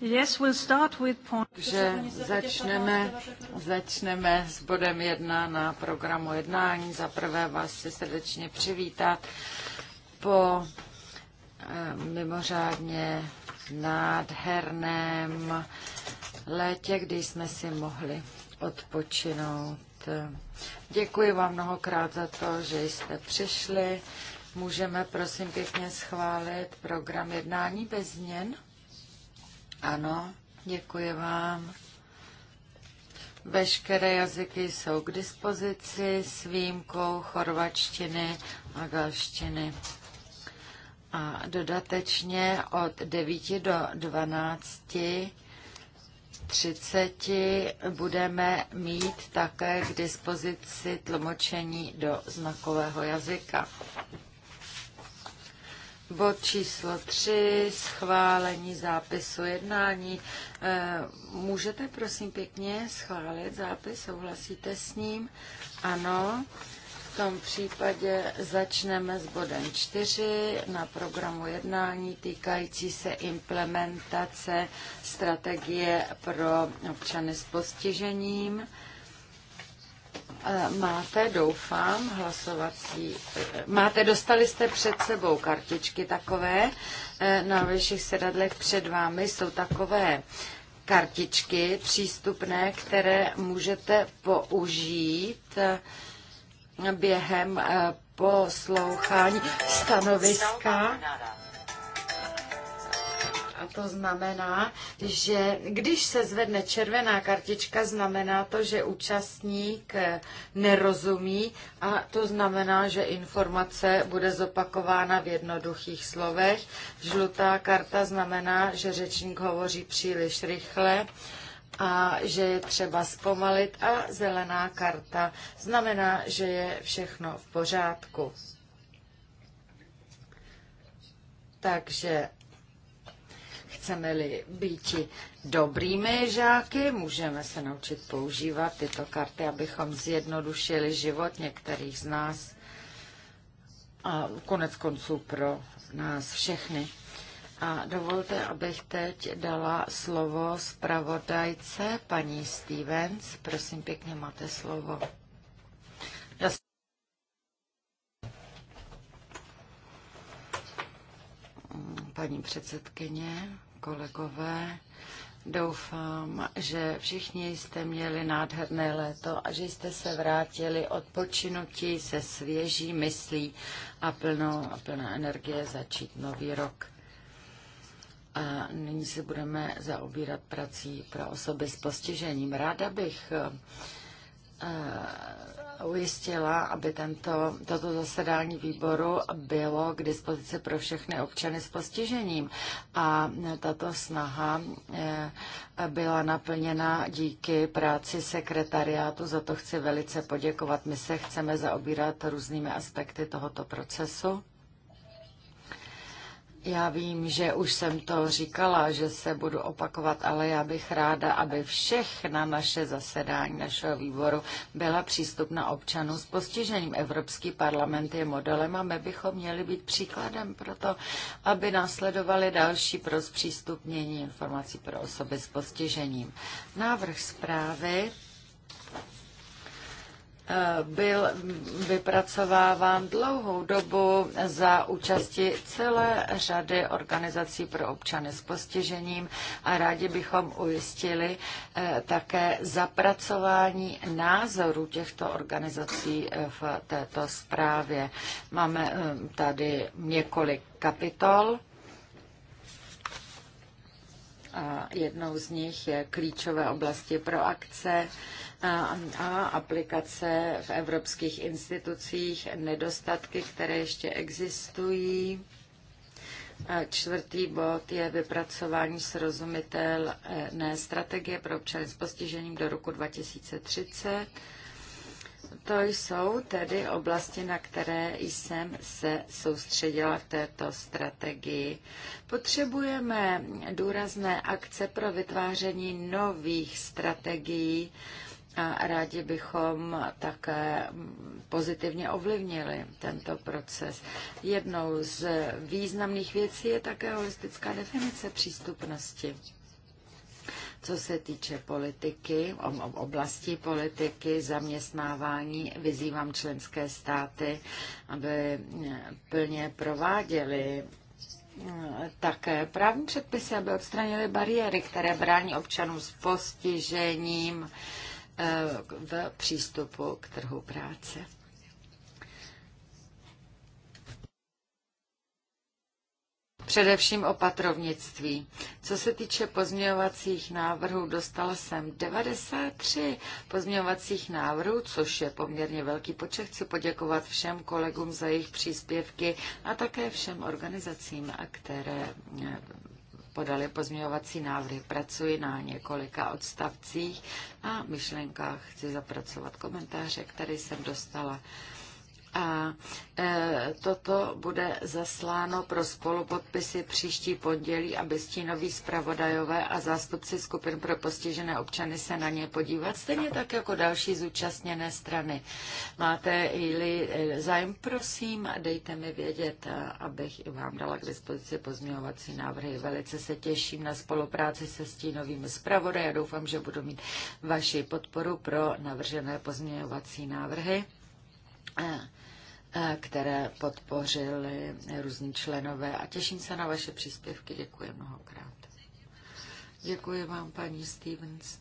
Yes, we'll start with point... Že začneme, začneme s bodem jedna na programu jednání. Za prvé vás chci srdečně přivítat po eh, mimořádně nádherném létě, kdy jsme si mohli odpočinout Děkuji vám mnohokrát za to, že jste přišli. Můžeme prosím pěkně schválit program jednání bez změn? Ano, děkuji vám. Veškeré jazyky jsou k dispozici s výjimkou chorvačtiny a galštiny. A dodatečně od 9 do 12 30 budeme mít také k dispozici tlumočení do znakového jazyka. Bod číslo 3, schválení zápisu jednání. Eh, můžete prosím pěkně schválit zápis, souhlasíte s ním? Ano. V tom případě začneme s bodem 4 na programu jednání týkající se implementace strategie pro občany s postižením. Eh, máte, doufám, hlasovací... Eh, máte, dostali jste před sebou kartičky takové eh, na vyšších sedadlech před vámi. Jsou takové kartičky přístupné, které můžete použít během eh, poslouchání stanoviska. A to znamená, že když se zvedne červená kartička, znamená to, že účastník eh, nerozumí a to znamená, že informace bude zopakována v jednoduchých slovech. Žlutá karta znamená, že řečník hovoří příliš rychle a že je třeba zpomalit a zelená karta znamená, že je všechno v pořádku. Takže chceme-li být dobrými žáky, můžeme se naučit používat tyto karty, abychom zjednodušili život některých z nás a konec konců pro nás všechny. A dovolte, abych teď dala slovo zpravodajce, paní Stevens. Prosím, pěkně máte slovo. Paní předsedkyně, kolegové, Doufám, že všichni jste měli nádherné léto a že jste se vrátili odpočinutí se svěží myslí a plnou, a plná energie začít nový rok. A nyní se budeme zaobírat prací pro osoby s postižením. Ráda bych eh, eh, ujistila, aby tento, toto zasedání výboru bylo k dispozici pro všechny občany s postižením. A tato snaha eh, byla naplněna díky práci sekretariátu, za to chci velice poděkovat. My se chceme zaobírat různými aspekty tohoto procesu. Já vím, že už jsem to říkala, že se budu opakovat, ale já bych ráda, aby všechna naše zasedání našeho výboru byla přístupna občanům s postižením. Evropský parlament je modelem a my bychom měli být příkladem pro to, aby následovali další pro zpřístupnění informací pro osoby s postižením. Návrh zprávy Eh, byl vypracováván dlouhou dobu za účasti celé řady organizací pro občany s postižením a rádi bychom ujistili eh, také zapracování názorů těchto organizací eh, v této zprávě. Máme tady několik kapitol. A jednou z nich je klíčové oblasti pro akce a aplikace v evropských institucích, nedostatky, které ještě existují. Čtvrtý bod je vypracování srozumitelné strategie pro občany s postižením do roku 2030. To jsou tedy oblasti, na které jsem se soustředila v této strategii. Potřebujeme důrazné akce pro vytváření nových strategií, a rádi bychom také pozitivně ovlivnili tento proces. Jednou z významných věcí je také holistická definice přístupnosti. Co se týče politiky, oblasti politiky, zaměstnávání, vyzývám členské státy, aby plně prováděly eh, také právní předpisy, aby odstranili bariéry, které brání občanům s postižením, Eh, v přístupu k trhu práce. Především opatrovnictví. Co se týče pozměňovacích návrhů, dostala jsem 93 pozměňovacích návrhů, což je poměrně velký počet. Chci poděkovat všem kolegům za jejich příspěvky a také všem organizacím, které eh, podali pozměňovací návrhy. Pracuji na několika odstavcích a myšlenkách chci zapracovat komentáře, které jsem dostala. A e, toto bude zasláno pro spolupodpisy příští pondělí, aby stínoví zpravodajové a zástupci skupin pro postižené občany se na ně podívat, stejně tak jako další zúčastněné strany. Máte i e, zájem, prosím, dejte mi vědět, e, abych i vám dala k dispozici pozměňovací návrhy. Velice se těším na spolupráci se stínovými zpravodaj a doufám, že budu mít vaši podporu pro navržené pozměňovací návrhy. Yeah které podpořili různí členové a těším se na vaše příspěvky. Děkuji mnohokrát. Děkuji vám, paní Stevens.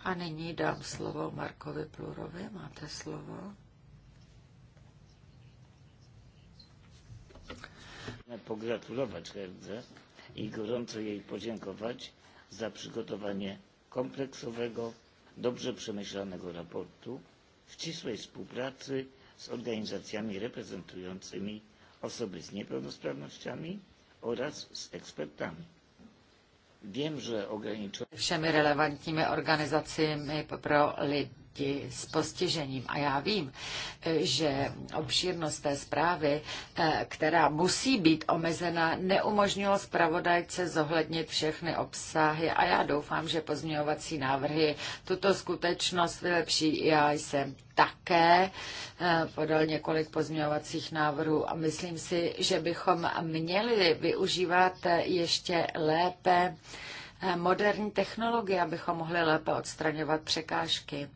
A nyní dám slovo Markovi Plurovi. Máte slovo. Pogratulovat Herdze i gorąco jej podziękować za przygotowanie kompleksowego, dobrze przemyślanego raportu w ścisłej współpracy z organizacjami reprezentującymi osoby z niepełnosprawnościami oraz z ekspertami. Vím, že ograniczone... Všemi relevantními organizacemi pro lidi děti s postižením. A já vím, že obšírnost té zprávy, eh, která musí být omezena, neumožnilo zpravodajce zohlednit všechny obsahy a já doufám, že pozměňovací návrhy tuto skutečnost vylepší. Já jsem také eh, podal několik pozměňovacích návrhů a myslím si, že bychom měli využívat ještě lépe moderní technologie, abychom mohli lépe odstraňovat překážky.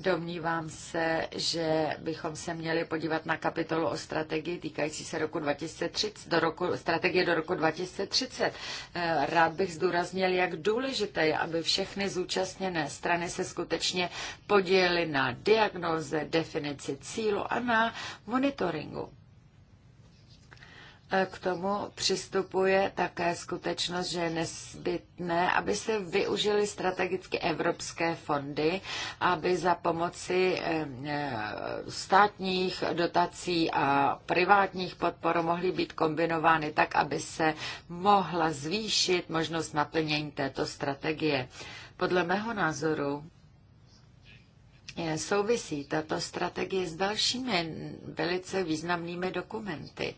Domnívám se, že bychom se měli podívat na kapitolu o strategii týkající se roku 2030, do roku, strategie do roku 2030. Eh, rád bych zdůraznil, jak důležité je, aby všechny zúčastněné strany se skutečně podělily na diagnoze, definici cílu a na monitoringu. E, k tomu přistupuje také skutečnost, že je nezbytné, aby se využily strategicky evropské fondy, aby za pomoci e, e, státních dotací a privátních podpor mohly být kombinovány tak, aby se mohla zvýšit možnost naplnění této strategie. Podle mého názoru souvisí tato strategie s dalšími velice významnými dokumenty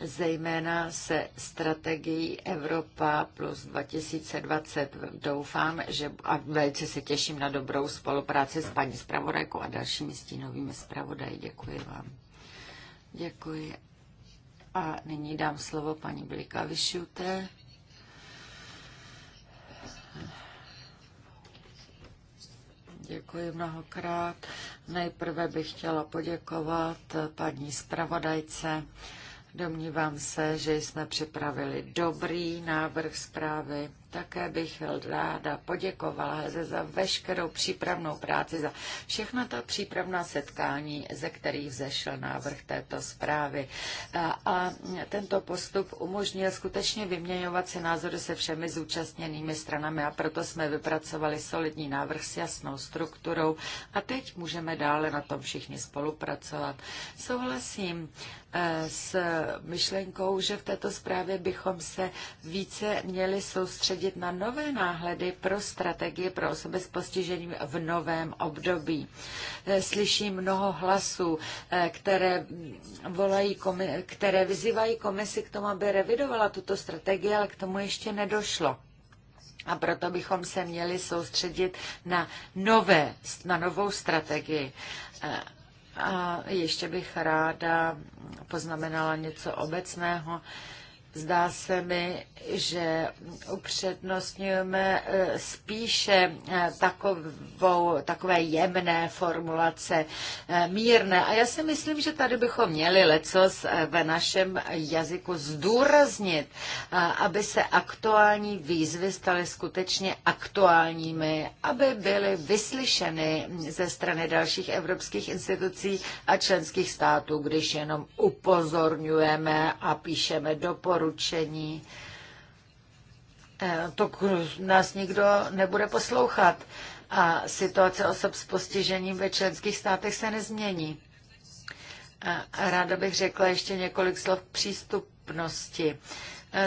zejména se strategií Evropa plus 2020. Doufám, že a velice se těším na dobrou spolupráci s paní zpravodajkou a dalšími stínovými zpravodaji. Děkuji vám. Děkuji. A nyní dám slovo paní Blika Vyšuté. Děkuji mnohokrát. Nejprve bych chtěla poděkovat paní zpravodajce Domnívám se, že jsme připravili dobrý návrh zprávy také bych ráda poděkovala Heze za veškerou přípravnou práci, za všechna ta přípravná setkání, ze kterých vzešel návrh této zprávy. A, a tento postup umožnil skutečně vyměňovat si názory se všemi zúčastněnými stranami a proto jsme vypracovali solidní návrh s jasnou strukturou a teď můžeme dále na tom všichni spolupracovat. Souhlasím e, s myšlenkou, že v této zprávě bychom se více měli soustředit soustředit na nové náhledy pro strategie pro osoby s postižením v novém období. Eh, slyším mnoho hlasů, eh, které, volají, které vyzývají komisi k tomu, aby revidovala tuto strategii, ale k tomu ještě nedošlo. A proto bychom se měli soustředit na, nové, na novou strategii. Eh, a ještě bych ráda poznamenala něco obecného. Zdá se mi, že upřednostňujeme eh, spíše eh, takovou, takové jemné formulace, eh, mírné. A já si myslím, že tady bychom měli lecos ve našem jazyku zdůraznit, aby se aktuální výzvy staly skutečně aktuálními, aby byly vyslyšeny ze strany dalších evropských institucí a členských států, když jenom upozorňujeme a píšeme doporučení zaručení. Eh, to nás nikdo nebude poslouchat a situace osob s postižením ve členských státech se nezmění. Eh, ráda bych řekla ještě několik slov k přístupnosti.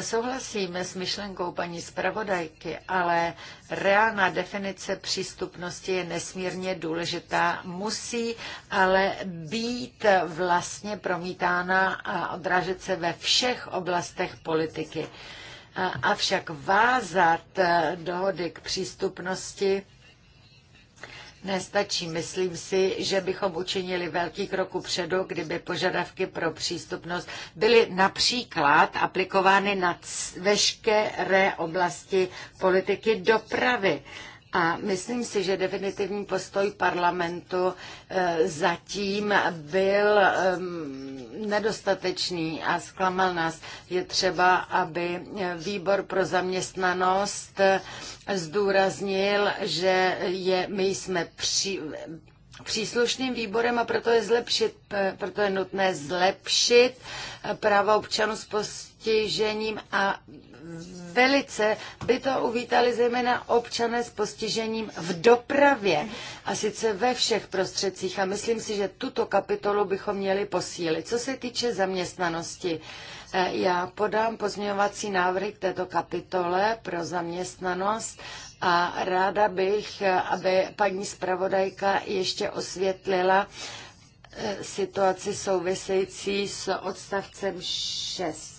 Souhlasím s myšlenkou paní zpravodajky, ale reálná definice přístupnosti je nesmírně důležitá. Musí ale být vlastně promítána a odrážet se ve všech oblastech politiky. Avšak vázat eh, dohody k přístupnosti nestačí. Myslím si, že bychom učinili velký krok předu, kdyby požadavky pro přístupnost byly například aplikovány na veškeré oblasti politiky dopravy. A myslím si, že definitivní postoj parlamentu eh, zatím byl ehm, nedostatečný a zklamal nás. Je třeba, aby eh, výbor pro zaměstnanost eh, zdůraznil, že je, my jsme při, příslušným výborem a proto je, zlepšit, proto je nutné zlepšit práva občanů s postižením a velice by to uvítali zejména občané s postižením v dopravě a sice ve všech prostředcích a myslím si, že tuto kapitolu bychom měli posílit. Co se týče zaměstnanosti, eh, já podám pozměňovací návrhy k této kapitole pro zaměstnanost a ráda bych, eh, aby paní zpravodajka ještě osvětlila eh, situaci související s odstavcem 6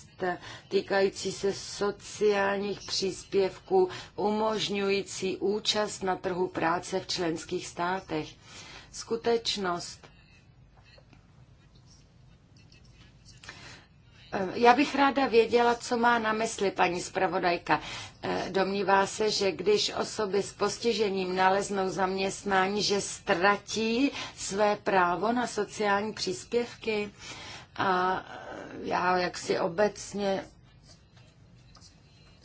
týkající se sociálních příspěvků umožňující účast na trhu práce v členských státech. Skutečnost, eh, Já bych ráda věděla, co má na mysli paní zpravodajka. Eh, domnívá se, že když osoby s postižením naleznou zaměstnání, že ztratí své právo na sociální příspěvky. A já jaksi obecně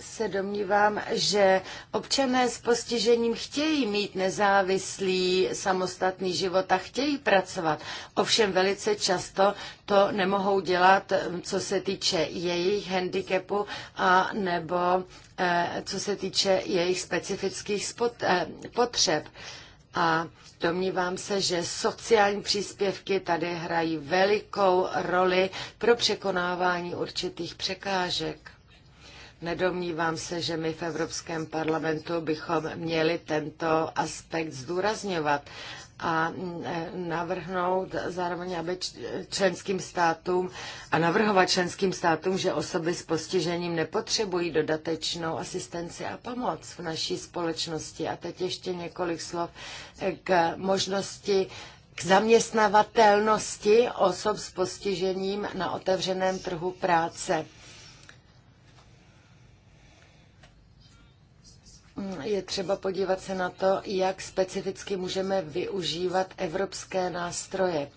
se domnívám, že občané s postižením chtějí mít nezávislý samostatný život a chtějí pracovat. Ovšem velice často to nemohou dělat, mm, co se týče jejich handicapu a nebo eh, co se týče jejich specifických spot, eh, potřeb. Eh, a domnívám se, že sociální příspěvky tady hrají velikou roli pro překonávání určitých překážek. Nedomnívám se, že my v Evropském parlamentu bychom měli tento aspekt zdůrazňovat, a mm, e, navrhnout zároveň, aby členským státům a navrhovat členským státům, že osoby s postižením nepotřebují dodatečnou asistenci a pomoc v naší společnosti. A teď ještě několik slov e, k možnosti k zaměstnavatelnosti osob s postižením na otevřeném trhu práce. je třeba podívat se na to, jak specificky můžeme využívat evropské nástroje.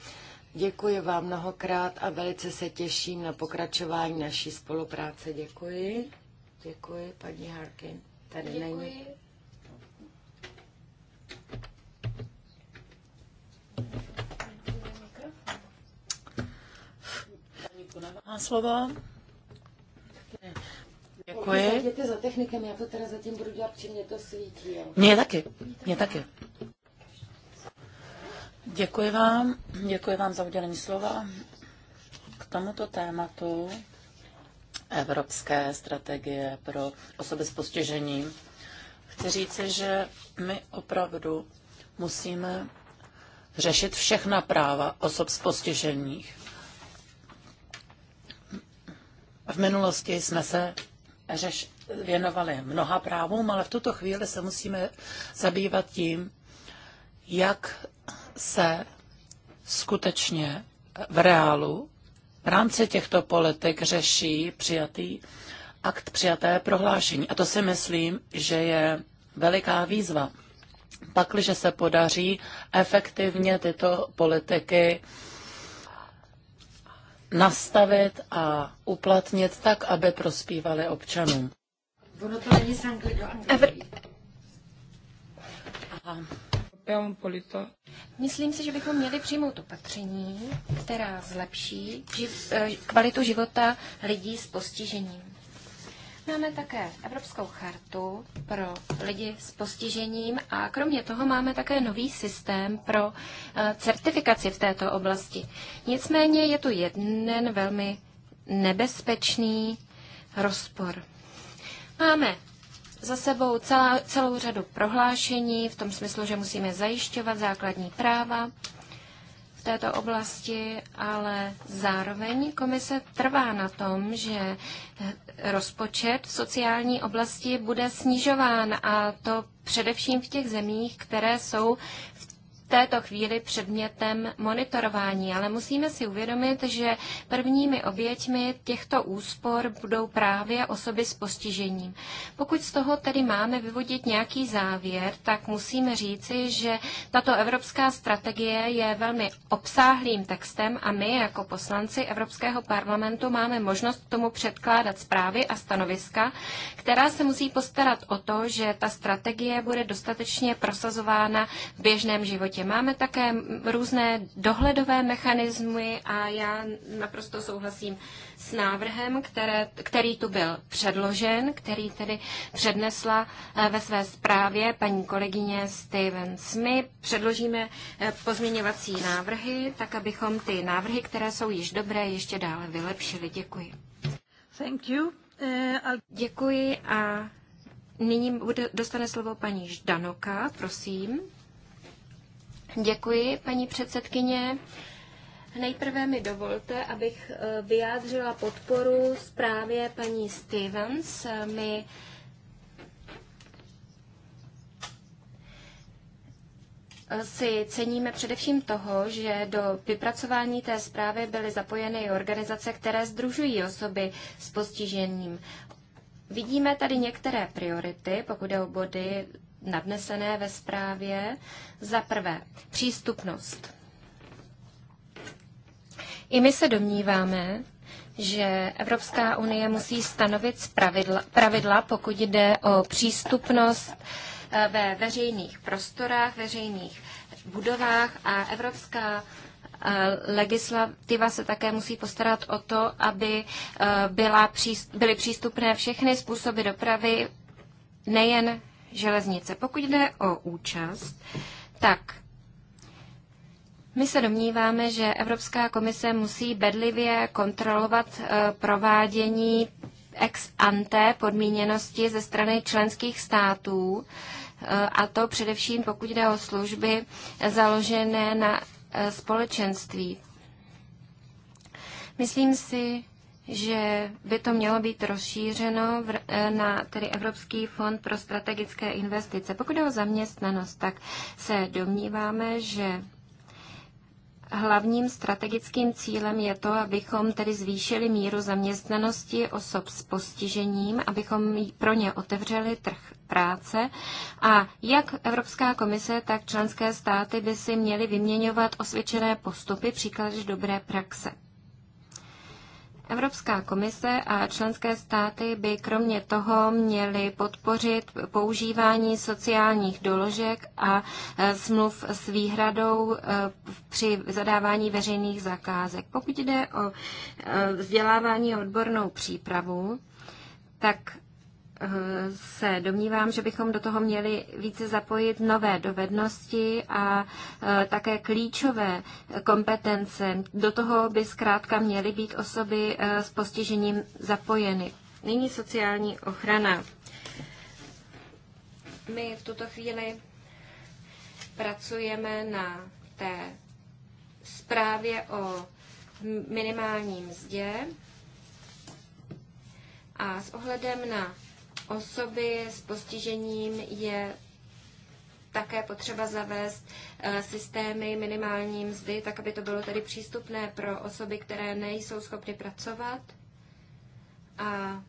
Děkuji vám mnohokrát a velice se těším na pokračování naší spolupráce. Děkuji. Děkuji, paní Harkin. Tady Děkuji. není. Má slovo. Děkuji. Jděte za technikem, já to teda zatím budu dělat, protože mě to svítí. Mně taky, mně taky. Děkuji vám, děkuji vám za udělení slova. K tomuto tématu Evropské strategie pro osoby s postižením chci říci, že my opravdu musíme řešit všechna práva osob s postižením. V minulosti jsme se řeš, věnovali mnoha právům, ale v tuto chvíli se musíme zabývat tím, jak se skutečně v reálu v rámci těchto politik řeší přijatý akt přijaté prohlášení. A to si myslím, že je veliká výzva. Pakliže se podaří efektivně tyto politiky nastavit a uplatnit tak, aby prospívali občanům. Ono to není z Myslím si, že bychom měli přijmout opatření, která zlepší eh, kvalitu života lidí s postižením. Máme také Evropskou chartu pro lidi s postižením a kromě toho máme také nový systém pro eh, certifikaci v této oblasti. Nicméně je tu jeden velmi nebezpečný rozpor. Máme za sebou celá, celou řadu prohlášení v tom smyslu, že musíme zajišťovat základní práva, této oblasti, ale zároveň komise trvá na tom, že rozpočet v sociální oblasti bude snižován a to především v těch zemích, které jsou v této chvíli předmětem monitorování, ale musíme si uvědomit, že prvními oběťmi těchto úspor budou právě osoby s postižením. Pokud z toho tedy máme vyvodit nějaký závěr, tak musíme říci, že tato evropská strategie je velmi obsáhlým textem a my jako poslanci Evropského parlamentu máme možnost k tomu předkládat zprávy a stanoviska, která se musí postarat o to, že ta strategie bude dostatečně prosazována v běžném životě světě. Máme také různé dohledové mechanismy a já naprosto souhlasím s návrhem, které, který tu byl předložen, který tedy přednesla eh, ve své zprávě paní kolegyně Stevens. My předložíme eh, pozměňovací návrhy, tak abychom ty návrhy, které jsou již dobré, ještě dále vylepšili. Děkuji. Thank you. Uh, Děkuji a nyní bude, dostane slovo paní Ždanoka, prosím. Děkuji, paní předsedkyně. Nejprve mi dovolte, abych eh, vyjádřila podporu zprávě paní Stevens. My si ceníme především toho, že do vypracování té zprávy byly zapojeny i organizace, které združují osoby s postižením. Vidíme tady některé priority, pokud jde o body, nadnesené ve zprávě. Za prvé, přístupnost. I my se domníváme, že Evropská unie musí stanovit pravidla, pravidla pokud jde o přístupnost eh, ve veřejných prostorách, veřejných budovách a Evropská eh, legislativa se také musí postarat o to, aby eh, byla, byly přístupné všechny způsoby dopravy, nejen železnice. Pokud jde o účast, tak my se domníváme, že Evropská komise musí bedlivě kontrolovat eh, provádění ex ante podmíněnosti ze strany členských států, eh, a to především pokud jde o služby založené na eh, společenství. Myslím si, že by to mělo být rozšířeno eh, na tedy Evropský fond pro strategické investice. Pokud jde o zaměstnanost, tak se domníváme, že Hlavním strategickým cílem je to, abychom tedy zvýšili míru zaměstnanosti osob s postižením, abychom pro ně otevřeli trh práce a jak Evropská komise, tak členské státy by si měly vyměňovat osvědčené postupy, příklad dobré praxe. Evropská komise a členské státy by kromě toho měly podpořit používání sociálních doložek a e, smluv s výhradou e, při zadávání veřejných zakázek. Pokud jde o e, vzdělávání a odbornou přípravu, tak se domnívám, že bychom do toho měli více zapojit nové dovednosti a e, také klíčové kompetence. Do toho by zkrátka měly být osoby e, s postižením zapojeny. Nyní sociální ochrana. My v tuto chvíli pracujeme na té zprávě o minimálním mzdě a s ohledem na osoby s postižením je také potřeba zavést eh, systémy minimální mzdy, tak aby to bylo tedy přístupné pro osoby, které nejsou schopny pracovat. A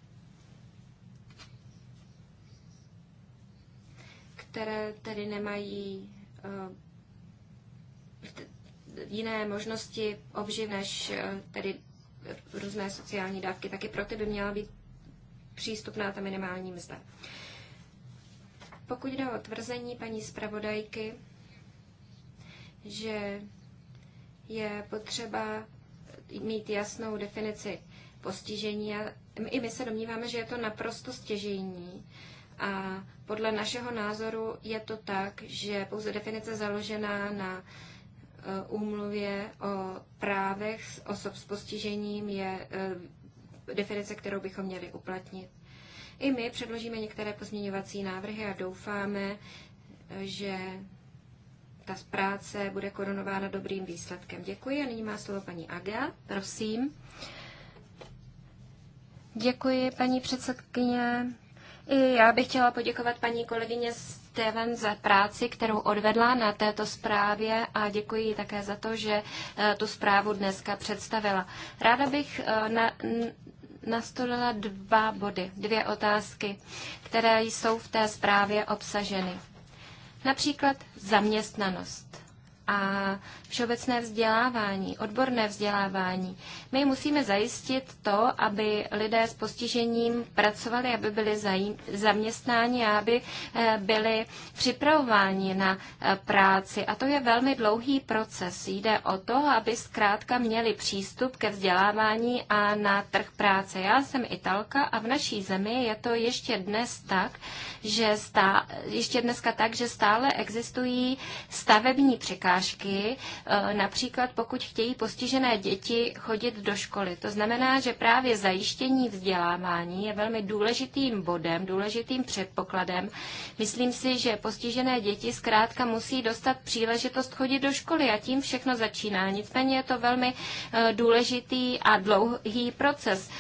které tedy nemají eh, jiné možnosti obživ než eh, tedy různé sociální dávky, taky pro ty by měla být přístupná ta minimální mzda. Pokud jde o tvrzení paní zpravodajky, že je potřeba mít jasnou definici postižení. A I my se domníváme, že je to naprosto stěžejní. A podle našeho názoru je to tak, že pouze definice založená na e, úmluvě o právech osob s postižením je e, definice, kterou bychom měli uplatnit. I my předložíme některé pozměňovací návrhy a doufáme, že ta práce bude korunována dobrým výsledkem. Děkuji a nyní má slovo paní Aga. Prosím. Děkuji, paní předsedkyně. I já bych chtěla poděkovat paní kolegyně Steven za práci, kterou odvedla na této zprávě a děkuji také za to, že eh, tu zprávu dneska představila. Ráda bych eh, na, nastolila dva body, dvě otázky, které jsou v té zprávě obsaženy. Například zaměstnanost a všeobecné vzdělávání, odborné vzdělávání. My musíme zajistit to, aby lidé s postižením pracovali, aby byli zaměstnáni a aby eh, byli připravováni na eh, práci. A to je velmi dlouhý proces. Jde o to, aby zkrátka měli přístup ke vzdělávání a na trh práce. Já jsem Italka a v naší zemi je to ještě dnes tak, že stá, ještě dneska tak, že stále existují stavební překážky překážky, eh, například pokud chtějí postižené děti chodit do školy. To znamená, že právě zajištění vzdělávání je velmi důležitým bodem, důležitým předpokladem. Myslím si, že postižené děti zkrátka musí dostat příležitost chodit do školy a tím všechno začíná. Nicméně je to velmi eh, důležitý a dlouhý proces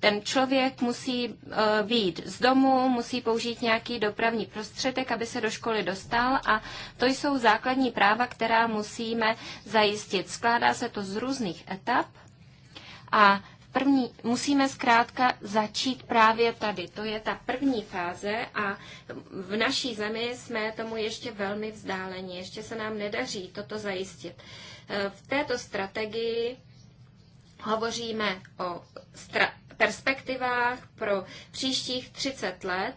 ten člověk musí eh, výjít z domu, musí použít nějaký dopravní prostředek, aby se do školy dostal a to jsou základní práva, která musíme zajistit. Skládá se to z různých etap a první, musíme zkrátka začít právě tady. To je ta první fáze a v naší zemi jsme tomu ještě velmi vzdáleni. Ještě se nám nedaří toto zajistit. Eh, v této strategii hovoříme o stra- perspektivách pro příštích 30 let,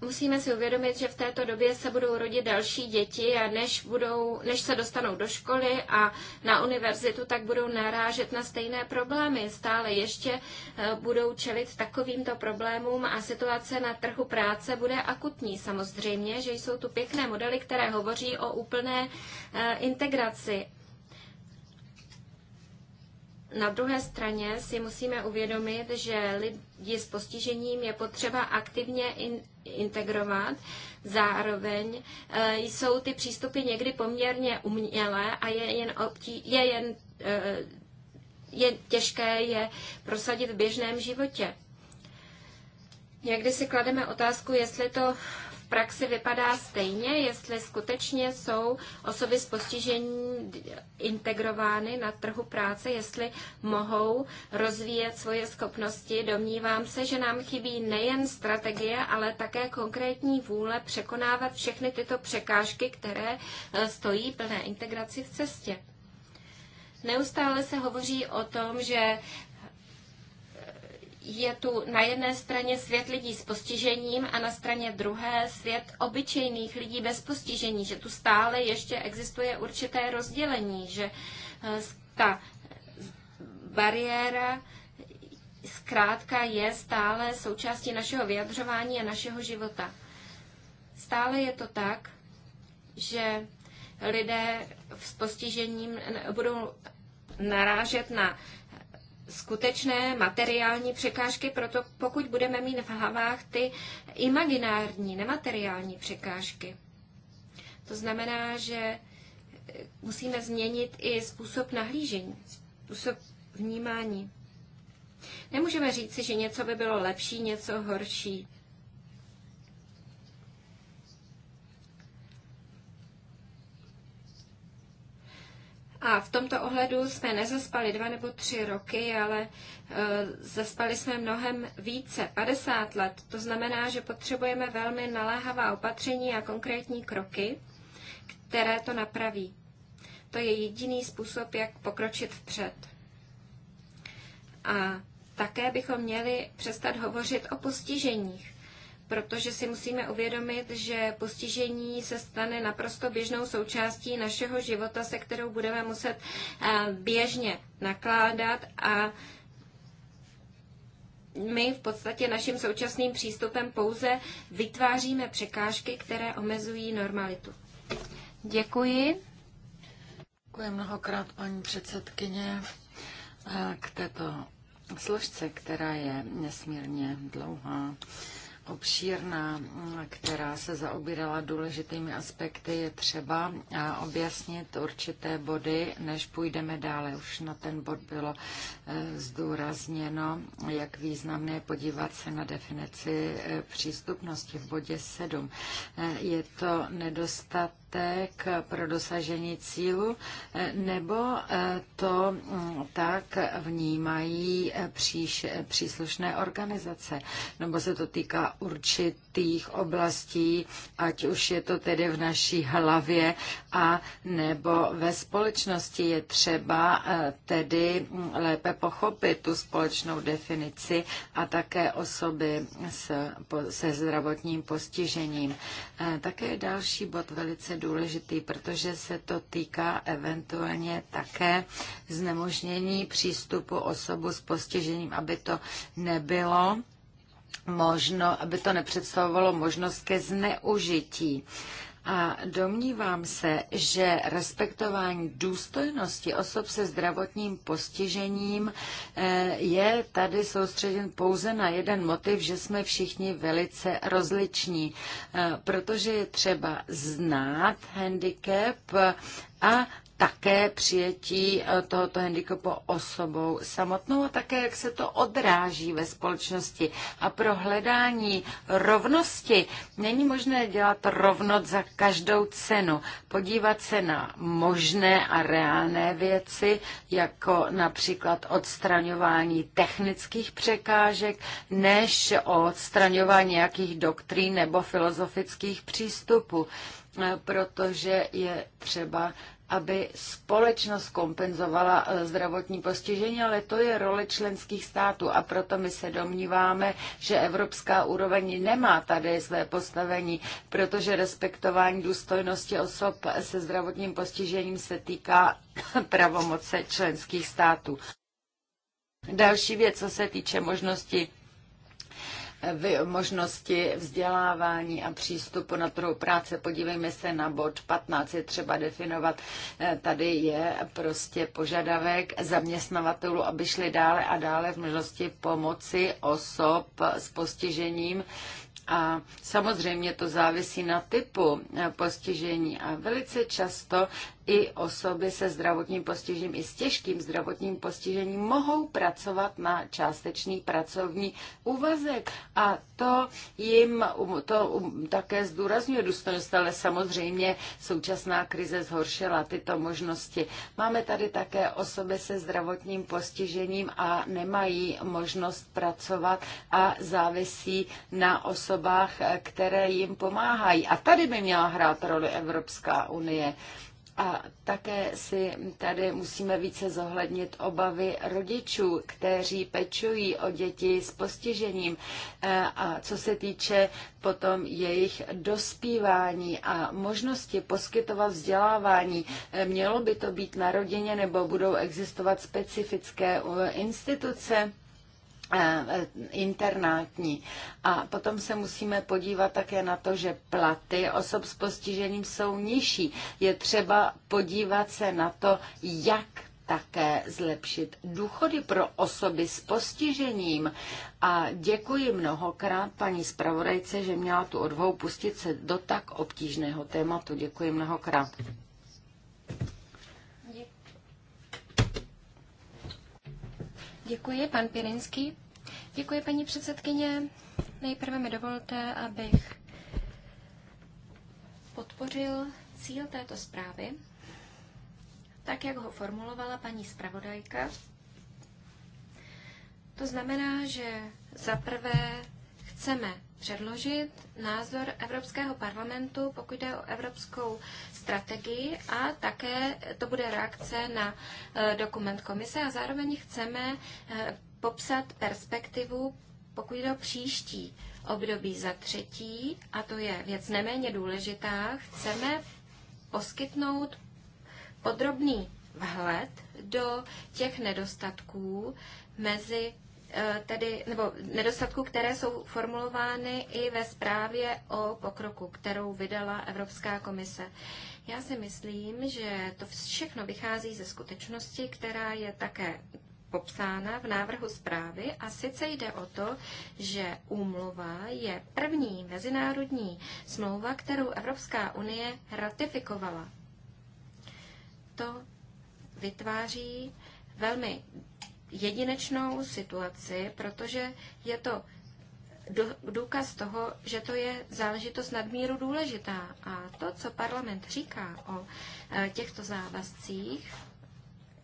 musíme si uvědomit, že v této době se budou rodit další děti a než, budou, než se dostanou do školy a na univerzitu, tak budou narážet na stejné problémy. Stále ještě eh, budou čelit takovýmto problémům a situace na trhu práce bude akutní. Samozřejmě, že jsou tu pěkné modely, které hovoří o úplné eh, integraci na druhé straně si musíme uvědomit, že lidi s postižením je potřeba aktivně in, integrovat. Zároveň e, jsou ty přístupy někdy poměrně umělé a je jen, obtí, je jen e, je těžké je prosadit v běžném životě. Někdy si klademe otázku, jestli to praxi vypadá stejně, jestli skutečně jsou osoby s postižením integrovány na trhu práce, jestli mohou rozvíjet svoje schopnosti. Domnívám se, že nám chybí nejen strategie, ale také konkrétní vůle překonávat všechny tyto překážky, které eh, stojí plné integraci v cestě. Neustále se hovoří o tom, že je tu na jedné straně svět lidí s postižením a na straně druhé svět obyčejných lidí bez postižení, že tu stále ještě existuje určité rozdělení, že eh, ta bariéra zkrátka je stále součástí našeho vyjadřování a našeho života. Stále je to tak, že lidé s postižením budou narážet na skutečné materiální překážky, proto pokud budeme mít v hlavách ty imaginární, nemateriální překážky. To znamená, že e, musíme změnit i způsob nahlížení, způsob vnímání. Nemůžeme říci, že něco by bylo lepší, něco horší. A v tomto ohledu jsme nezaspali dva nebo tři roky, ale e, zaspali jsme mnohem více, 50 let. To znamená, že potřebujeme velmi naléhavá opatření a konkrétní kroky, které to napraví. To je jediný způsob, jak pokročit vpřed. A také bychom měli přestat hovořit o postiženích protože si musíme uvědomit, že postižení se stane naprosto běžnou součástí našeho života, se kterou budeme muset eh, běžně nakládat a my v podstatě naším současným přístupem pouze vytváříme překážky, které omezují normalitu. Děkuji. Děkuji mnohokrát, paní předsedkyně, eh, k této složce, která je nesmírně dlouhá obšírná, která se zaobírala důležitými aspekty, je třeba eh, objasnit určité body, než půjdeme dále. Už na ten bod bylo eh, zdůrazněno, jak významné podívat se na definici eh, přístupnosti v bodě 7. Je to nedostat dostatek pro dosažení cílu, eh, nebo eh, to mm, tak vnímají eh, příš, příslušné organizace, nebo se to týká určit určitých oblastí, ať už je to tedy v naší hlavě a nebo ve společnosti je třeba eh, tedy mm, lépe pochopit tu společnou definici a také osoby s, se zdravotním postižením. Eh, také je další bod velice důležitý, protože se to týká eventuálně také znemožnění přístupu osobu s postižením, aby to nebylo možno, aby to nepředstavovalo možnost ke zneužití. A domnívám se, že respektování důstojnosti osob se zdravotním postižením eh, je tady soustředěn pouze na jeden motiv, že jsme všichni velice rozliční, eh, protože je třeba znát handicap a také přijetí eh, tohoto handicapu osobou samotnou a také, jak se to odráží ve společnosti. A pro hledání rovnosti není možné dělat rovnost za každou cenu. Podívat se na možné a reálné věci, jako například odstraňování technických překážek, než odstraňování nějakých doktrín nebo filozofických přístupů eh, protože je třeba aby společnost kompenzovala eh, zdravotní postižení, ale to je role členských států a proto my se domníváme, že evropská úroveň nemá tady své postavení, protože respektování důstojnosti osob se zdravotním postižením se týká pravomoce členských států. Další věc, co se týče možnosti možnosti vzdělávání a přístupu na trhu práce. Podívejme se na bod 15, je třeba definovat. Eh, tady je prostě požadavek zaměstnavatelů, aby šli dále a dále v možnosti pomoci osob s postižením. A samozřejmě to závisí na typu eh, postižení. A velice často i osoby se zdravotním postižením, i s těžkým zdravotním postižením mohou pracovat na částečný pracovní úvazek. A to jim um, to um, také zdůrazňuje důstojnost, ale samozřejmě současná krize zhoršila tyto možnosti. Máme tady také osoby se zdravotním postižením a nemají možnost pracovat a závisí na osobách, které jim pomáhají. A tady by měla hrát roli Evropská unie. A také si tady musíme více zohlednit obavy rodičů, kteří pečují o děti s postižením. Eh, a co se týče potom jejich dospívání a možnosti poskytovat vzdělávání, eh, mělo by to být na rodině nebo budou existovat specifické eh, instituce? Eh, eh, internátní. A potom se musíme podívat také na to, že platy osob s postižením jsou nižší. Je třeba podívat se na to, jak také zlepšit důchody pro osoby s postižením. A děkuji mnohokrát paní zpravodajce, že měla tu odvahu pustit se do tak obtížného tématu. Děkuji mnohokrát. Děkuji, pan Pirinský. Děkuji, paní předsedkyně. Nejprve mi dovolte, abych podpořil cíl této zprávy, tak jak ho formulovala paní zpravodajka. To znamená, že za prvé chceme předložit názor Evropského parlamentu, pokud jde o evropskou strategii a také to bude reakce na e, dokument komise a zároveň chceme e, popsat perspektivu, pokud jde o příští období za třetí, a to je věc neméně důležitá, chceme poskytnout podrobný vhled do těch nedostatků mezi Eh, tedy, nebo nedostatku, které jsou formulovány i ve zprávě o pokroku, kterou vydala Evropská komise. Já si myslím, že to všechno vychází ze skutečnosti, která je také popsána v návrhu zprávy a sice jde o to, že úmluva je první mezinárodní smlouva, kterou Evropská unie ratifikovala. To vytváří velmi jedinečnou situaci, protože je to důkaz toho, že to je záležitost nadmíru důležitá. A to, co parlament říká o eh, těchto závazcích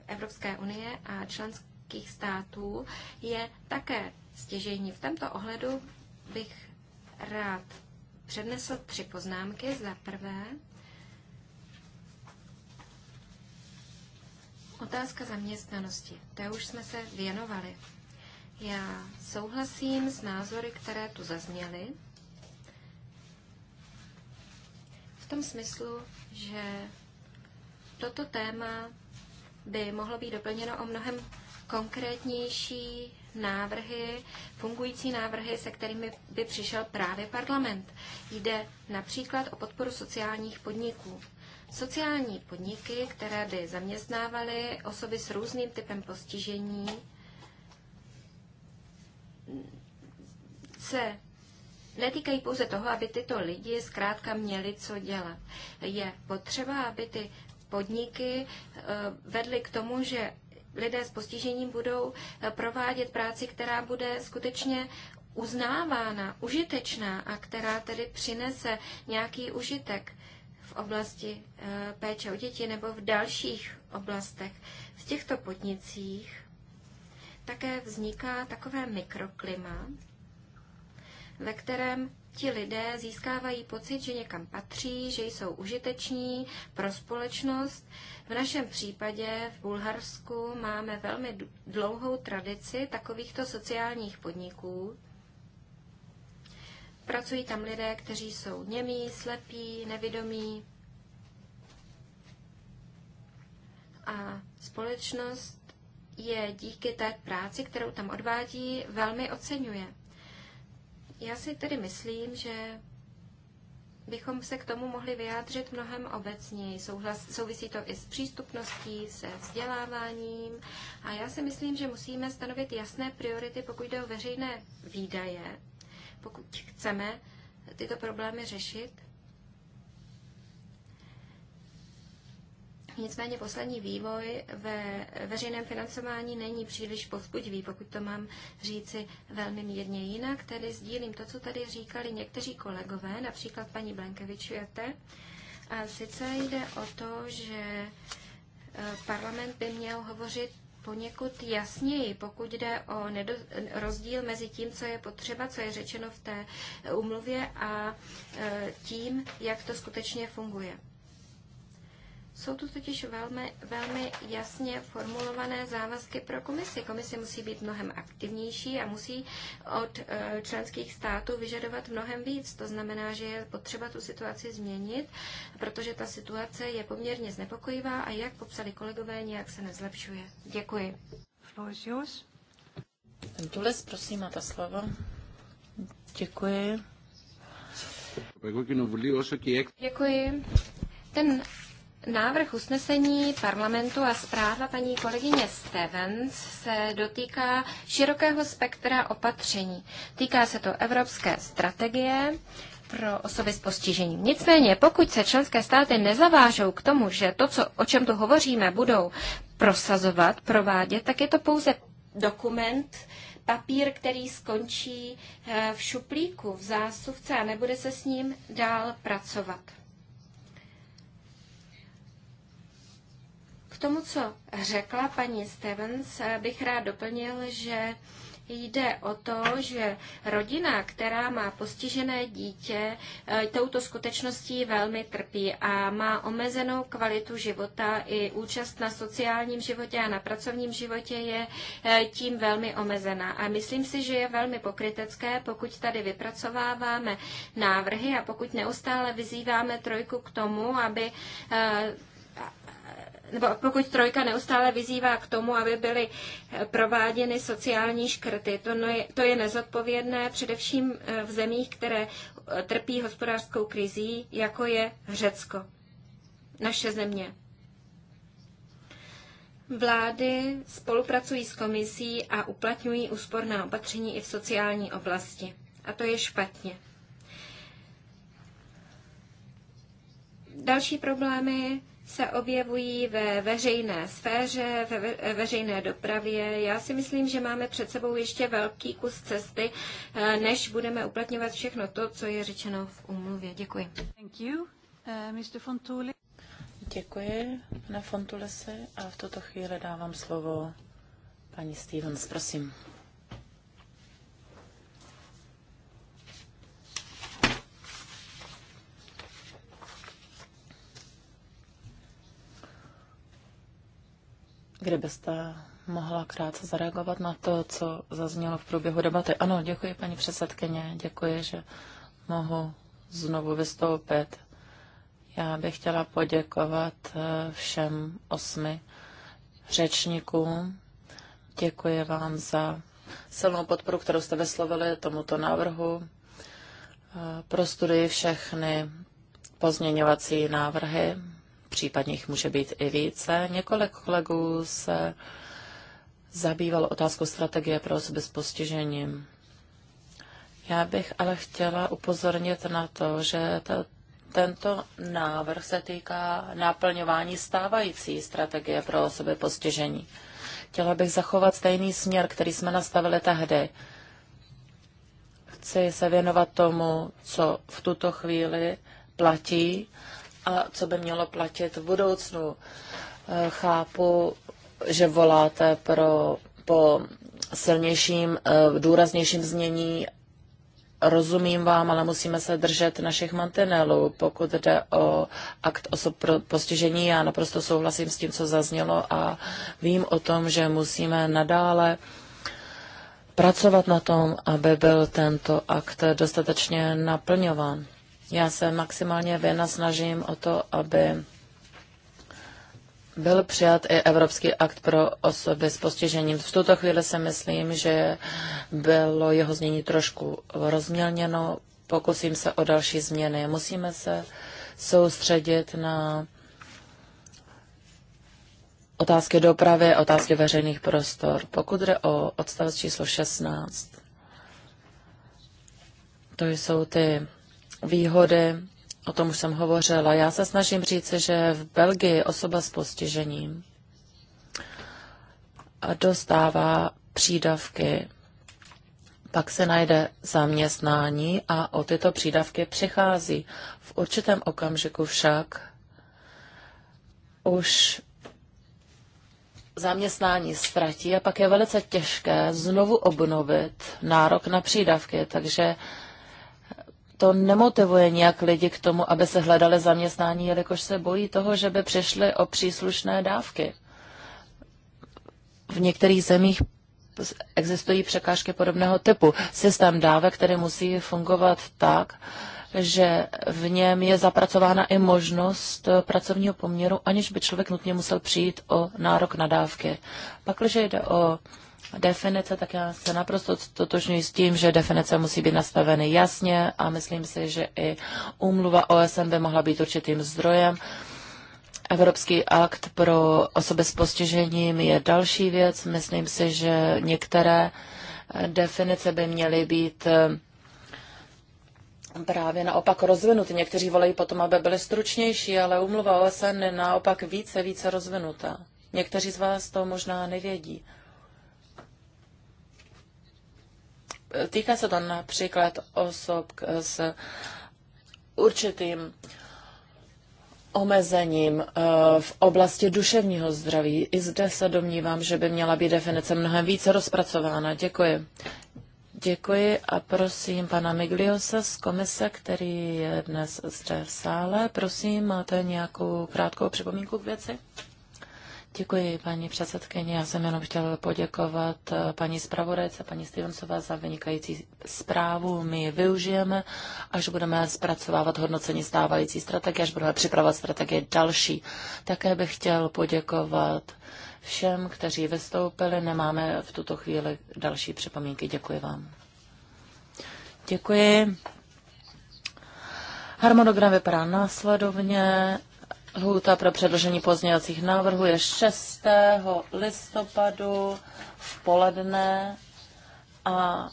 Evropské unie a členských států, je také stěžejní. V tomto ohledu bych rád přednesl tři poznámky. Za prvé, Otázka zaměstnanosti. To už jsme se věnovali. Já souhlasím s názory, které tu zazněly. V tom smyslu, že toto téma by mohlo být doplněno o mnohem konkrétnější návrhy, fungující návrhy, se kterými by přišel právě parlament. Jde například o podporu sociálních podniků. Sociální podniky, které by zaměstnávaly osoby s různým typem postižení, se netýkají pouze toho, aby tyto lidi zkrátka měli co dělat. Je potřeba, aby ty podniky eh, vedly k tomu, že lidé s postižením budou eh, provádět práci, která bude skutečně uznávána, užitečná a která tedy přinese nějaký užitek oblasti eh, péče o děti nebo v dalších oblastech. V těchto podnicích také vzniká takové mikroklima, ve kterém ti lidé získávají pocit, že někam patří, že jsou užiteční pro společnost. V našem případě v Bulharsku máme velmi dlouhou tradici takovýchto sociálních podniků. Pracují tam lidé, kteří jsou němí, slepí, nevidomí. A společnost je díky té práci, kterou tam odvádí, velmi oceňuje. Já si tedy myslím, že bychom se k tomu mohli vyjádřit mnohem obecněji. Souhlas, souvisí to i s přístupností, se vzděláváním a já si myslím, že musíme stanovit jasné priority, pokud jde o veřejné výdaje pokud chceme tyto problémy řešit. Nicméně poslední vývoj ve veřejném financování není příliš povzbudivý, pokud to mám říci velmi mírně jinak. Tedy sdílím to, co tady říkali někteří kolegové, například paní Blankevičujete. A sice jde o to, že eh, parlament by měl hovořit poněkud jasněji, pokud jde o rozdíl mezi tím, co je potřeba, co je řečeno v té umluvě e, a e, tím, jak to skutečně funguje. Jsou tu totiž velmi, velmi jasně formulované závazky pro komisi. Komise musí být mnohem aktivnější a musí od e, členských států vyžadovat mnohem víc. To znamená, že je potřeba tu situaci změnit, protože ta situace je poměrně znepokojivá a jak popsali kolegové, nějak se nezlepšuje. Děkuji. Flozius. Tules, prosím, máte slovo. Děkuji. Děkuji. Ten Návrh usnesení parlamentu a zpráva paní kolegyně Stevens se dotýká širokého spektra opatření. Týká se to evropské strategie pro osoby s postižením. Nicméně, pokud se členské státy nezavážou k tomu, že to, co, o čem tu hovoříme, budou prosazovat, provádět, tak je to pouze dokument, papír, který skončí eh, v šuplíku, v zásuvce a nebude se s ním dál pracovat. K tomu, co řekla paní Stevens, bych rád doplnil, že Jde o to, že rodina, která má postižené dítě, eh, touto skutečností velmi trpí a má omezenou kvalitu života. I účast na sociálním životě a na pracovním životě je eh, tím velmi omezená. A myslím si, že je velmi pokrytecké, pokud tady vypracováváme návrhy a pokud neustále vyzýváme trojku k tomu, aby eh, nebo pokud trojka neustále vyzývá k tomu, aby byly eh, prováděny sociální škrty, to, no je, to je nezodpovědné především eh, v zemích, které eh, trpí hospodářskou krizí, jako je Řecko, naše země. Vlády spolupracují s komisí a uplatňují úsporná opatření i v sociální oblasti. A to je špatně. Další problémy se objevují ve veřejné sféře, ve eh, veřejné dopravě. Já si myslím, že máme před sebou ještě velký kus cesty, eh, než budeme uplatňovat všechno to, co je řečeno v úmluvě. Děkuji. Thank you, uh, Mr. Fontuli. Děkuji, pane Fontulese, a v tuto chvíli dávám slovo paní Stevens, prosím. Kdybyste mohla krátce zareagovat na to, co zaznělo v průběhu debaty. Ano, děkuji paní předsedkyně, děkuji, že mohu znovu vystoupit. Já bych chtěla poděkovat eh, všem osmi řečníkům. Děkuji vám za silnou podporu, kterou jste vyslovili tomuto návrhu. Eh, studii všechny pozměňovací návrhy případně jich může být i více. Několik kolegů se zabývalo otázkou strategie pro osoby s postižením. Já bych ale chtěla upozornit na to, že to, tento návrh se týká naplňování stávající strategie pro osoby postižení. Chtěla bych zachovat stejný směr, který jsme nastavili tehdy. Chci se věnovat tomu, co v tuto chvíli platí a co by mělo platit v budoucnu. Eh, chápu, že voláte pro, po silnějším, eh, důraznějším znění. Rozumím vám, ale musíme se držet našich mantinelů. Pokud jde o akt osob pro postižení, já naprosto souhlasím s tím, co zaznělo a vím o tom, že musíme nadále pracovat na tom, aby byl tento akt dostatečně naplňován. Já se maximálně snažím o to, aby byl přijat i Evropský akt pro osoby s postižením. V tuto chvíli se myslím, že bylo jeho znění trošku rozmělněno. Pokusím se o další změny. Musíme se soustředit na otázky dopravy, otázky veřejných prostor. Pokud jde o odstavec číslo 16, to jsou ty výhody, o tom už jsem hovořila. Já se snažím říct, že v Belgii osoba s postižením dostává přídavky, pak se najde zaměstnání a o tyto přídavky přichází. V určitém okamžiku však už zaměstnání ztratí a pak je velice těžké znovu obnovit nárok na přídavky, takže to nemotivuje nějak lidi k tomu, aby se hledali zaměstnání, jelikož se bojí toho, že by přišli o příslušné dávky. V některých zemích existují překážky podobného typu. Systém dávek, který musí fungovat tak, že v něm je zapracována i možnost pracovního poměru, aniž by člověk nutně musel přijít o nárok na dávky. Pak, když jde o definice, tak já se naprosto totožňuji s tím, že definice musí být nastaveny jasně a myslím si, že i úmluva OSN by mohla být určitým zdrojem. Evropský akt pro osoby s postižením je další věc. Myslím si, že některé eh, definice by měly být eh, právě naopak rozvinuty. Někteří volají potom, aby byly stručnější, ale umluva OSN je naopak více, více rozvinutá. Někteří z vás to možná nevědí. Týká se to například osob s určitým omezením eh, v oblasti duševního zdraví. I zde se domnívám, že by měla být definice mnohem více rozpracována. Děkuji. Děkuji a prosím pana Migliosa z komise, který je dnes zde v sále. Prosím, máte nějakou krátkou připomínku k věci? Děkuji, paní předsedkyně. Já jsem jenom chtěl poděkovat eh, paní zpravodajce, paní Stevensové za vynikající zprávu. My ji využijeme, až budeme zpracovávat hodnocení stávající strategie, až budeme připravovat strategie další. Také bych chtěl poděkovat všem, kteří vystoupili. Nemáme v tuto chvíli další připomínky. Děkuji vám. Děkuji. Harmonogram vypadá následovně. Lhůta pro předložení pozměňovacích návrhů je 6. listopadu v poledne a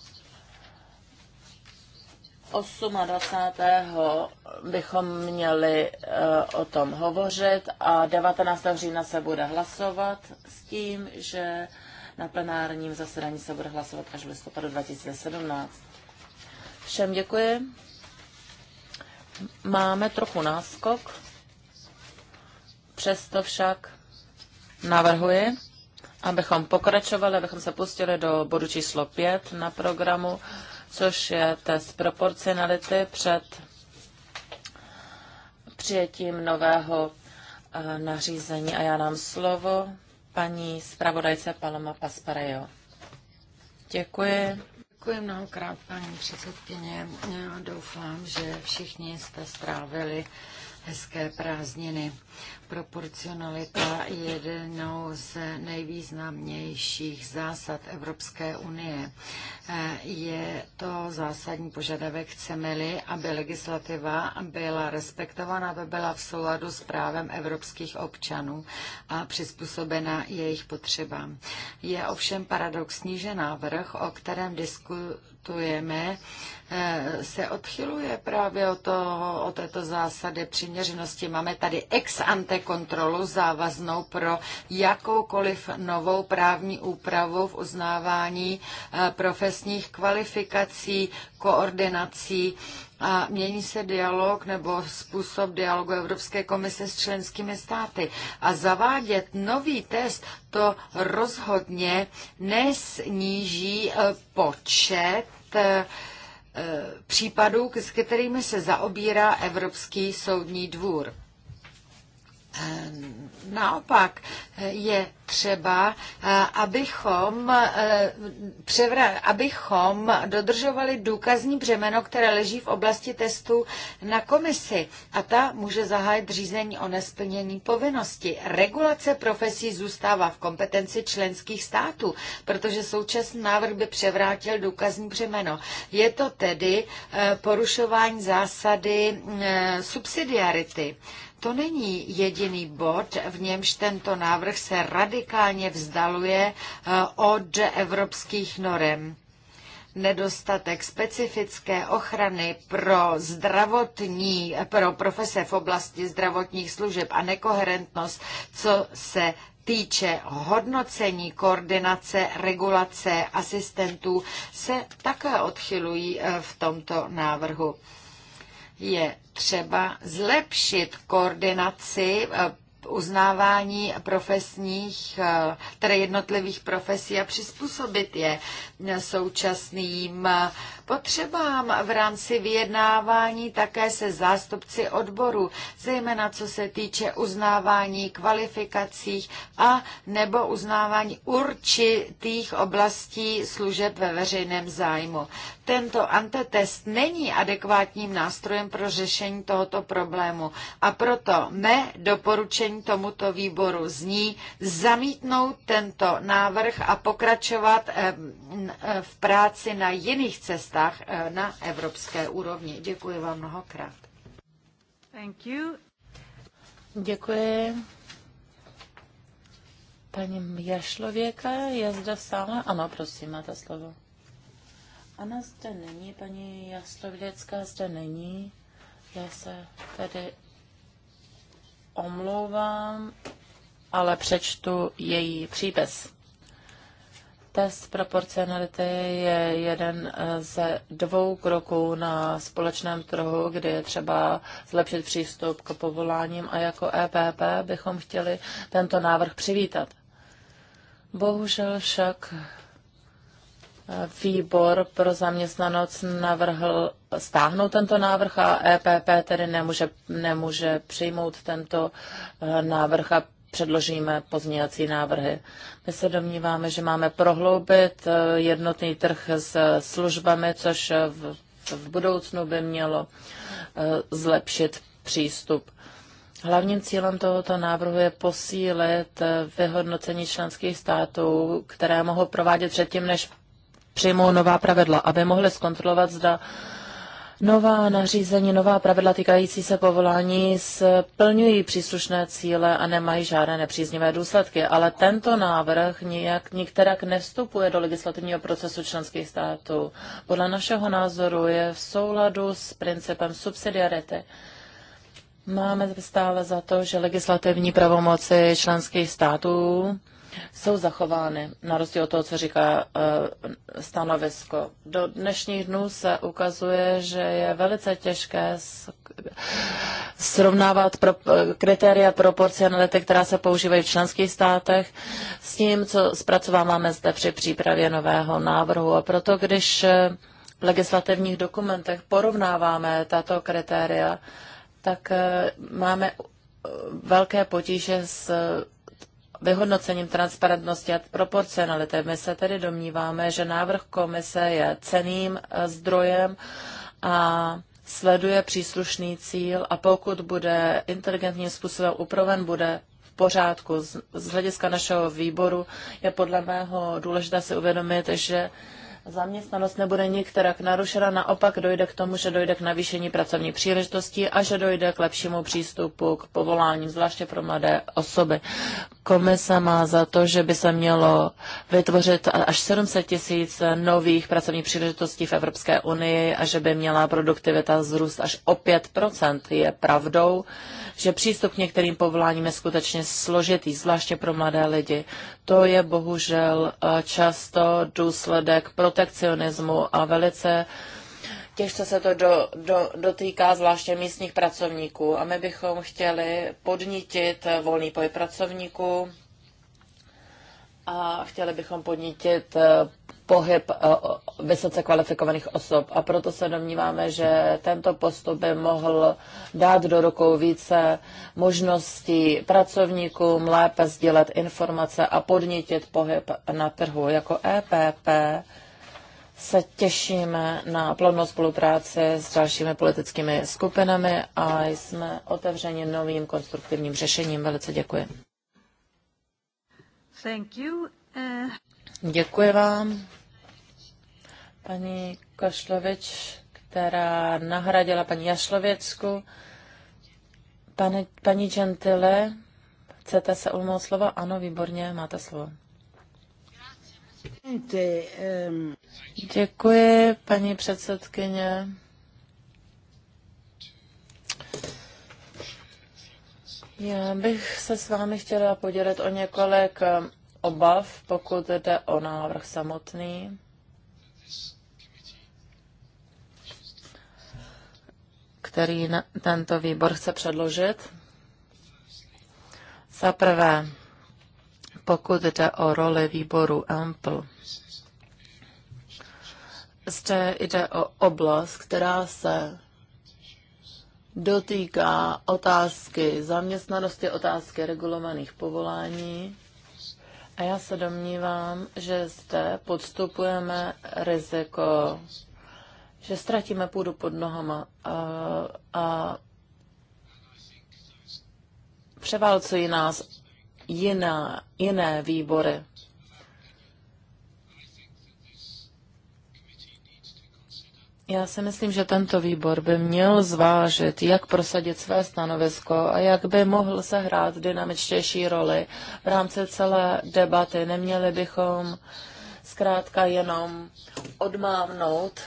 28. bychom měli eh, o tom hovořit a 19. října se bude hlasovat s tím, že na plenárním zasedání se bude hlasovat až v listopadu 2017. Všem děkuji. Máme trochu náskok. Přesto však navrhuji, abychom pokračovali, abychom se pustili do bodu číslo 5 na programu, což je test proporcionality před přijetím nového eh, nařízení. A já dám slovo paní zpravodajce Paloma Pasparejo. Děkuji. Děkuji mnohokrát, paní předsedkyně. Já doufám, že všichni jste strávili hezké prázdniny proporcionalita je jednou z nejvýznamnějších zásad Evropské unie. Je to zásadní požadavek, chceme-li, aby legislativa byla respektována, aby byla v souladu s právem evropských občanů a přizpůsobena jejich potřebám. Je ovšem paradoxní, že návrh, o kterém diskutujeme, diskutujeme, eh, se odchyluje právě o, toho, o této zásady přiměřenosti. Máme tady ex ante kontrolu závaznou pro jakoukoliv novou právní úpravu v uznávání eh, profesních kvalifikací, koordinací a mění se dialog nebo způsob dialogu Evropské komise s členskými státy. A zavádět nový test to rozhodně nesníží eh, počet eh, eh, případů, s kterými se zaobírá Evropský soudní dvůr. Eh, naopak je třeba, eh, abychom, eh, převra- abychom dodržovali důkazní břemeno, které leží v oblasti testů na komisi a ta může zahájit řízení o nesplnění povinnosti. Regulace profesí zůstává v kompetenci členských států, protože současný návrh by převrátil důkazní břemeno. Je to tedy porušování zásady subsidiarity to není jediný bod, v němž tento návrh se radikálně vzdaluje eh, od evropských norem nedostatek specifické ochrany pro zdravotní, pro profese v oblasti zdravotních služeb a nekoherentnost, co se týče hodnocení koordinace regulace asistentů, se také odchylují eh, v tomto návrhu je třeba zlepšit koordinaci eh, uznávání profesních, eh, tedy jednotlivých profesí a přizpůsobit je současným potřebám v rámci vyjednávání také se zástupci odboru, zejména co se týče uznávání kvalifikacích a nebo uznávání určitých oblastí služeb ve veřejném zájmu. Tento antetest není adekvátním nástrojem pro řešení tohoto problému a proto mé doporučení tomuto výboru zní zamítnout tento návrh a pokračovat eh, eh, v práci na jiných cestách eh, na evropské úrovni. Děkuji vám mnohokrát. Thank you. Děkuji. Paní Jašlověka je zde v sále? Ano, prosím, máte slovo. Ano, zde není, paní Jašlověcká zde není. Já se tedy omlouvám, ale přečtu její příbez. Test proporcionality je jeden eh, ze dvou kroků na společném trhu, kdy je třeba zlepšit přístup k povoláním a jako EPP bychom chtěli tento návrh přivítat. Bohužel však výbor pro zaměstnanost navrhl stáhnout tento návrh a EPP tedy nemůže, nemůže přijmout tento eh, návrh a předložíme pozměňovací návrhy. My se domníváme, že máme prohloubit eh, jednotný trh s službami, což v, v budoucnu by mělo eh, zlepšit přístup. Hlavním cílem tohoto návrhu je posílit vyhodnocení členských států, které mohou provádět předtím, než přijmou nová pravidla, aby mohli zkontrolovat, zda nová nařízení, nová pravidla týkající se povolání splňují příslušné cíle a nemají žádné nepříznivé důsledky. Ale tento návrh nijak, nikterak nevstupuje do legislativního procesu členských států. Podle našeho názoru je v souladu s principem subsidiarity. Máme stále za to, že legislativní pravomoci členských států jsou zachovány, na rozdíl od toho, co říká eh, stanovisko. Do dnešních dnů se ukazuje, že je velice těžké srovnávat pro, kritéria proporcionality, která se používají v členských státech, s tím, co zpracováváme zde při přípravě nového návrhu. A proto, když eh, v legislativních dokumentech porovnáváme tato kritéria, tak eh, máme velké potíže s vyhodnocením transparentnosti a proporcionality. My se tedy domníváme, že návrh komise je ceným eh, zdrojem a sleduje příslušný cíl a pokud bude inteligentním způsobem upraven, bude v pořádku. Z, z hlediska našeho výboru je podle mého důležité si uvědomit, že zaměstnanost nebude nikterak narušena, naopak dojde k tomu, že dojde k navýšení pracovní příležitosti a že dojde k lepšímu přístupu k povoláním, zvláště pro mladé osoby. Komise má za to, že by se mělo vytvořit až 700 tisíc nových pracovních příležitostí v Evropské unii a že by měla produktivita zrůst až o 5 je pravdou že přístup k některým povoláním je skutečně složitý, zvláště pro mladé lidi. To je bohužel eh, často důsledek protekcionismu a velice těžce se to do, do, dotýká zvláště místních pracovníků. A my bychom chtěli podnítit eh, volný pohyb pracovníků, a chtěli bychom podnítit eh, pohyb eh, vysoce kvalifikovaných osob. A proto se domníváme, že tento postup by mohl dát do rukou více možností pracovníkům lépe sdílet informace a podnítit pohyb na trhu. Jako EPP se těšíme na plodnou spolupráci s dalšími politickými skupinami a jsme otevřeni novým konstruktivním řešením. Velice děkuji. Thank you. Uh... Děkuji vám, paní Košlovič, která nahradila paní Jašlověcku. Pane, paní Gentile, chcete se ulmout slova? Ano, výborně, máte slovo. Ehm, Děkuji, paní předsedkyně. Já bych se s vámi chtěla podělit o několik eh, obav, pokud jde o návrh samotný. který tento výbor chce předložit. Za prvé, pokud jde o roli výboru Ample, zde jde o oblast, která se dotýká otázky zaměstnanosti, otázky regulovaných povolání. A já se domnívám, že zde podstupujeme riziko, že ztratíme půdu pod nohama a, a převálcují nás jiná, jiné výbory. Já si myslím, že tento výbor by měl zvážit, jak prosadit své stanovisko a jak by mohl sehrát dynamičtější roli v rámci celé debaty. Neměli bychom zkrátka jenom odmávnout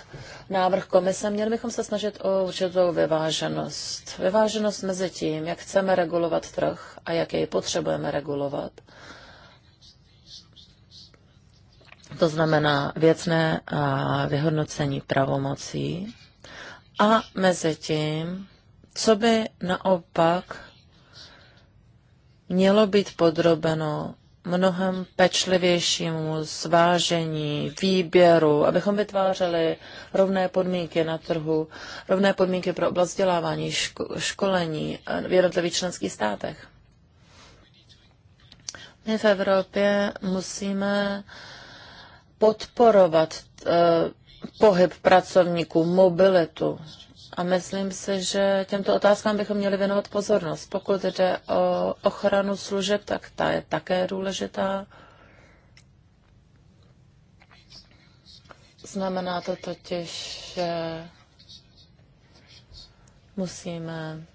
návrh komise, měli bychom se snažit o určitou vyváženost. Vyváženost mezi tím, jak chceme regulovat trh a jak jej potřebujeme regulovat to znamená věcné vyhodnocení pravomocí a mezi tím, co by naopak mělo být podrobeno mnohem pečlivějšímu zvážení, výběru, abychom vytvářeli rovné podmínky na trhu, rovné podmínky pro oblast vzdělávání, ško- školení v jednotlivých členských státech. My v Evropě musíme uh, podporovat eh, pohyb pracovníků, mobilitu. A myslím si, že těmto otázkám bychom měli věnovat pozornost. Pokud jde o ochranu služeb, tak ta je také důležitá. Znamená to totiž, že musíme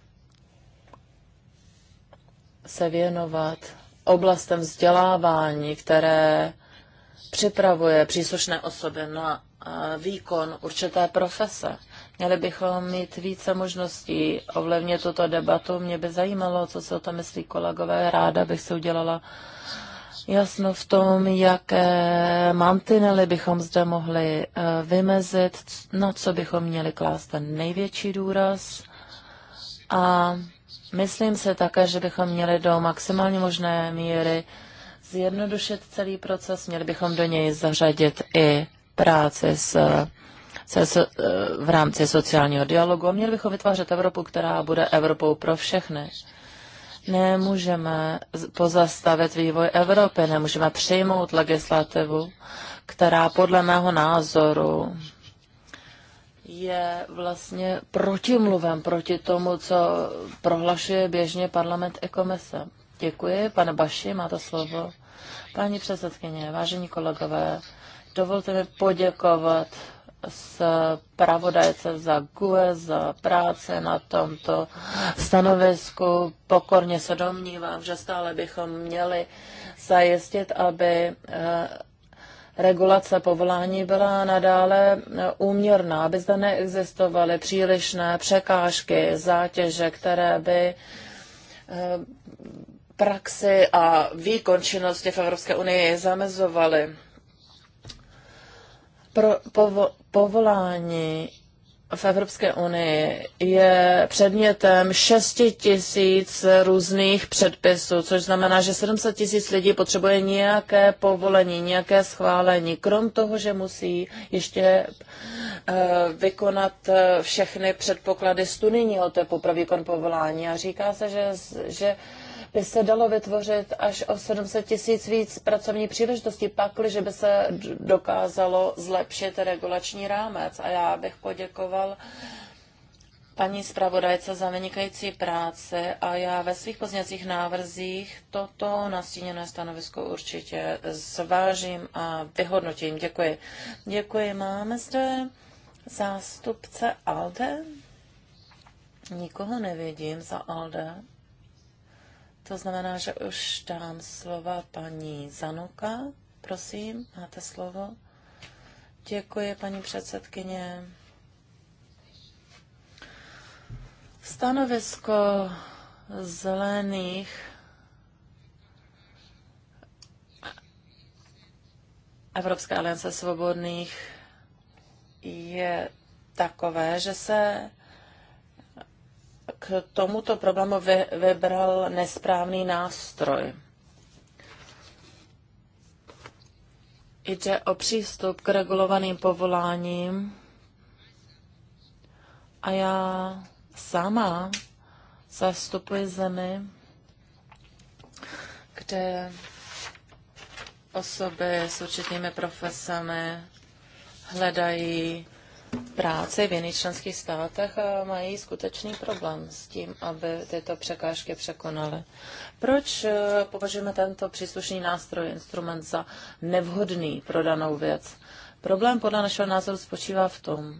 se věnovat oblastem vzdělávání, které připravuje příslušné osoby na eh, výkon určité profese. Měli bychom mít více možností ovlivnit tuto debatu. Mě by zajímalo, co si o tom myslí kolegové. Ráda bych si udělala jasno v tom, jaké mantinely bychom zde mohli eh, vymezit, na co bychom měli klást ten největší důraz. A myslím se také, že bychom měli do maximálně možné míry zjednodušit celý proces, měli bychom do něj zařadit i práci s, se, s, v rámci sociálního dialogu a měli bychom vytvářet Evropu, která bude Evropou pro všechny. Nemůžeme pozastavit vývoj Evropy, nemůžeme přijmout legislativu, která podle mého názoru je vlastně protimluvem proti tomu, co prohlašuje běžně parlament i komise. Děkuji. Pane Baši, máte slovo. Paní předsedkyně, vážení kolegové, dovolte mi poděkovat s pravodajce za GUE, za práce na tomto stanovisku. Pokorně se domnívám, že stále bychom měli zajistit, aby eh, regulace povolání byla nadále eh, úměrná, aby zde neexistovaly přílišné překážky, zátěže, které by eh, praxi a výkon činnosti v Evropské unii zamezovaly. Pro povo, povolání v Evropské unii je předmětem 6 tisíc různých předpisů, což znamená, že 700 tisíc lidí potřebuje nějaké povolení, nějaké schválení, krom toho, že musí ještě eh, vykonat eh, všechny předpoklady studijního typu pro výkon povolání. A říká se, že, že by se dalo vytvořit až o 700 tisíc víc pracovní příležitostí, pakliže by se dokázalo zlepšit regulační rámec. A já bych poděkoval paní zpravodajce za vynikající práce a já ve svých pozněcích návrzích toto nastíněné stanovisko určitě zvážím a vyhodnotím. Děkuji. Děkuji. Máme zde zástupce ALDE? Nikoho nevidím za ALDE. To znamená, že už dám slova paní Zanuka. Prosím, máte slovo. Děkuji, paní předsedkyně. Stanovisko zelených Evropské aliance svobodných je takové, že se k tomuto problému vy, vybral nesprávný nástroj. Jde o přístup k regulovaným povoláním a já sama zastupuji zemi, kde osoby s určitými profesemi hledají práci v jiných členských státech a eh, mají skutečný problém s tím, aby tyto překážky překonaly. Proč eh, považujeme tento příslušný nástroj, instrument za nevhodný pro danou věc? Problém podle našeho názoru spočívá v tom,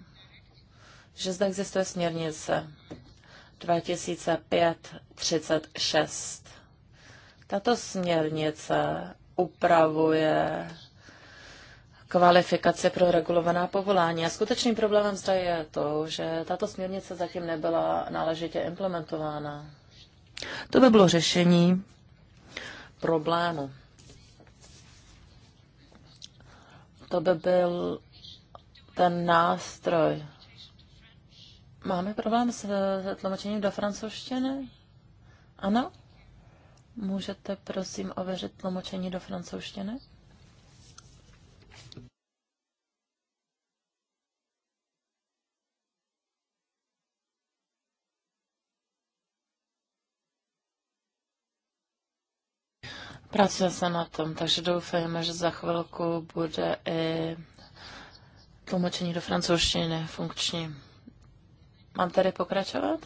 že zde existuje směrnice 2005-36. Tato směrnice upravuje kvalifikace pro regulovaná povolání. A skutečným problémem zde je to, že tato směrnice zatím nebyla náležitě implementována. To by bylo řešení problému. To by byl ten nástroj. Máme problém s tlumočením do francouzštiny? Ano? Můžete prosím ověřit tlumočení do francouzštiny? Pracuje se na tom, takže doufejme, že za chvilku bude i tlumočení do francouzštiny funkční. Mám tady pokračovat?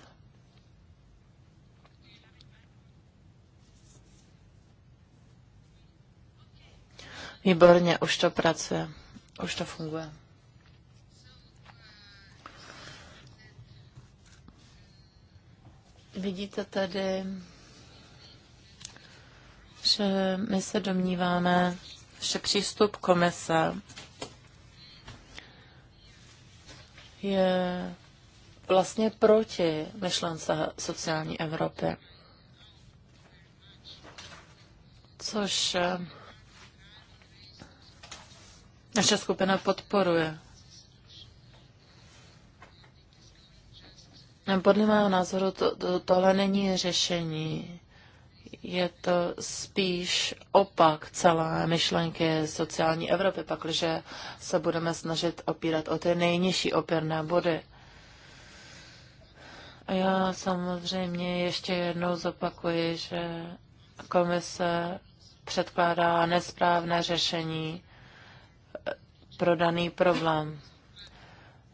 Výborně, už to pracuje, už to funguje. Vidíte tady že my se domníváme, že přístup komise je vlastně proti myšlence sociální Evropy. Což eh, naše skupina podporuje. Podle mého názoru to, to, tohle není řešení je to spíš opak celé myšlenky sociální Evropy, pakliže se budeme snažit opírat o ty nejnižší opěrné body. A já samozřejmě ještě jednou zopakuji, že komise předkládá nesprávné řešení eh, pro daný problém.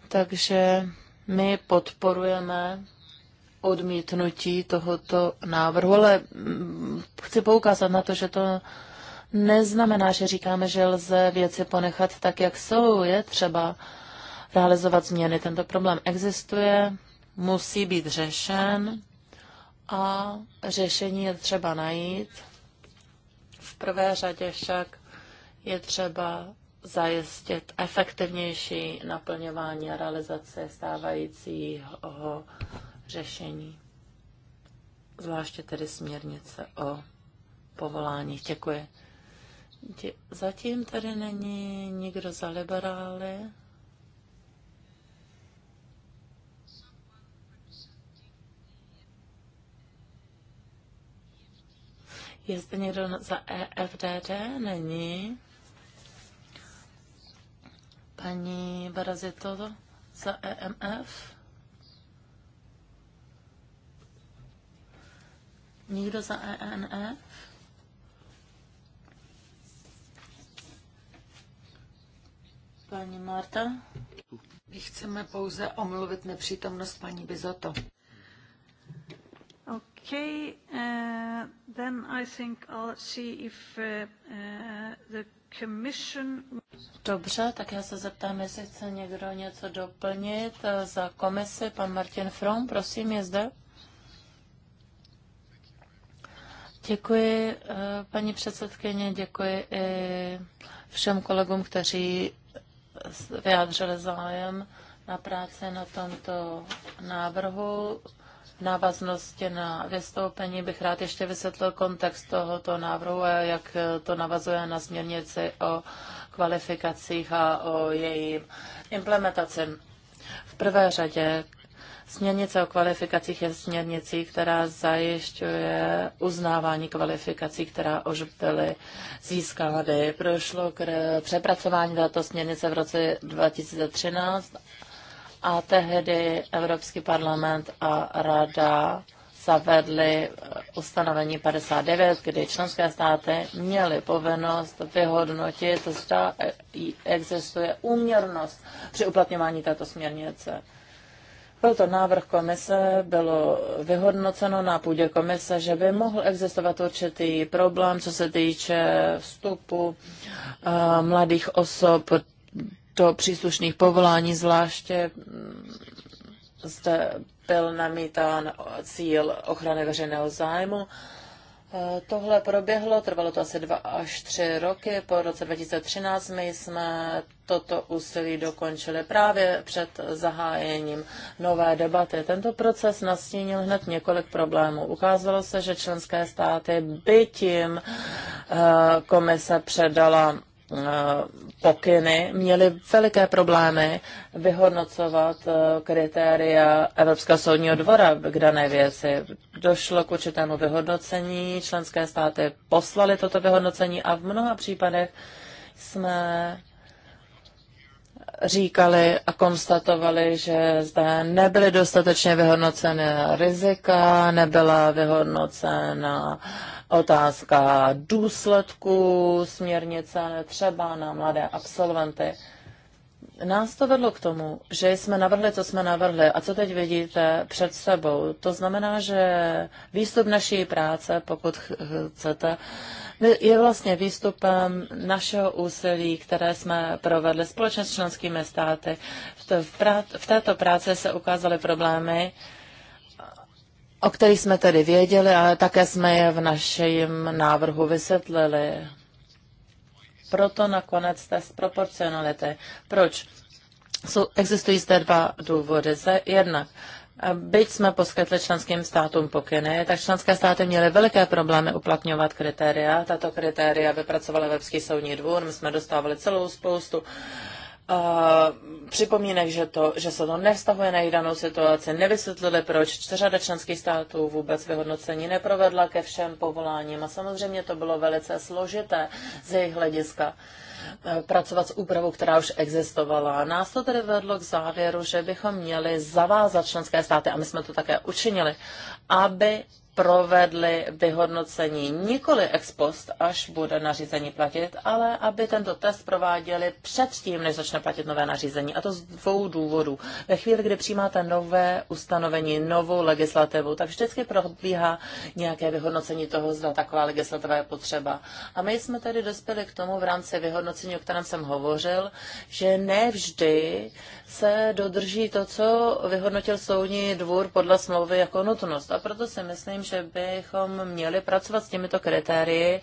Takže my podporujeme odmítnutí tohoto návrhu, ale mm, chci poukázat na to, že to neznamená, že říkáme, že lze věci ponechat tak, jak jsou. Je třeba realizovat změny. Tento problém existuje, musí být řešen a řešení je třeba najít. V prvé řadě však je třeba zajistit efektivnější naplňování a realizace stávajícího řešení, zvláště tedy směrnice o povolání. Děkuji. Dě- zatím tady není nikdo za liberály. Je zde někdo za EFDD? Není. Paní Barazito za EMF? Nikdo za ENE? E? Paní Marta? My chceme pouze omluvit nepřítomnost paní Bizoto. OK, uh, then I think I'll see if uh, uh, the commission... Dobře, tak já se zeptám, jestli chce někdo něco doplnit za komisi. Pan Martin From, prosím, je zde. Děkuji, eh, paní předsedkyně, děkuji i všem kolegům, kteří vyjádřili zájem na práci na tomto návrhu. V návaznosti na vystoupení bych rád ještě vysvětlil kontext tohoto návrhu a jak to navazuje na směrnici o kvalifikacích a o jejím implementaci. V prvé řadě Směrnice o kvalifikacích je směrnicí, která zajišťuje uznávání kvalifikací, která už byly získány. Prošlo k přepracování této směrnice v roce 2013 a tehdy Evropský parlament a Rada zavedli ustanovení 59, kdy členské státy měly povinnost vyhodnotit, zda existuje úměrnost při uplatňování této směrnice. Proto návrh komise bylo vyhodnoceno na půdě komise, že by mohl existovat určitý problém, co se týče vstupu eh, mladých osob do příslušných povolání, zvláště mm, zde byl namítán cíl ochrany veřejného zájmu Tohle proběhlo, trvalo to asi dva až tři roky. Po roce 2013 my jsme toto úsilí dokončili právě před zahájením nové debaty. Tento proces nastínil hned několik problémů. Ukázalo se, že členské státy by tím eh, komise předala Eh, pokyny měly veliké problémy vyhodnocovat eh, kritéria Evropského soudního dvora k dané věci. Došlo k určitému vyhodnocení, členské státy poslali toto vyhodnocení a v mnoha případech jsme říkali a konstatovali, že zde nebyly dostatečně vyhodnoceny rizika, nebyla vyhodnocena uh, otázka důsledku směrnice třeba na mladé absolventy. Nás to vedlo k tomu, že jsme navrhli, co jsme navrhli a co teď vidíte před sebou. To znamená, že výstup naší práce, pokud chcete, je vlastně výstupem našeho úsilí, které jsme provedli společně s členskými státy. V, této práci se ukázaly problémy, o kterých jsme tedy věděli, ale také jsme je v našem návrhu vysvětlili. Proto nakonec test proporcionality. Proč? Jsou, existují zde dva důvody. Jednak, byť jsme poskytli členským státům pokyny, tak členské státy měly velké problémy uplatňovat kritéria. Tato kritéria vypracoval Evropský soudní dvůr, my jsme dostávali celou spoustu uh, Uh, připomínek, že, to, že se to nevztahuje na jejich danou situaci, nevysvětlili, proč čtyřada členských států vůbec vyhodnocení neprovedla ke všem povoláním. A samozřejmě to bylo velice složité z jejich hlediska eh, pracovat s úpravou, která už existovala. Nás to tedy vedlo k závěru, že bychom měli zavázat členské státy, a my jsme to také učinili, aby provedli vyhodnocení nikoli ex post, až bude nařízení platit, ale aby tento test prováděli předtím, než začne platit nové nařízení. A to z dvou důvodů. Ve chvíli, kdy přijímáte nové ustanovení, novou legislativu, tak vždycky probíhá nějaké vyhodnocení toho, zda taková legislativa je potřeba. A my jsme tedy dospěli k tomu v rámci vyhodnocení, o kterém jsem hovořil, že nevždy se dodrží to, co vyhodnotil soudní dvůr podle smlouvy jako nutnost. A proto si myslím, že bychom měli pracovat s těmito kritérii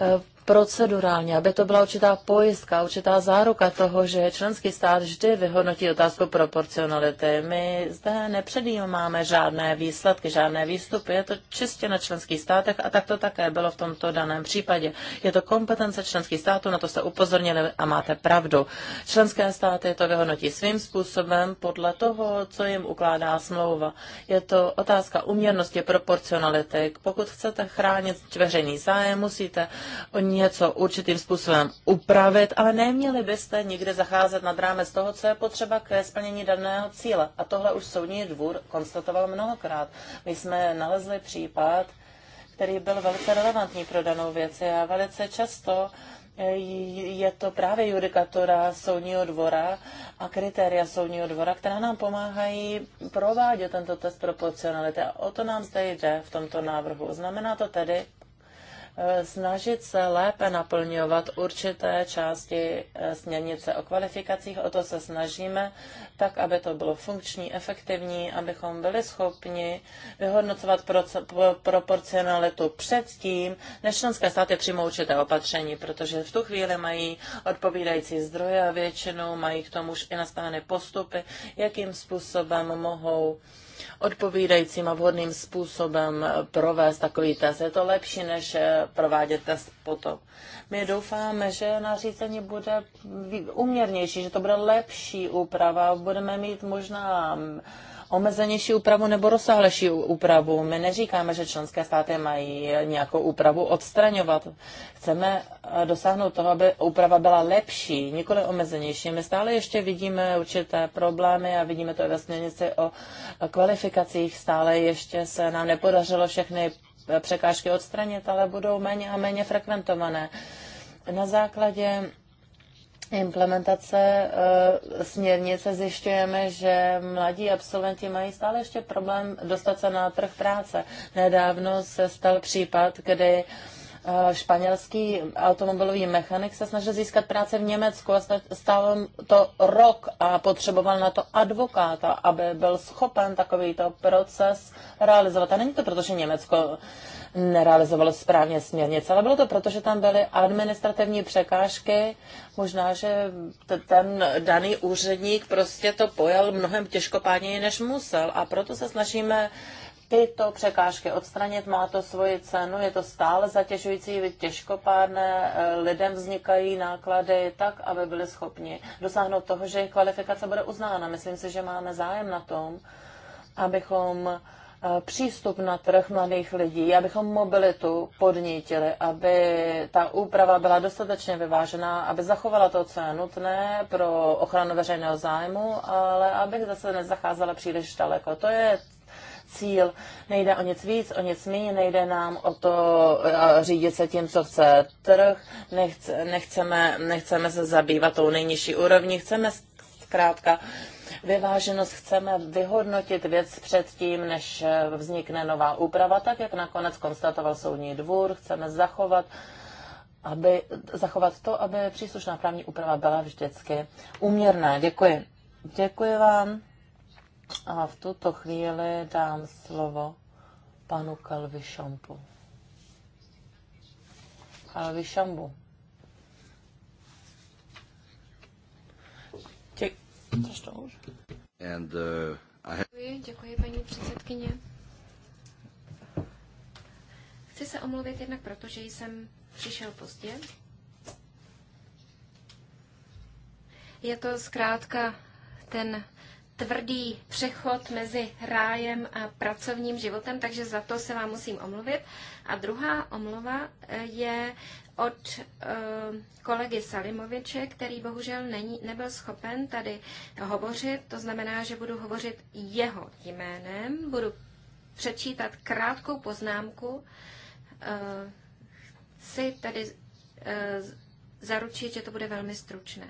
eh, procedurálně, aby to byla určitá pojistka, určitá záruka toho, že členský stát vždy vyhodnotí otázku proporcionality. My zde nepředjímáme žádné výsledky, žádné výstupy, je to čistě na členských státech a tak to také bylo v tomto daném případě. Je to kompetence členských států, na to jste upozornili a máte pravdu. Členské státy to vyhodnotí svým způsobem podle toho, co jim ukládá smlouva. Je to otázka uměrnosti, proporcionality. Pokud chcete chránit veřejný zájem, musíte o něco určitým způsobem upravit, ale neměli byste nikdy zacházet nad rámec toho, co je potřeba ke splnění daného cíle. A tohle už soudní dvůr konstatoval mnohokrát. My jsme nalezli případ, který byl velice relevantní pro danou věc a velice často eh, je to právě judikatura soudního dvora a kritéria soudního dvora, která nám pomáhají provádět tento test proporcionality. A o to nám zde jde v tomto návrhu. Znamená to tedy, Eh, snažit se lépe naplňovat určité části eh, směrnice o kvalifikacích. O to se snažíme, tak aby to bylo funkční, efektivní, abychom byli schopni vyhodnocovat proporcionalitu předtím, než členské státy přijmou určité opatření, protože v tu chvíli mají odpovídající zdroje a většinou mají k tomu už i nastavené postupy, jakým způsobem mohou odpovídajícím a vhodným způsobem provést takový test. Je to lepší, než eh, provádět test potom. My doufáme, že nařízení bude uměrnější, že to bude lepší úprava. Budeme mít možná mm, omezenější úpravu nebo rozsáhlejší úpravu. My neříkáme, že členské státy mají nějakou úpravu odstraňovat. Chceme eh, dosáhnout toho, aby úprava byla lepší, nikoli omezenější. My stále ještě vidíme určité problémy a vidíme to i ve směrnici o kvalifikacích. Stále ještě se nám nepodařilo všechny eh, překážky odstranit, ale budou méně a méně frekventované. Na základě implementace eh, směrnice zjišťujeme, že mladí absolventi mají stále ještě problém dostat se na trh práce. Nedávno se stal případ, kdy eh, španělský automobilový mechanik se snažil získat práce v Německu a stálo to rok a potřeboval na to advokáta, aby byl schopen takovýto proces realizovat. A není to proto, že Německo nerealizovalo správně směrnice, ale bylo to proto, že tam byly administrativní překážky. Možná, že ten daný úředník prostě to pojal mnohem těžkopádněji, než musel a proto se snažíme tyto překážky odstranit, má to svoji cenu, je to stále zatěžující, těžkopádné, eh, lidem vznikají náklady tak, aby byli schopni dosáhnout toho, že jejich kvalifikace bude uznána. Myslím si, že máme zájem na tom, abychom Eh, přístup na trh mladých lidí, abychom mobilitu podnítili, aby ta úprava byla dostatečně vyvážená, aby zachovala to, co je nutné pro ochranu veřejného zájmu, ale aby zase nezacházela příliš daleko. To je cíl. Nejde o nic víc, o nic méně, nejde nám o to eh, řídit se tím, co chce trh, Nechce, nechceme, nechceme se zabývat tou nejnižší úrovní, chceme zkrátka vyváženost. Chceme vyhodnotit věc předtím, než eh, vznikne nová úprava, tak jak nakonec konstatoval soudní dvůr. Chceme zachovat aby zachovat to, aby příslušná právní úprava byla vždycky úměrná. Děkuji. Děkuji vám. A v tuto chvíli dám slovo panu Kalvi Šampu. Kalvi Šambu. And, uh, I Děkuji, děkuji, paní předsedkyně. Chci se omluvit jednak proto, že jsem přišel pozdě. Je to zkrátka ten tvrdý přechod mezi rájem a pracovním životem, takže za to se vám musím omluvit. A druhá omluva eh, je od eh, kolegy Salimoviče, který bohužel není, nebyl schopen tady hovořit. To znamená, že budu hovořit jeho jménem, budu přečítat krátkou poznámku. Chci eh, tedy eh, zaručit, že to bude velmi stručné.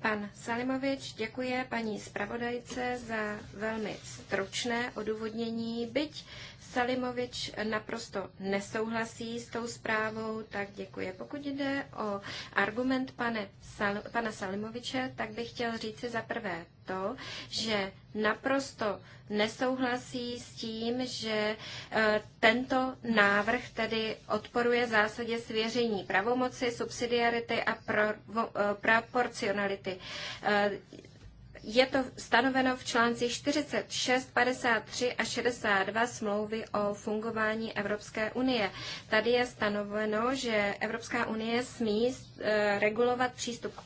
Pan Salimovič děkuje paní zpravodajce za velmi stručné odůvodnění, byť Salimovič naprosto nesouhlasí s tou zprávou, tak děkuji. Pokud jde o argument pane, Sal, pana Salimoviče, tak bych chtěl říci za prvé to, že naprosto nesouhlasí s tím, že e, tento návrh tedy odporuje zásadě svěření pravomoci, subsidiarity a pro, e, proporcionality e, je to stanoveno v článcích 46, 53 a 62 smlouvy o fungování Evropské unie. Tady je stanoveno, že Evropská unie smí eh, regulovat přístup k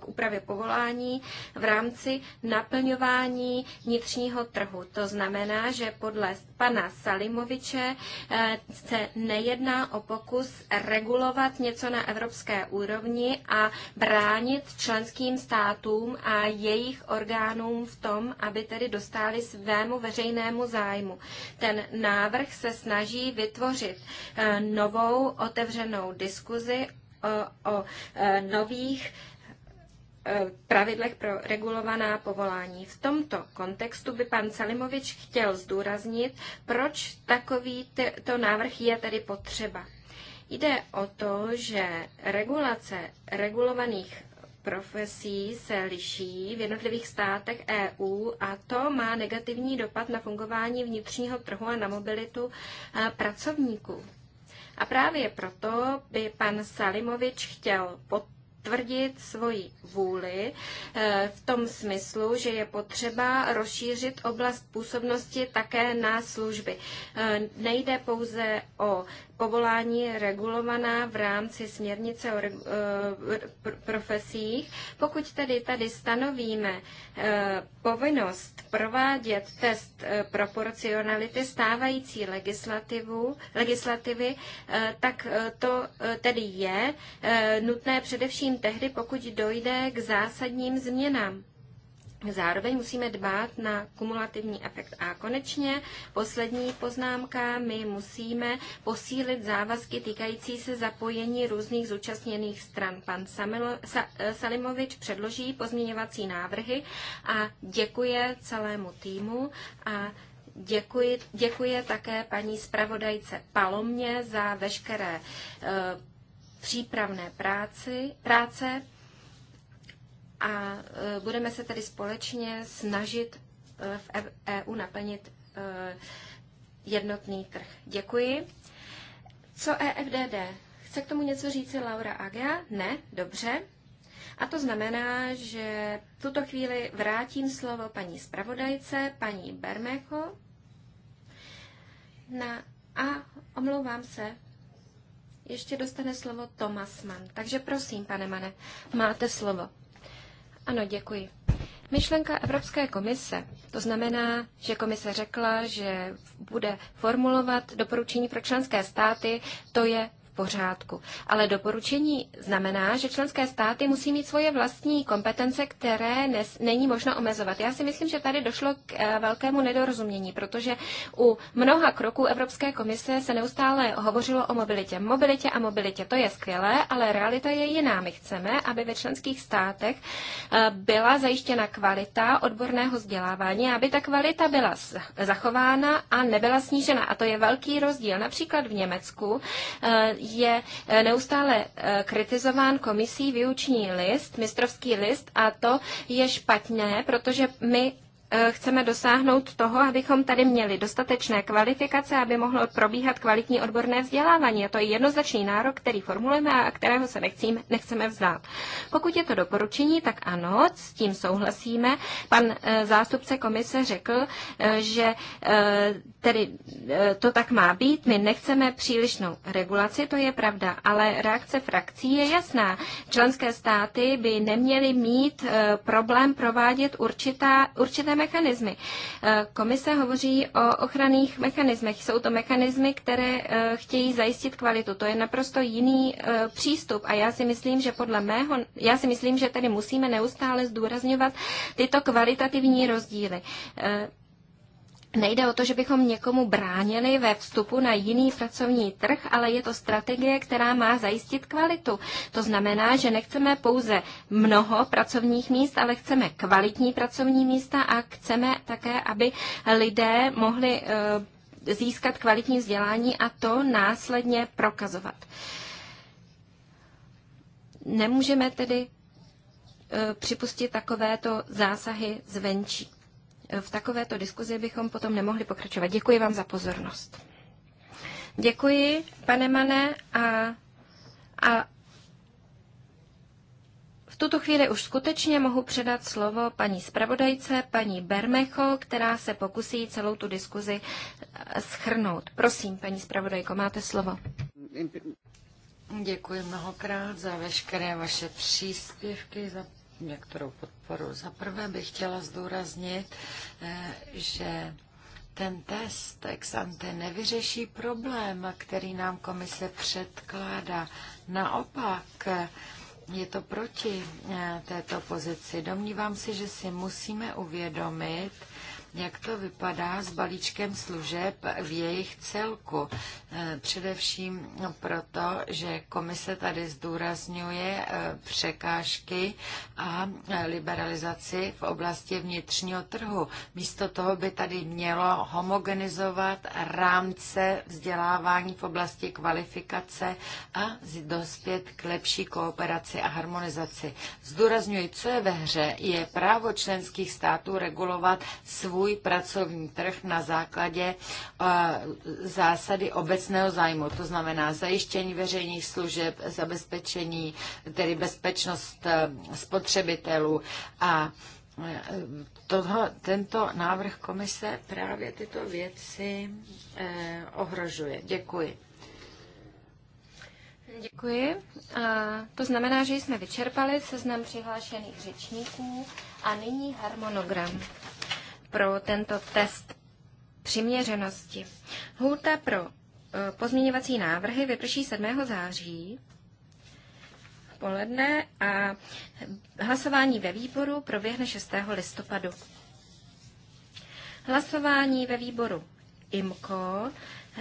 k úpravě povolání v rámci naplňování vnitřního trhu. To znamená, že podle pana Salimoviče eh, se nejedná o pokus regulovat něco na evropské úrovni a bránit členským státům a jejich orgánům v tom, aby tedy dostali svému veřejnému zájmu. Ten návrh se snaží vytvořit eh, novou otevřenou diskuzi eh, o, o nových Eh, pravidlech pro regulovaná povolání. V tomto kontextu by pan Salimovič chtěl zdůraznit, proč takový to návrh je tedy potřeba. Jde o to, že regulace regulovaných profesí se liší v jednotlivých státech EU a to má negativní dopad na fungování vnitřního trhu a na mobilitu eh, pracovníků. A právě proto by pan Salimovič chtěl pod potvrdit svoji vůli eh, v tom smyslu, že je potřeba rozšířit oblast působnosti také na služby. Eh, nejde pouze o povolání regulovaná v rámci směrnice o eh, profesích. Pokud tedy tady stanovíme eh, povinnost provádět test eh, proporcionality stávající legislativu, legislativy, tak to tedy je nutné především tehdy, pokud dojde k zásadním změnám. Zároveň musíme dbát na kumulativní efekt. A konečně poslední poznámka, my musíme posílit závazky týkající se zapojení různých zúčastněných stran. Pan Samilo, Sa, eh, Salimovič předloží pozměňovací návrhy a děkuje celému týmu a děkuji, děkuje také paní zpravodajce Palomě za veškeré e, přípravné práci, práce a e, budeme se tedy společně snažit e, v EU e naplnit jednotný trh. Děkuji. Co EFDD? Chce k tomu něco říci Laura Agia? Ne? Dobře. A to znamená, že v tuto chvíli vrátím slovo paní zpravodajce, paní Bermecho. Na, a omlouvám se, ještě dostane slovo Tomas Mann. Takže prosím, pane Mane, máte slovo. Ano, děkuji. Myšlenka Evropské komise, to znamená, že komise řekla, že bude formulovat doporučení pro členské státy, to je pořádku. Ale doporučení znamená, že členské státy musí mít svoje vlastní kompetence, které nes, není možno omezovat. Já si myslím, že tady došlo k eh, velkému nedorozumění, protože u mnoha kroků Evropské komise se neustále hovořilo o mobilitě. Mobilitě a mobilitě, to je skvělé, ale realita je jiná. My chceme, aby ve členských státech eh, byla zajištěna kvalita odborného vzdělávání, aby ta kvalita byla zachována a nebyla snížena. A to je velký rozdíl. Například v Německu eh, je eh, neustále eh, kritizován komisí výuční list, mistrovský list a to je špatné, protože my Eh, chceme dosáhnout toho, abychom tady měli dostatečné kvalifikace, aby mohlo probíhat kvalitní odborné vzdělávání. A to je jednoznačný nárok, který formulujeme a kterého se nechcíme, nechceme vzdát. Pokud je to doporučení, tak ano, s tím souhlasíme. Pan eh, zástupce komise řekl, eh, že tedy to tak má být. My nechceme přílišnou regulaci, to je pravda, ale reakce frakcí je jasná. Členské státy by neměly mít problém provádět určitá, určité mechanizmy. mechanismy. Eh, komise hovoří o ochranných mechanismech. Jsou to mechanismy, které eh, chtějí zajistit kvalitu. To je naprosto jiný eh, přístup a já si myslím, že podle mého, já si myslím, že tady musíme neustále zdůrazňovat tyto kvalitativní rozdíly. Nejde o to, že bychom někomu bránili ve vstupu na jiný pracovní trh, ale je to strategie, která má zajistit kvalitu. To znamená, že nechceme pouze mnoho pracovních míst, ale chceme kvalitní pracovní místa a chceme také, aby lidé mohli eh, získat kvalitní vzdělání a to následně prokazovat. Nemůžeme tedy eh, připustit takovéto zásahy zvenčí v takovéto diskuzi bychom potom nemohli pokračovat. Děkuji vám za pozornost. Děkuji, pane Mane, a, a v tuto chvíli už skutečně mohu předat slovo paní zpravodajce, paní Bermecho, která se pokusí celou tu diskuzi e, schrnout. Prosím, paní zpravodajko, máte slovo. Děkuji mnohokrát za veškeré vaše příspěvky, za některou podporu. Za prvé bych chtěla zdůraznit, eh, že ten test ex ante nevyřeší problém, který nám komise předkládá. Naopak, je to proti eh, této pozici. Domnívám se, že si musíme uvědomit, jak to vypadá s balíčkem služeb v jejich celku. Eh, především proto, že komise tady zdůrazňuje eh, překážky a eh, liberalizaci v oblasti vnitřního trhu. Místo toho by tady mělo homogenizovat rámce vzdělávání v oblasti kvalifikace a dospět k lepší kooperaci a harmonizaci. Zdůrazňuji, co je ve hře, je právo členských států regulovat svůj svůj pracovní trh na základě eh, zásady obecného zájmu, to znamená zajištění veřejných služeb, zabezpečení, tedy bezpečnost eh, spotřebitelů a eh, toho, tento návrh komise právě tyto věci eh, ohrožuje. Děkuji. Děkuji. A to znamená, že jsme vyčerpali seznam přihlášených řečníků a nyní harmonogram pro tento test přiměřenosti. Hůta pro e, pozměňovací návrhy vyprší 7. září poledne a hlasování ve výboru proběhne 6. listopadu. Hlasování ve výboru Imko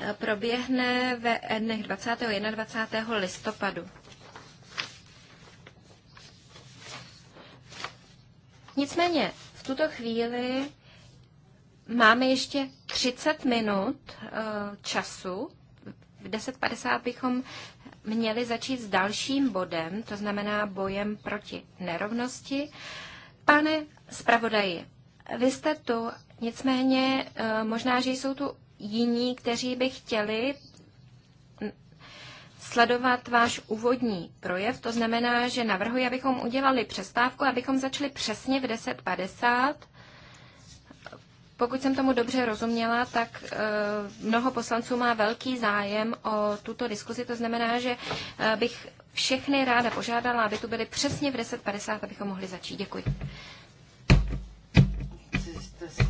e, proběhne ve dnech 20. a 21. listopadu. Nicméně v tuto chvíli Máme ještě 30 minut eh, času. V 10.50 bychom měli začít s dalším bodem, to znamená bojem proti nerovnosti. Pane zpravodaji, vy jste tu, nicméně eh, možná, že jsou tu jiní, kteří by chtěli sledovat váš úvodní projev. To znamená, že navrhuji, abychom udělali přestávku, abychom začali přesně v 10.50 pokud jsem tomu dobře rozuměla, tak eh, mnoho poslanců má velký zájem o tuto diskuzi. To znamená, že eh, bych všechny ráda požádala, aby tu byly přesně v 10.50, abychom mohli začít. Děkuji. Prostě,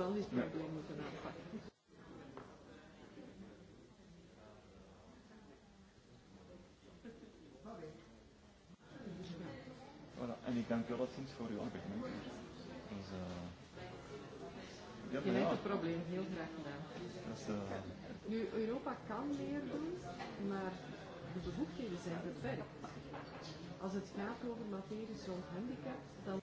well he's been doing with an alpha. Voilà, and he can get things for you. Dus, uh, uh je weet het probleem heel graag gedaan. Dus, uh, nu, Europa kan meer doen, maar de bevoegdheden zijn beperkt. Als het gaat over materie zo'n handicap, dan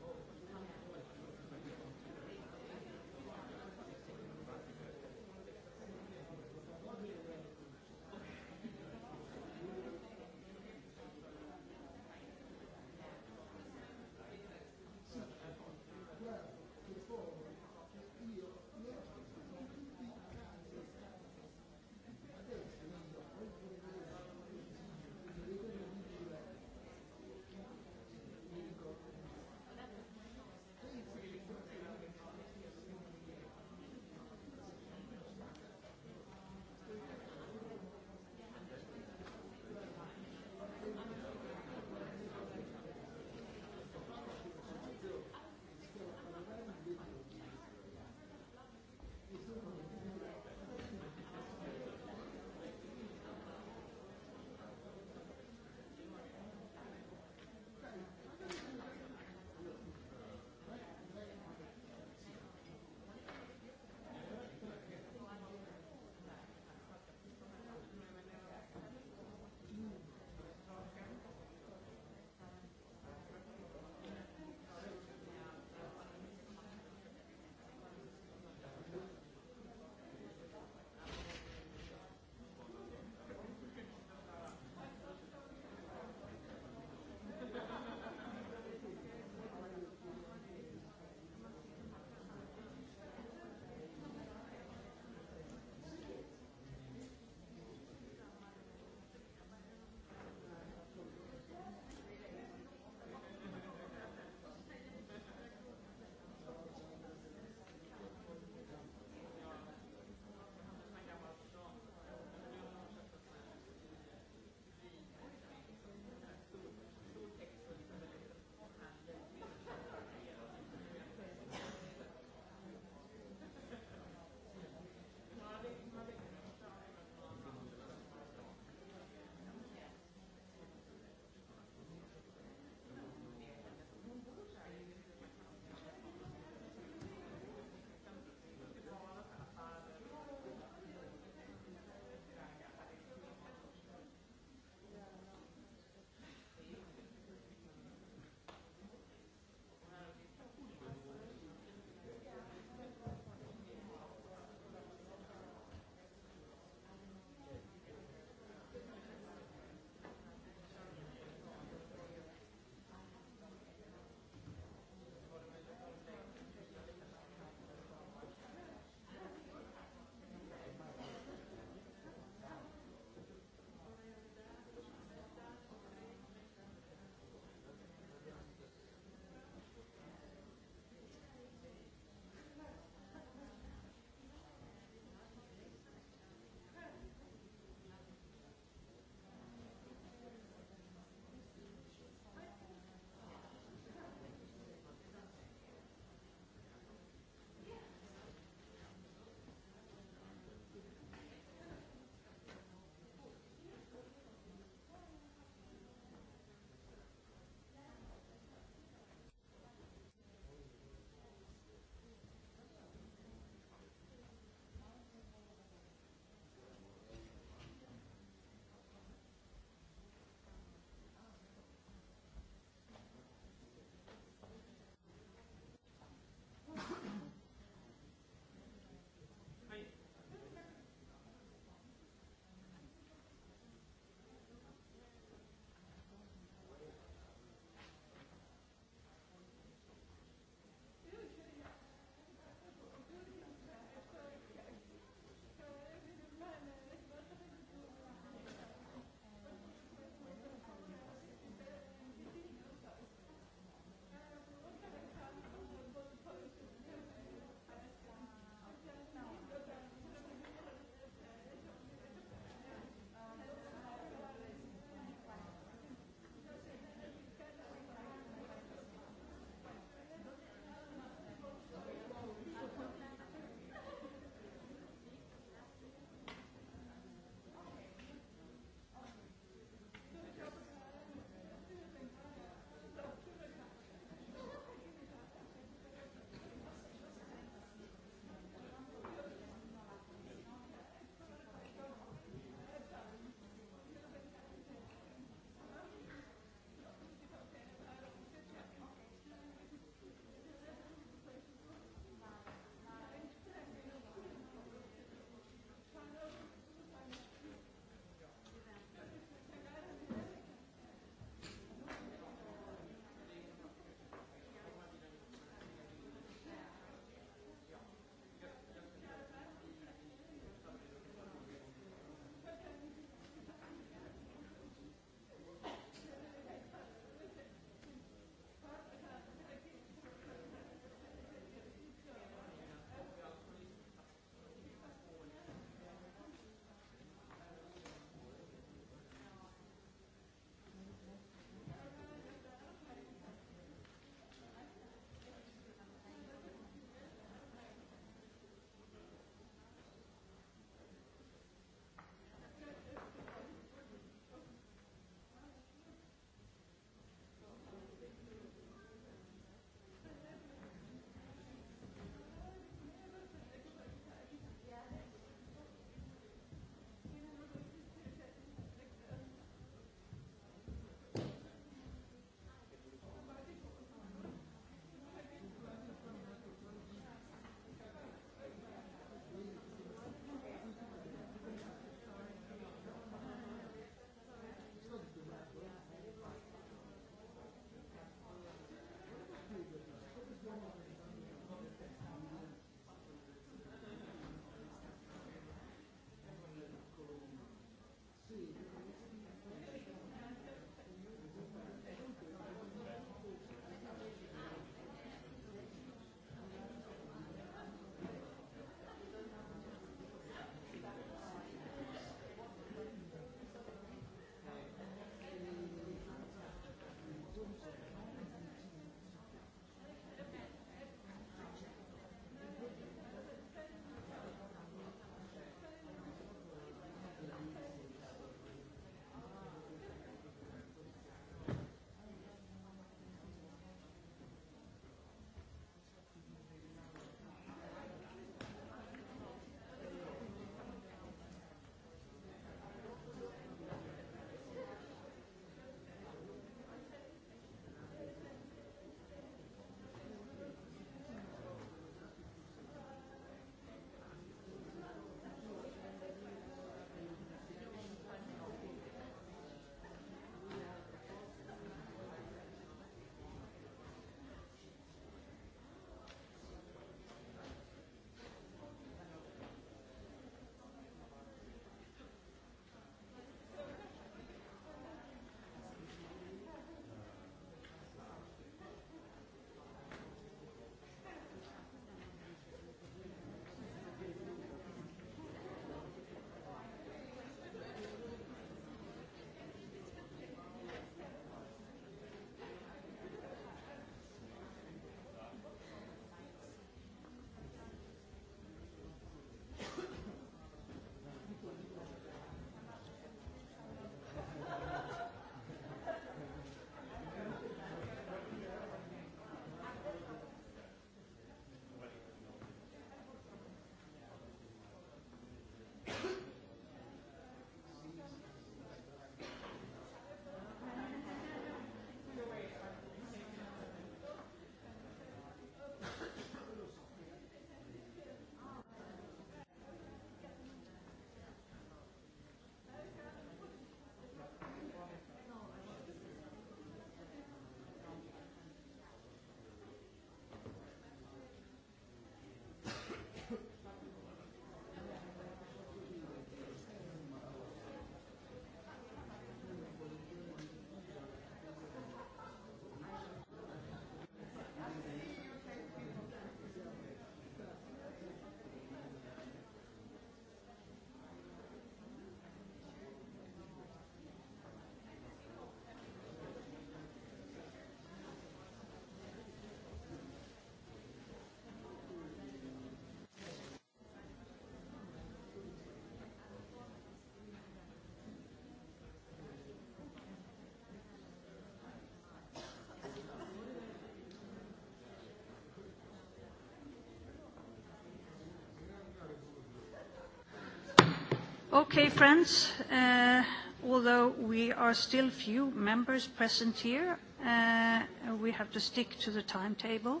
Okay, friends, uh, although we are still few members present here, uh, we have to stick to the timetable.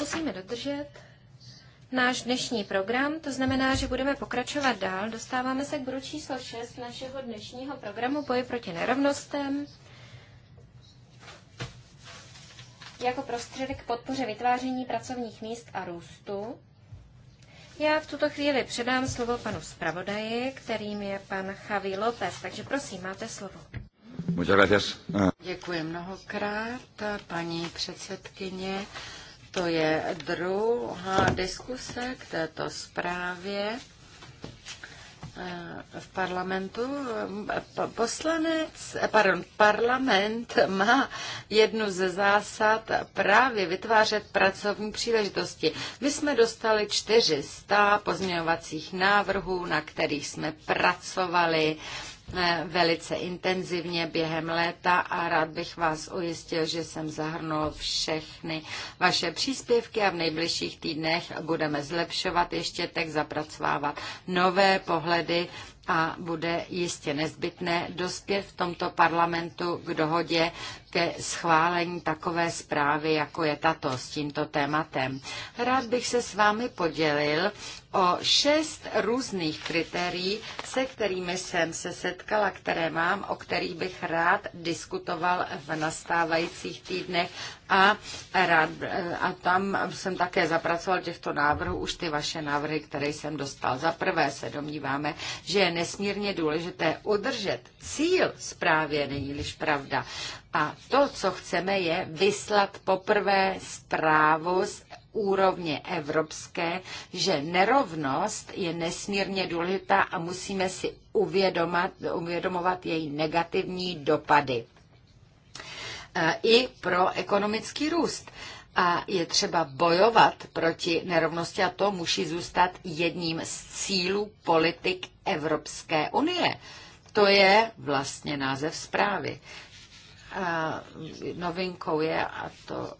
Musíme dodržet náš dnešní program, to znamená, že budeme pokračovat dál. Dostáváme se k bodu číslo 6 našeho dnešního programu Boj proti nerovnostem jako prostředek k podpoře vytváření pracovních míst a růstu. Já v tuto chvíli předám slovo panu zpravodaji, kterým je pan Javi López, takže prosím, máte slovo. Děkuji mnohokrát, paní předsedkyně. To je druhá diskuse k této zprávě. Eh, v parlamentu. Eh, poslanec, eh, pardon, parlament má jednu ze zásad právě vytvářet pracovní příležitosti. My jsme dostali 400 pozměňovacích návrhů, na kterých jsme pracovali Eh, velice intenzivně během léta a rád bych vás ujistil, že jsem zahrnul všechny vaše příspěvky a v nejbližších týdnech budeme zlepšovat ještě tak zapracovávat nové pohledy a bude jistě nezbytné dospět v tomto parlamentu k dohodě ke schválení takové zprávy, jako je tato s tímto tématem. Rád bych se s vámi podělil o šest různých kritérií, se kterými jsem se setkala, které mám, o kterých bych rád diskutoval v nastávajících týdnech a, rád, a tam jsem také zapracoval těchto návrhů už ty vaše návrhy, které jsem dostal. Za prvé se domníváme, že je nesmírně důležité udržet cíl zprávě, není-liž pravda. A to, co chceme, je vyslat poprvé zprávu s úrovně evropské, že nerovnost je nesmírně důležitá a musíme si uvědomat, uvědomovat její negativní dopady. E, I pro ekonomický růst. A je třeba bojovat proti nerovnosti a to musí zůstat jedním z cílů politik Evropské unie. To je vlastně název zprávy. A novinkou je, a to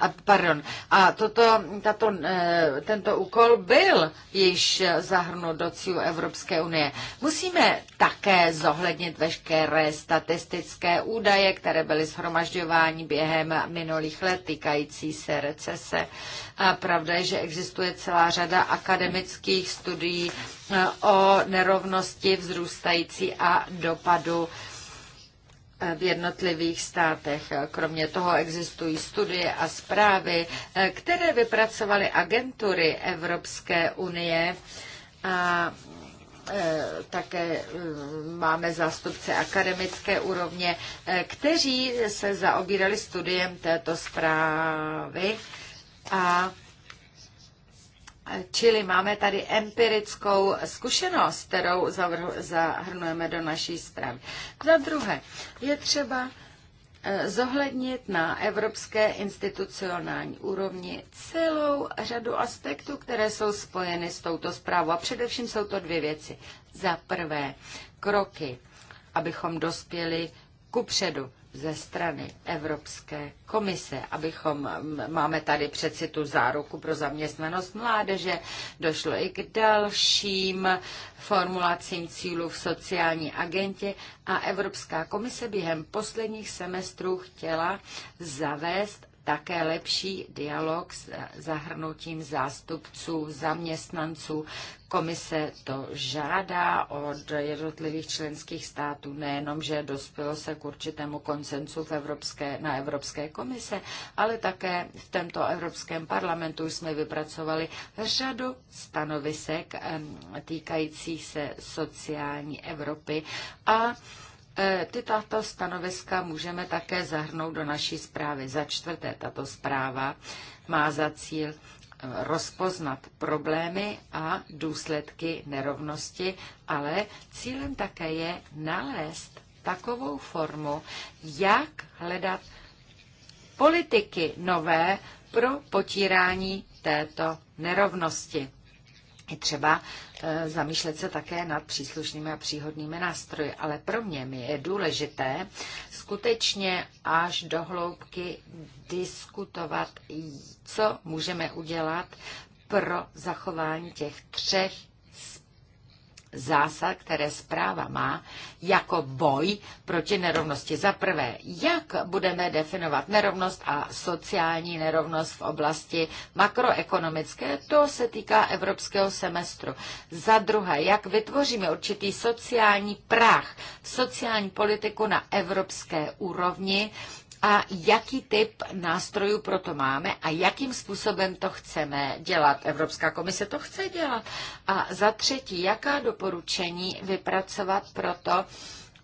a, pardon, a toto, tato, eh, tento úkol byl již zahrnut do cílu Evropské unie. Musíme také zohlednit veškeré statistické údaje, které byly shromažďovány během minulých let týkající se recese. A pravda je, že existuje celá řada akademických studií eh, o nerovnosti vzrůstající a dopadu v jednotlivých státech. Kromě toho existují studie a zprávy, které vypracovaly agentury Evropské unie a e, také e, máme zástupce akademické úrovně, e, kteří se zaobírali studiem této zprávy a Čili máme tady empirickou zkušenost, kterou zahrnujeme do naší zprávy. Za druhé, je třeba eh, zohlednit na evropské institucionální úrovni celou řadu aspektů, které jsou spojeny s touto zprávou. A především jsou to dvě věci. Za prvé, kroky, abychom dospěli ku předu ze strany Evropské komise, abychom, máme tady přeci tu záruku pro zaměstnanost mládeže, došlo i k dalším formulacím cílů v sociální agentě a Evropská komise během posledních semestrů chtěla zavést také lepší dialog s zahrnutím zástupců, zaměstnanců, Komise to žádá od jednotlivých členských států, nejenom, že dospělo se k určitému koncensu v Evropské, na Evropské komise, ale také v tomto Evropském parlamentu jsme vypracovali řadu stanovisek týkajících se sociální Evropy a e, ty tato stanoviska můžeme také zahrnout do naší zprávy. Za čtvrté, tato zpráva má za cíl rozpoznat problémy a důsledky nerovnosti, ale cílem také je nalézt takovou formu, jak hledat politiky nové pro potírání této nerovnosti je třeba eh, zamýšlet se také nad příslušnými a příhodnými nástroji. Ale pro mě je důležité skutečně až do hloubky diskutovat, co můžeme udělat pro zachování těch třech zásad, které zpráva má jako boj proti nerovnosti. Za prvé, jak budeme definovat nerovnost a sociální nerovnost v oblasti makroekonomické, to se týká evropského semestru. Za druhé, jak vytvoříme určitý sociální práh, sociální politiku na evropské úrovni, a jaký typ nástrojů pro to máme a jakým způsobem to chceme dělat. Evropská komise to chce dělat. A za třetí, jaká doporučení vypracovat pro to,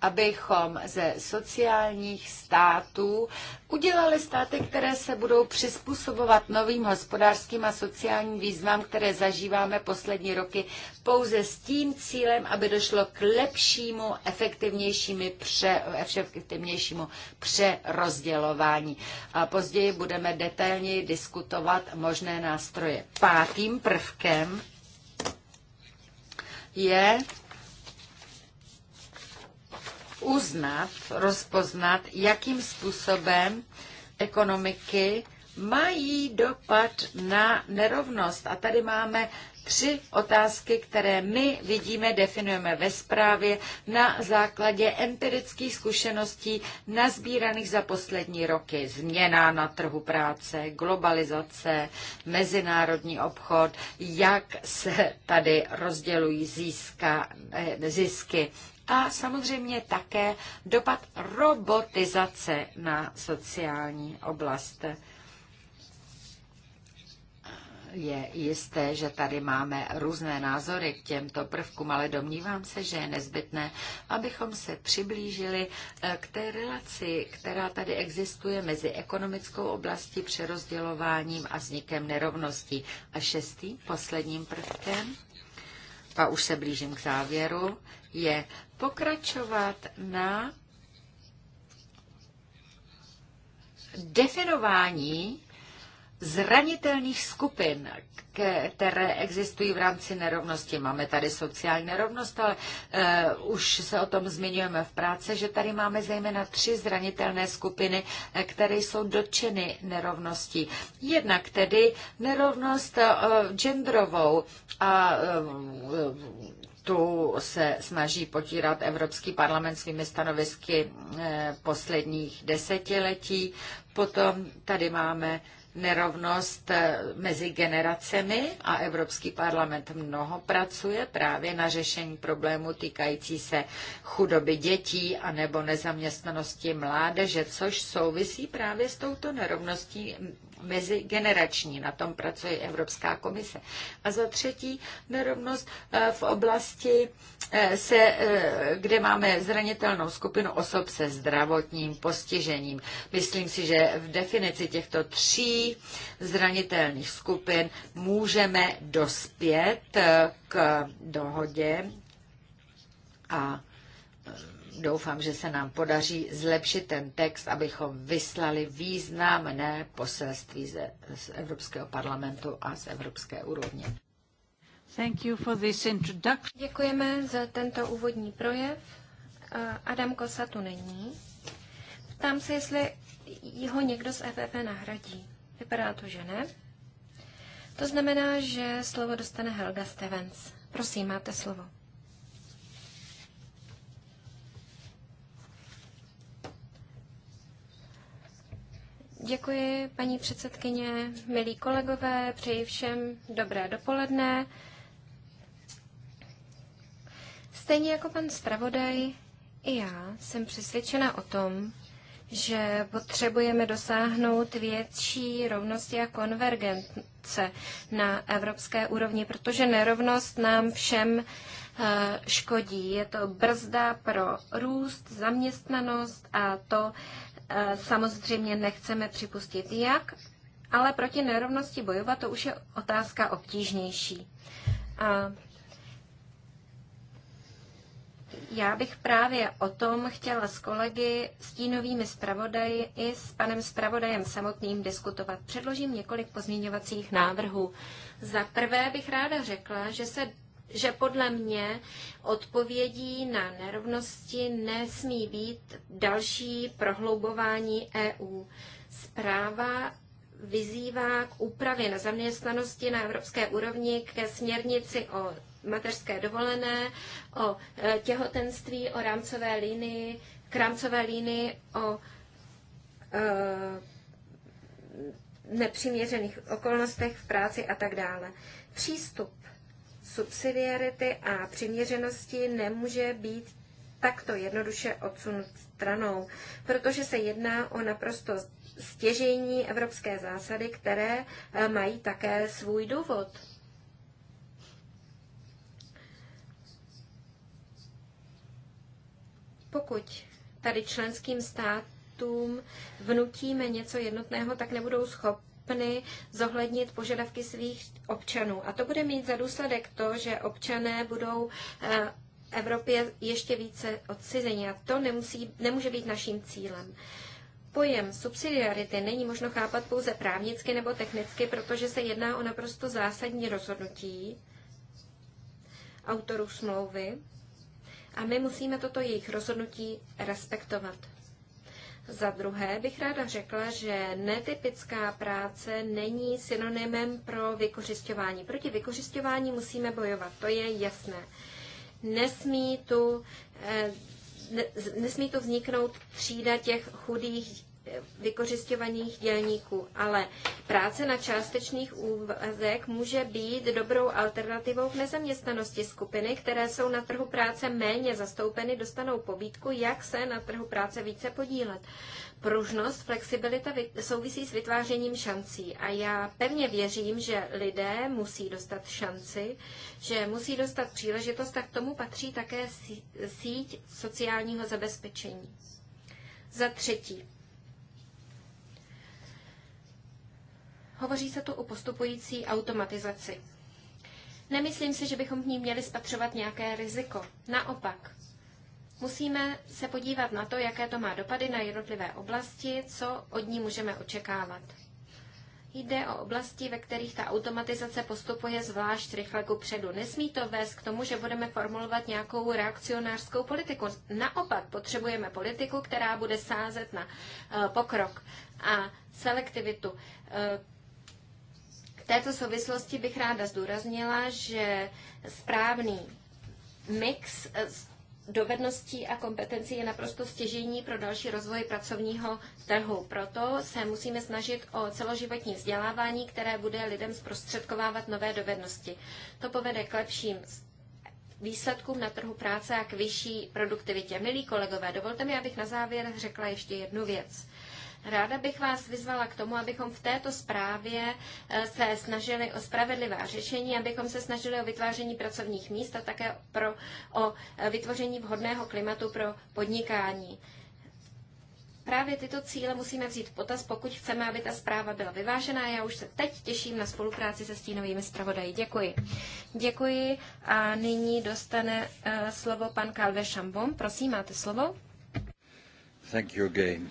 abychom ze sociálních států udělali státy, které se budou přizpůsobovat novým hospodářským a sociálním výzvám, které zažíváme poslední roky, pouze s tím cílem, aby došlo k lepšímu, efektivnějšímu, pře, efektivnějšímu přerozdělování. A později budeme detailněji diskutovat možné nástroje. Pátým prvkem je uznat, rozpoznat, jakým způsobem ekonomiky mají dopad na nerovnost. A tady máme tři otázky, které my vidíme, definujeme ve zprávě na základě empirických zkušeností nazbíraných za poslední roky. Změna na trhu práce, globalizace, mezinárodní obchod, jak se tady rozdělují získa, eh, zisky a samozřejmě také dopad robotizace na sociální oblast. Je jisté, že tady máme různé názory k těmto prvkům, ale domnívám se, že je nezbytné, abychom se přiblížili eh, k té relaci, která tady existuje mezi ekonomickou oblastí přerozdělováním a vznikem nerovností. A šestým, posledním prvkem a už se blížím k závěru, je pokračovat na definování zranitelných skupin, které existují v rámci nerovnosti. Máme tady sociální nerovnost, ale e, už se o tom zmiňujeme v práci, že tady máme zejména tři zranitelné skupiny, eh, které jsou dotčeny nerovností. Jednak tedy nerovnost e, genderovou a e, tu se snaží potírat Evropský parlament svými stanovisky posledních desetiletí. Potom tady máme nerovnost eh, mezi generacemi a Evropský parlament mnoho pracuje právě na řešení problému týkající se chudoby dětí a nebo nezaměstnanosti mládeže, což souvisí právě s touto nerovností mezigenerační. Na tom pracuje Evropská komise. A za třetí nerovnost eh, v oblasti, eh, se, eh, kde máme zranitelnou skupinu osob se zdravotním postižením. Myslím si, že v definici těchto tří zranitelných skupin můžeme dospět k dohodě a doufám, že se nám podaří zlepšit ten text, abychom vyslali významné poselství ze, z Evropského parlamentu a z evropské úrovně. Thank you for this introduction. Děkujeme za tento úvodní projev. Adam Kosa tu není. Ptám se, jestli jeho někdo z FFP nahradí. Vypadá to, že ne. To znamená, že slovo dostane Helga Stevens. Prosím, máte slovo. Děkuji, paní předsedkyně, milí kolegové, přeji všem dobré dopoledne. Stejně jako pan zpravodaj, i já jsem přesvědčena o tom, že potřebujeme dosáhnout větší rovnosti a konvergence na evropské úrovni, protože nerovnost nám všem eh, škodí. Je to brzda pro růst, zaměstnanost a to Eh, samozřejmě nechceme připustit. Jak ale proti nerovnosti bojovat, to už je otázka obtížnější. A já bych právě o tom chtěla s kolegy, tínovými zpravodaji i s panem zpravodajem samotným diskutovat. Předložím několik pozměňovacích návrhů. Za prvé bych ráda řekla, že se že podle mě odpovědí na nerovnosti nesmí být další prohloubování EU. Zpráva vyzývá k úpravě na zaměstnanosti na evropské úrovni ke směrnici o mateřské dovolené, o e, těhotenství, o rámcové linii, k rámcové linii, o e, nepřiměřených okolnostech v práci a tak dále. Přístup subsidiarity a přiměřenosti nemůže být takto jednoduše odsunut stranou, protože se jedná o naprosto stěžení evropské zásady, které eh, mají také svůj důvod. Pokud tady členským státům vnutíme něco jednotného, tak nebudou schopni schopny zohlednit požadavky svých občanů. A to bude mít za důsledek to, že občané budou eh, Evropě ještě více odcizení a to nemusí, nemůže být naším cílem. Pojem subsidiarity není možno chápat pouze právnicky nebo technicky, protože se jedná o naprosto zásadní rozhodnutí autorů smlouvy a my musíme toto jejich rozhodnutí respektovat. Za druhé bych ráda řekla, že netypická práce není synonymem pro vykořišťování. Proti vykořišťování musíme bojovat, to je jasné. Nesmí tu, eh, nesmí tu vzniknout třída těch chudých vykořišťovaných dělníků, ale práce na částečných úvazek může být dobrou alternativou k nezaměstnanosti skupiny, které jsou na trhu práce méně zastoupeny, dostanou pobídku, jak se na trhu práce více podílet. Pružnost, flexibilita souvisí s vytvářením šancí a já pevně věřím, že lidé musí dostat šanci, že musí dostat příležitost tak tomu patří také síť sociálního zabezpečení. Za třetí, Hovoří se tu o postupující automatizaci. Nemyslím si, že bychom v ní měli spatřovat nějaké riziko. Naopak, musíme se podívat na to, jaké to má dopady na jednotlivé oblasti, co od ní můžeme očekávat. Jde o oblasti, ve kterých ta automatizace postupuje zvlášť rychle ku předu. Nesmí to vést k tomu, že budeme formulovat nějakou reakcionářskou politiku. Naopak potřebujeme politiku, která bude sázet na eh, pokrok a selektivitu. Eh, této souvislosti bych ráda zdůraznila, že správný mix eh, dovedností a kompetencí je naprosto stěžení pro další rozvoj pracovního trhu. Proto se musíme snažit o celoživotní vzdělávání, které bude lidem zprostředkovávat nové dovednosti. To povede k lepším výsledkům na trhu práce a k vyšší produktivitě. Milí kolegové, dovolte mi, abych na závěr řekla ještě jednu věc. Ráda bych vás vyzvala k tomu, abychom v této zprávě eh, se snažili o spravedlivá řešení, abychom se snažili o vytváření pracovních míst a také pro, o eh, vytvoření vhodného klimatu pro podnikání. Právě tyto cíle musíme vzít v potaz, pokud chceme, aby ta zpráva byla vyvážená. Já už se teď těším na spolupráci se stínovými zpravodaji. Děkuji. Děkuji a nyní dostane uh, slovo pan Calvé Šambon. Prosím, máte slovo. Thank you again.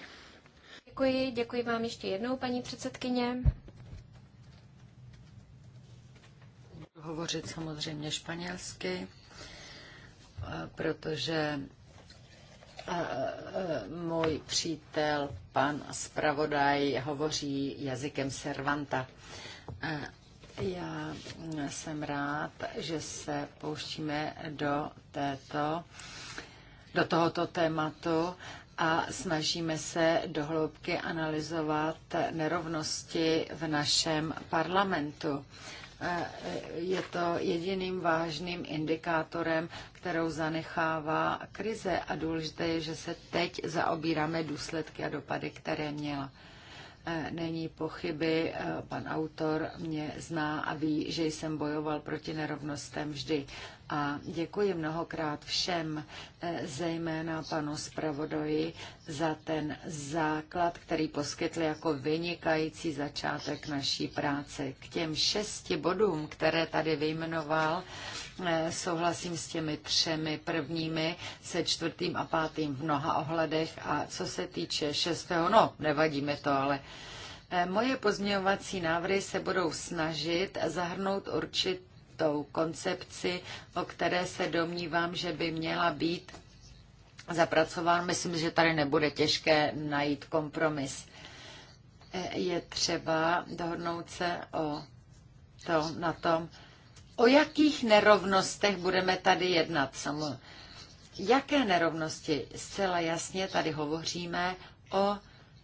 Děkuji, děkuji vám ještě jednou, paní předsedkyně. Budu hovořit samozřejmě španělsky, protože můj přítel, pan zpravodaj, hovoří jazykem Servanta. Já jsem rád, že se pouštíme do této do tohoto tématu a snažíme se dohloubky analyzovat nerovnosti v našem parlamentu. Eh, je to jediným vážným indikátorem, kterou zanechává krize a důležité je, že se teď zaobíráme důsledky a dopady, které měla. Eh, není pochyby, eh, pan autor mě zná a ví, že jsem bojoval proti nerovnostem vždy a děkuji mnohokrát všem, eh, zejména panu zpravodoji, za ten základ, který poskytl jako vynikající začátek naší práce. K těm šesti bodům, které tady vyjmenoval, eh, souhlasím s těmi třemi prvními, se čtvrtým a pátým v mnoha ohledech. A co se týče šestého, no, nevadí mi to, ale eh, Moje pozměňovací návrhy se budou snažit zahrnout určit tou koncepci, o které se domnívám, že by měla být zapracován. Myslím, že tady nebude těžké najít kompromis. Je třeba dohodnout se o to, na tom, o jakých nerovnostech budeme tady jednat. Jaké nerovnosti? Zcela jasně tady hovoříme o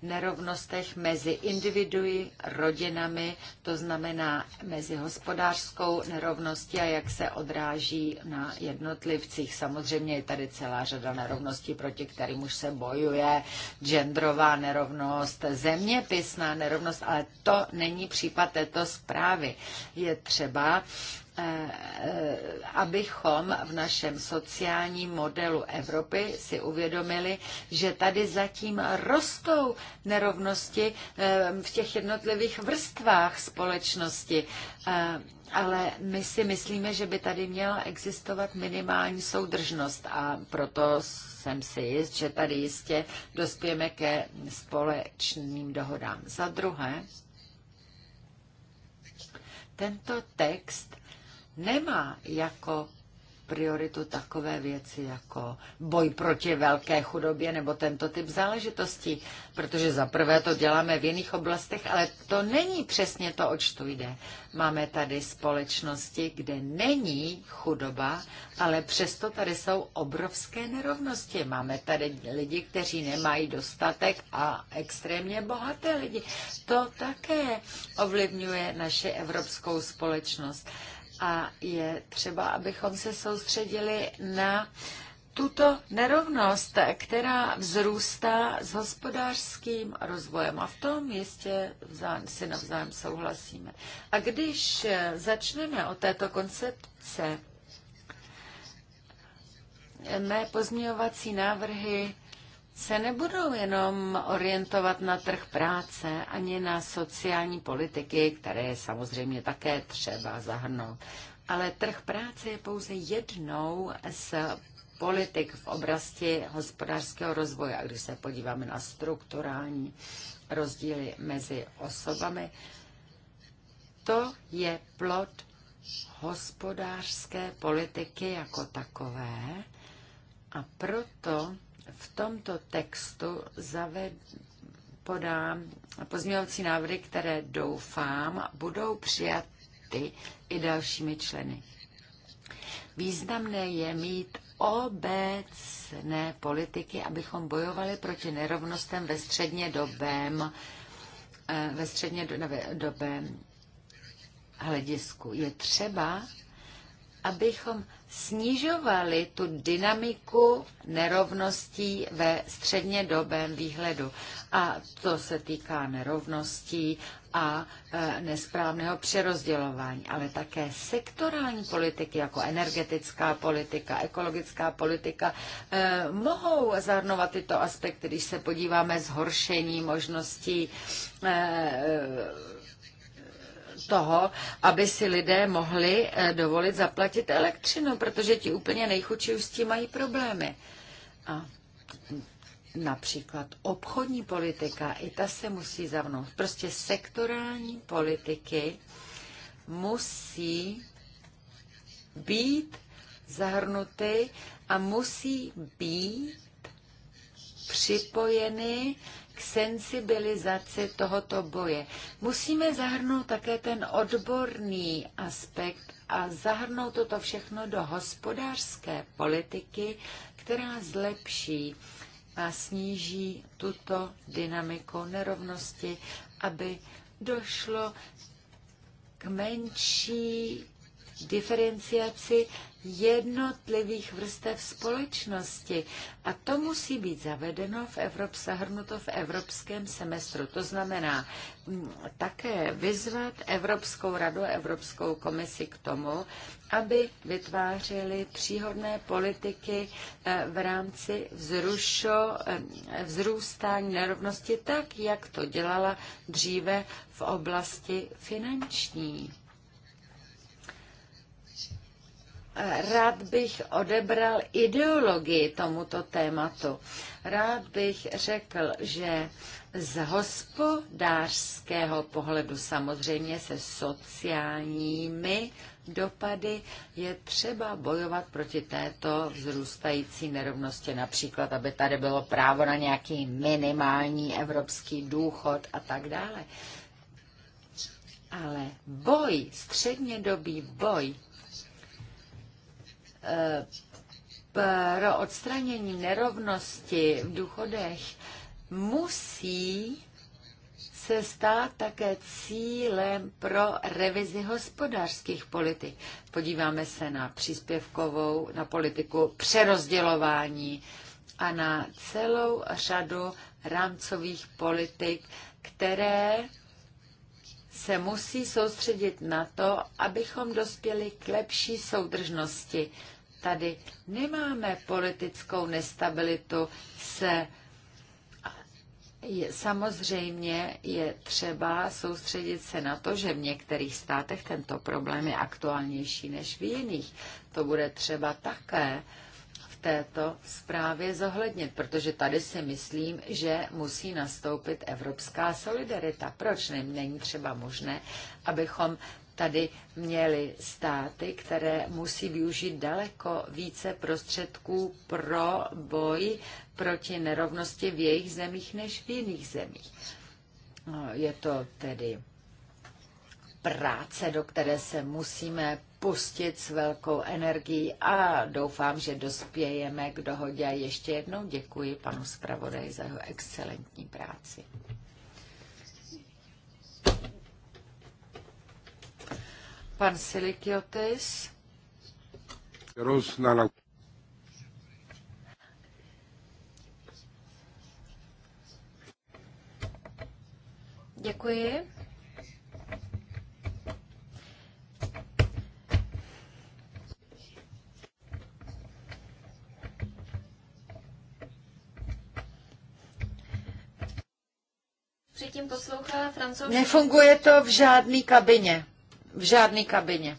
nerovnostech mezi individui, rodinami, to znamená mezi hospodářskou nerovností a jak se odráží na jednotlivcích. Samozřejmě je tady celá řada nerovností, proti kterým už se bojuje, genderová nerovnost, zeměpisná nerovnost, ale to není případ této zprávy. Je třeba Eh, abychom v našem sociálním modelu Evropy si uvědomili, že tady zatím rostou nerovnosti eh, v těch jednotlivých vrstvách společnosti. Eh, ale my si myslíme, že by tady měla existovat minimální soudržnost a proto jsem si jist, že tady jistě dospějeme ke společným dohodám. Za druhé, tento text nemá jako prioritu takové věci jako boj proti velké chudobě nebo tento typ záležitostí, protože za prvé to děláme v jiných oblastech, ale to není přesně to, oč tu jde. Máme tady společnosti, kde není chudoba, ale přesto tady jsou obrovské nerovnosti. Máme tady lidi, kteří nemají dostatek a extrémně bohaté lidi. To také ovlivňuje naše evropskou společnost. A je třeba, abychom se soustředili na tuto nerovnost, která vzrůstá s hospodářským rozvojem. A v tom jistě vzájem, si navzájem souhlasíme. A když začneme o této koncepce, mé pozměňovací návrhy se nebudou jenom orientovat na trh práce ani na sociální politiky, které je samozřejmě také třeba zahrnout. Ale trh práce je pouze jednou z politik v oblasti hospodářského rozvoje. A když se podíváme na strukturální rozdíly mezi osobami, to je plod hospodářské politiky jako takové a proto v tomto textu zaved, podám pozměňovací návrhy, které doufám budou přijaty i dalšími členy. Významné je mít obecné politiky, abychom bojovali proti nerovnostem ve středně dobém, eh, ve středně dobém hledisku. Je třeba, abychom snižovaly tu dynamiku nerovností ve střednědobém výhledu. A to se týká nerovností a e, nesprávného přerozdělování, ale také sektorální politiky, jako energetická politika, ekologická politika, e, mohou zahrnovat tyto aspekty, když se podíváme zhoršení možností e, toho, aby si lidé mohli eh, dovolit zaplatit elektřinu, protože ti úplně nejchučí už s tím mají problémy. A například obchodní politika, i ta se musí zavnout. Prostě sektorální politiky musí být zahrnuty a musí být připojeny k sensibilizaci tohoto boje. Musíme zahrnout také ten odborný aspekt a zahrnout toto všechno do hospodářské politiky, která zlepší a sníží tuto dynamiku nerovnosti, aby došlo k menší diferenciaci jednotlivých vrstev společnosti. A to musí být zavedeno v Evropě, zahrnuto v evropském semestru. To znamená mm, také vyzvat Evropskou radu a Evropskou komisi k tomu, aby vytvářely příhodné politiky eh, v rámci vzrušo, eh, vzrůstání nerovnosti tak, jak to dělala dříve v oblasti finanční. Rád bych odebral ideologii tomuto tématu. Rád bych řekl, že z hospodářského pohledu samozřejmě se sociálními dopady je třeba bojovat proti této vzrůstající nerovnosti. Například, aby tady bylo právo na nějaký minimální evropský důchod a tak dále. Ale boj, střednědobý boj Eh, pro odstranění nerovnosti v důchodech musí se stát také cílem pro revizi hospodářských politik. Podíváme se na příspěvkovou, na politiku přerozdělování a na celou řadu rámcových politik, které se musí soustředit na to, abychom dospěli k lepší soudržnosti tady nemáme politickou nestabilitu se je, samozřejmě je třeba soustředit se na to, že v některých státech tento problém je aktuálnější než v jiných. To bude třeba také v této zprávě zohlednit, protože tady si myslím, že musí nastoupit evropská solidarita. Proč ne? Není třeba možné, abychom tady měly státy, které musí využít daleko více prostředků pro boj proti nerovnosti v jejich zemích než v jiných zemích. No, je to tedy práce, do které se musíme pustit s velkou energií a doufám, že dospějeme k dohodě. A ještě jednou děkuji panu zpravodaji za jeho excelentní práci. Pan Silikiotis. Děkuji. Předtím poslouchala Nefunguje to v žádné kabině v žádné kabině.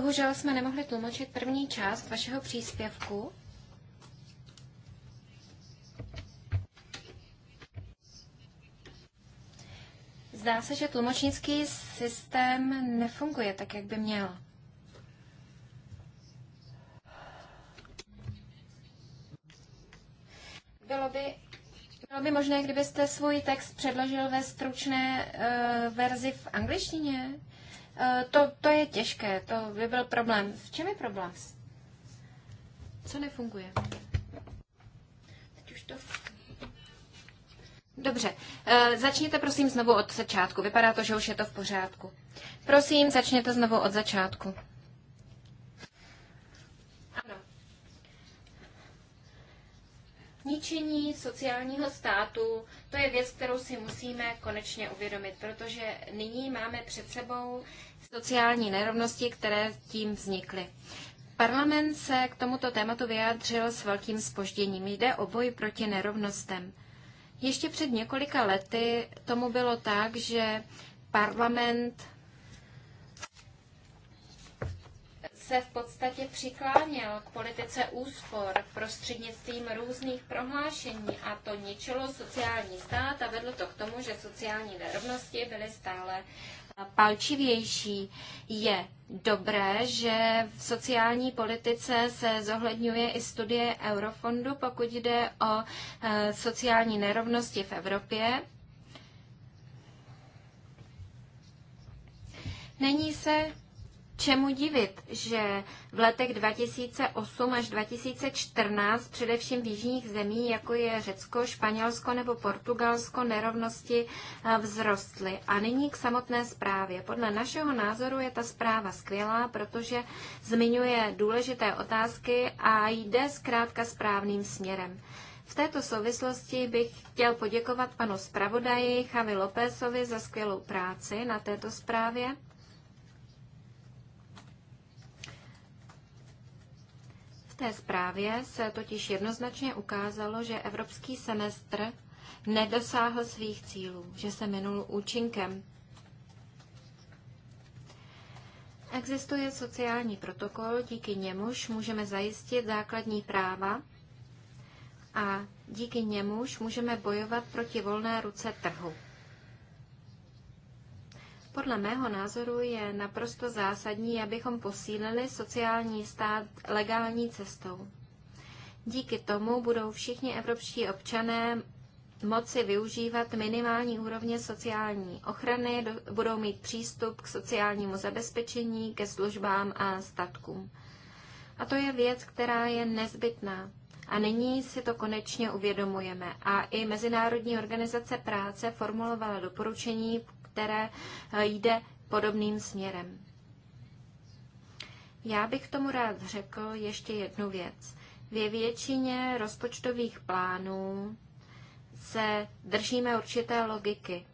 Bohužel jsme nemohli tlumočit první část vašeho příspěvku. Zdá se, že tlumočnický systém nefunguje tak, jak by měl. Bylo by, bylo by možné, kdybyste svůj text předložil ve stručné uh, verzi v angličtině? Eh, to, to je těžké, to by byl problém. V čem je problém? Co nefunguje? Teď už to... Dobře, e, začněte prosím znovu od začátku. Vypadá to, že už je to v pořádku. Prosím, začněte znovu od začátku. ničení sociálního státu, to je věc, kterou si musíme konečně uvědomit, protože nyní máme před sebou sociální nerovnosti, které tím vznikly. Parlament se k tomuto tématu vyjádřil s velkým spožděním. Jde o boj proti nerovnostem. Ještě před několika lety tomu bylo tak, že parlament se v podstatě přikláněl k politice úspor prostřednictvím různých prohlášení a to ničilo sociální stát a vedlo to k tomu, že sociální nerovnosti byly stále palčivější. Je dobré, že v sociální politice se zohledňuje i studie Eurofondu, pokud jde o eh, sociální nerovnosti v Evropě. Není se čemu divit, že v letech 2008 až 2014 především v jižních zemí, jako je Řecko, Španělsko nebo Portugalsko, nerovnosti eh, vzrostly. A nyní k samotné zprávě. Podle našeho názoru je ta zpráva skvělá, protože zmiňuje důležité otázky a jde zkrátka správným směrem. V této souvislosti bych chtěl poděkovat panu zpravodaji Chavi Lópezovi za skvělou práci na této zprávě. té zprávě se totiž jednoznačně ukázalo, že evropský semestr nedosáhl svých cílů, že se minul účinkem. Existuje sociální protokol, díky němuž můžeme zajistit základní práva a díky němuž můžeme bojovat proti volné ruce trhu. Podle mého názoru je naprosto zásadní, abychom posílili sociální stát legální cestou. Díky tomu budou všichni evropští občané moci využívat minimální úrovně sociální ochrany, budou mít přístup k sociálnímu zabezpečení, ke službám a statkům. A to je věc, která je nezbytná. A nyní si to konečně uvědomujeme. A i Mezinárodní organizace práce formulovala doporučení, které eh, jde podobným směrem. Já bych tomu rád řekl ještě jednu věc. Ve většině rozpočtových plánů se držíme určité logiky.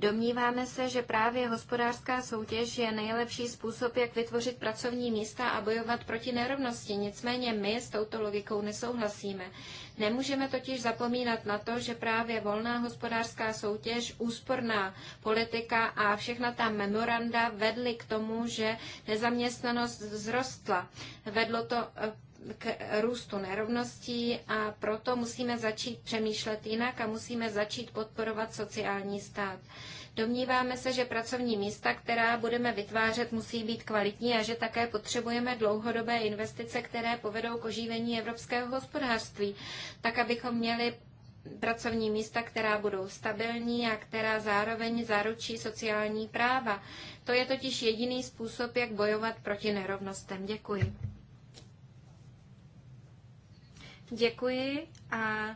Domníváme se, že právě hospodářská soutěž je nejlepší způsob, jak vytvořit pracovní místa a bojovat proti nerovnosti. Nicméně my s touto logikou nesouhlasíme. Nemůžeme totiž zapomínat na to, že právě volná hospodářská soutěž, úsporná politika a všechna ta memoranda vedly k tomu, že nezaměstnanost vzrostla. Vedlo to eh, k růstu nerovností a proto musíme začít přemýšlet jinak a musíme začít podporovat sociální stát. Domníváme se, že pracovní místa, která budeme vytvářet, musí být kvalitní a že také potřebujeme dlouhodobé investice, které povedou k oživení evropského hospodářství, tak abychom měli pracovní místa, která budou stabilní a která zároveň zaručí sociální práva. To je totiž jediný způsob, jak bojovat proti nerovnostem. Děkuji. Děkuji a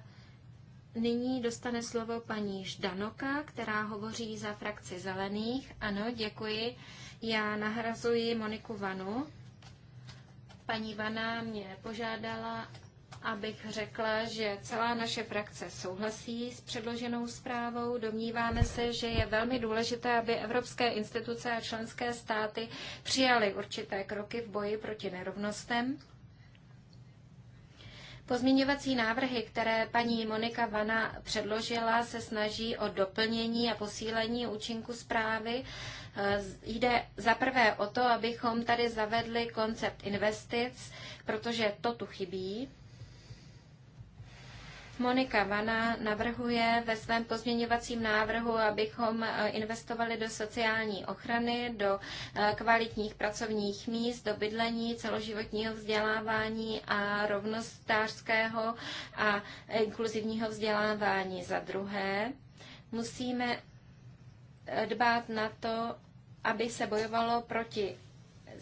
nyní dostane slovo paní Ždanoka, která hovoří za frakci zelených. Ano, děkuji. Já nahrazuji Moniku Vanu. Paní Vana mě požádala, abych řekla, že celá naše frakce souhlasí s předloženou zprávou. Domníváme se, že je velmi důležité, aby evropské instituce a členské státy přijaly určité kroky v boji proti nerovnostem. Pozměňovací návrhy, které paní Monika Vana předložila, se snaží o doplnění a posílení účinku zprávy. E, jde za prvé o to, abychom tady zavedli koncept investic, protože to tu chybí. Monika Vana navrhuje ve svém pozměňovacím návrhu, abychom eh, investovali do sociální ochrany, do eh, kvalitních pracovních míst, do bydlení, celoživotního vzdělávání a rovnostářského a inkluzivního vzdělávání. Za druhé, musíme eh, dbát na to, aby se bojovalo proti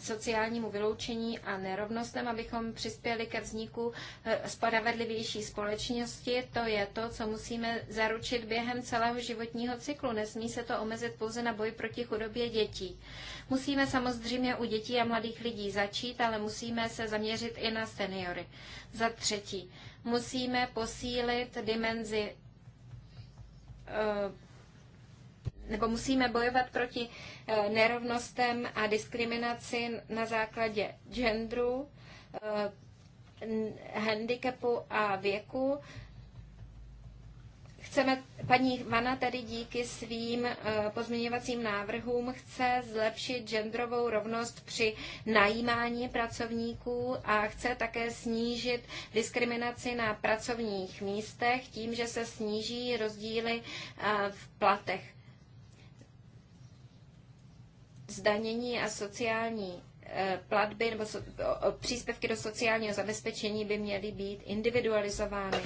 sociálnímu vyloučení a nerovnostem, abychom přispěli ke vzniku eh, spravedlivější společnosti. To je to, co musíme zaručit během celého životního cyklu. Nesmí se to omezit pouze na boj proti chudobě dětí. Musíme samozřejmě u dětí a mladých lidí začít, ale musíme se zaměřit i na seniory. Za třetí, musíme posílit dimenzi eh, nebo musíme bojovat proti eh, nerovnostem a diskriminaci na základě genderu, eh, handicapu a věku. Chceme, paní Vana tady díky svým eh, pozměňovacím návrhům chce zlepšit genderovou rovnost při najímání pracovníků a chce také snížit diskriminaci na pracovních místech tím, že se sníží rozdíly v platech zdanění a sociální eh, platby nebo příspěvky do sociálního zabezpečení by měly být individualizovány.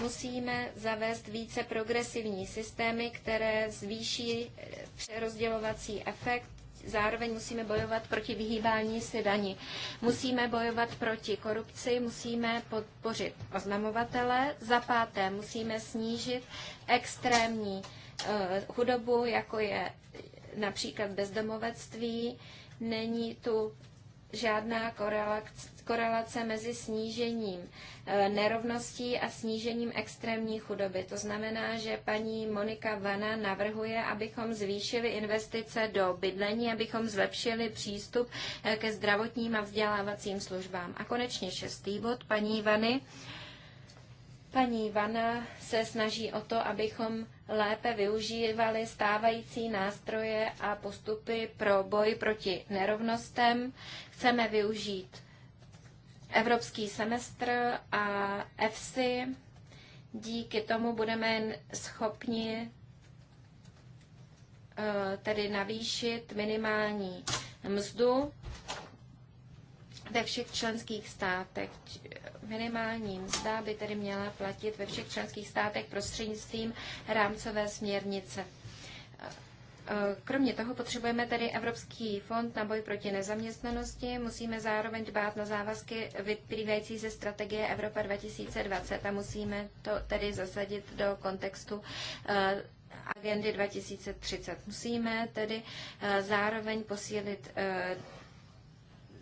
Musíme zavést více progresivní systémy, které zvýší eh, přerozdělovací efekt zároveň musíme bojovat proti vyhýbání se daní. Musíme bojovat proti korupci, musíme podpořit oznamovatele. Za páté musíme snížit extrémní e, chudobu, jako je například bezdomovectví. Není tu žádná korelace mezi snížením eh, nerovností a snížením extrémní chudoby. To znamená, že paní Monika Vana navrhuje, abychom zvýšili investice do bydlení, abychom zlepšili přístup eh, ke zdravotním a vzdělávacím službám. A konečně šestý bod paní Vany. Paní Vana se snaží o to, abychom lépe využívali stávající nástroje a postupy pro boj proti nerovnostem. Chceme využít evropský semestr a EFSI. Díky tomu budeme schopni eh, tedy navýšit minimální mzdu ve všech členských státech. Minimální mzda by tedy měla platit ve všech členských státech prostřednictvím rámcové směrnice. E, e, kromě toho potřebujeme tedy Evropský fond na boj proti nezaměstnanosti. Musíme zároveň dbát na závazky vyplývající ze strategie Evropa 2020 a musíme to tedy zasadit do kontextu e, agendy 2030. Musíme tedy zároveň posílit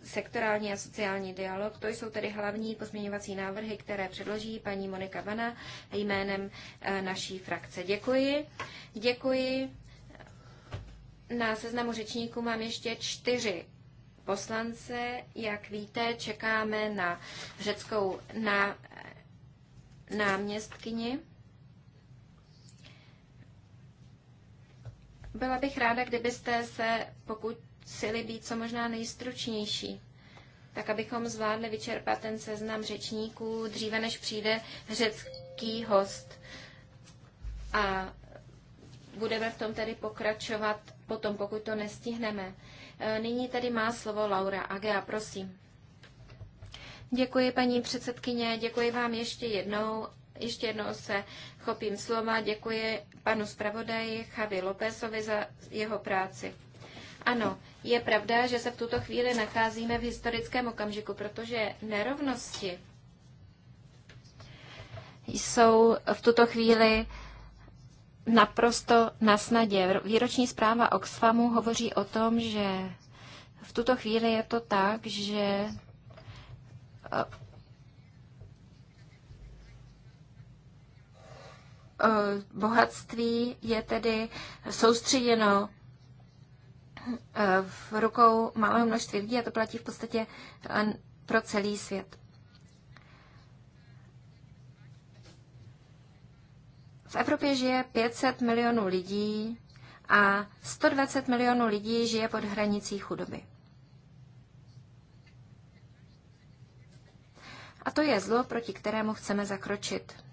sektorální a sociální dialog. To jsou tedy hlavní pozměňovací návrhy, které předloží paní Monika Vana jménem eh, naší frakce. Děkuji. Děkuji. Na seznamu řečníků mám ještě čtyři poslance. Jak víte, čekáme na řeckou na, náměstkyni. Byla bych ráda, kdybyste se, pokud sily být co možná nejstručnější, tak abychom zvládli vyčerpat ten seznam řečníků dříve, než přijde řecký host. A budeme v tom tedy pokračovat potom, pokud to nestihneme. E, nyní tady má slovo Laura Agea, prosím. Děkuji, paní předsedkyně, děkuji vám ještě jednou. Ještě jednou se chopím slova. Děkuji panu zpravodaji Chavi Lópezovi za jeho práci. Ano, je pravda, že se v tuto chvíli nacházíme v historickém okamžiku, protože nerovnosti jsou v tuto chvíli naprosto na snadě. Výroční zpráva Oxfamu hovoří o tom, že v tuto chvíli je to tak, že eh, eh, bohatství je tedy soustředěno v rukou malého množství lidí a to platí v podstatě eh, pro celý svět. V Evropě žije 500 milionů lidí a 120 milionů lidí žije pod hranicí chudoby. A to je zlo, proti kterému chceme zakročit.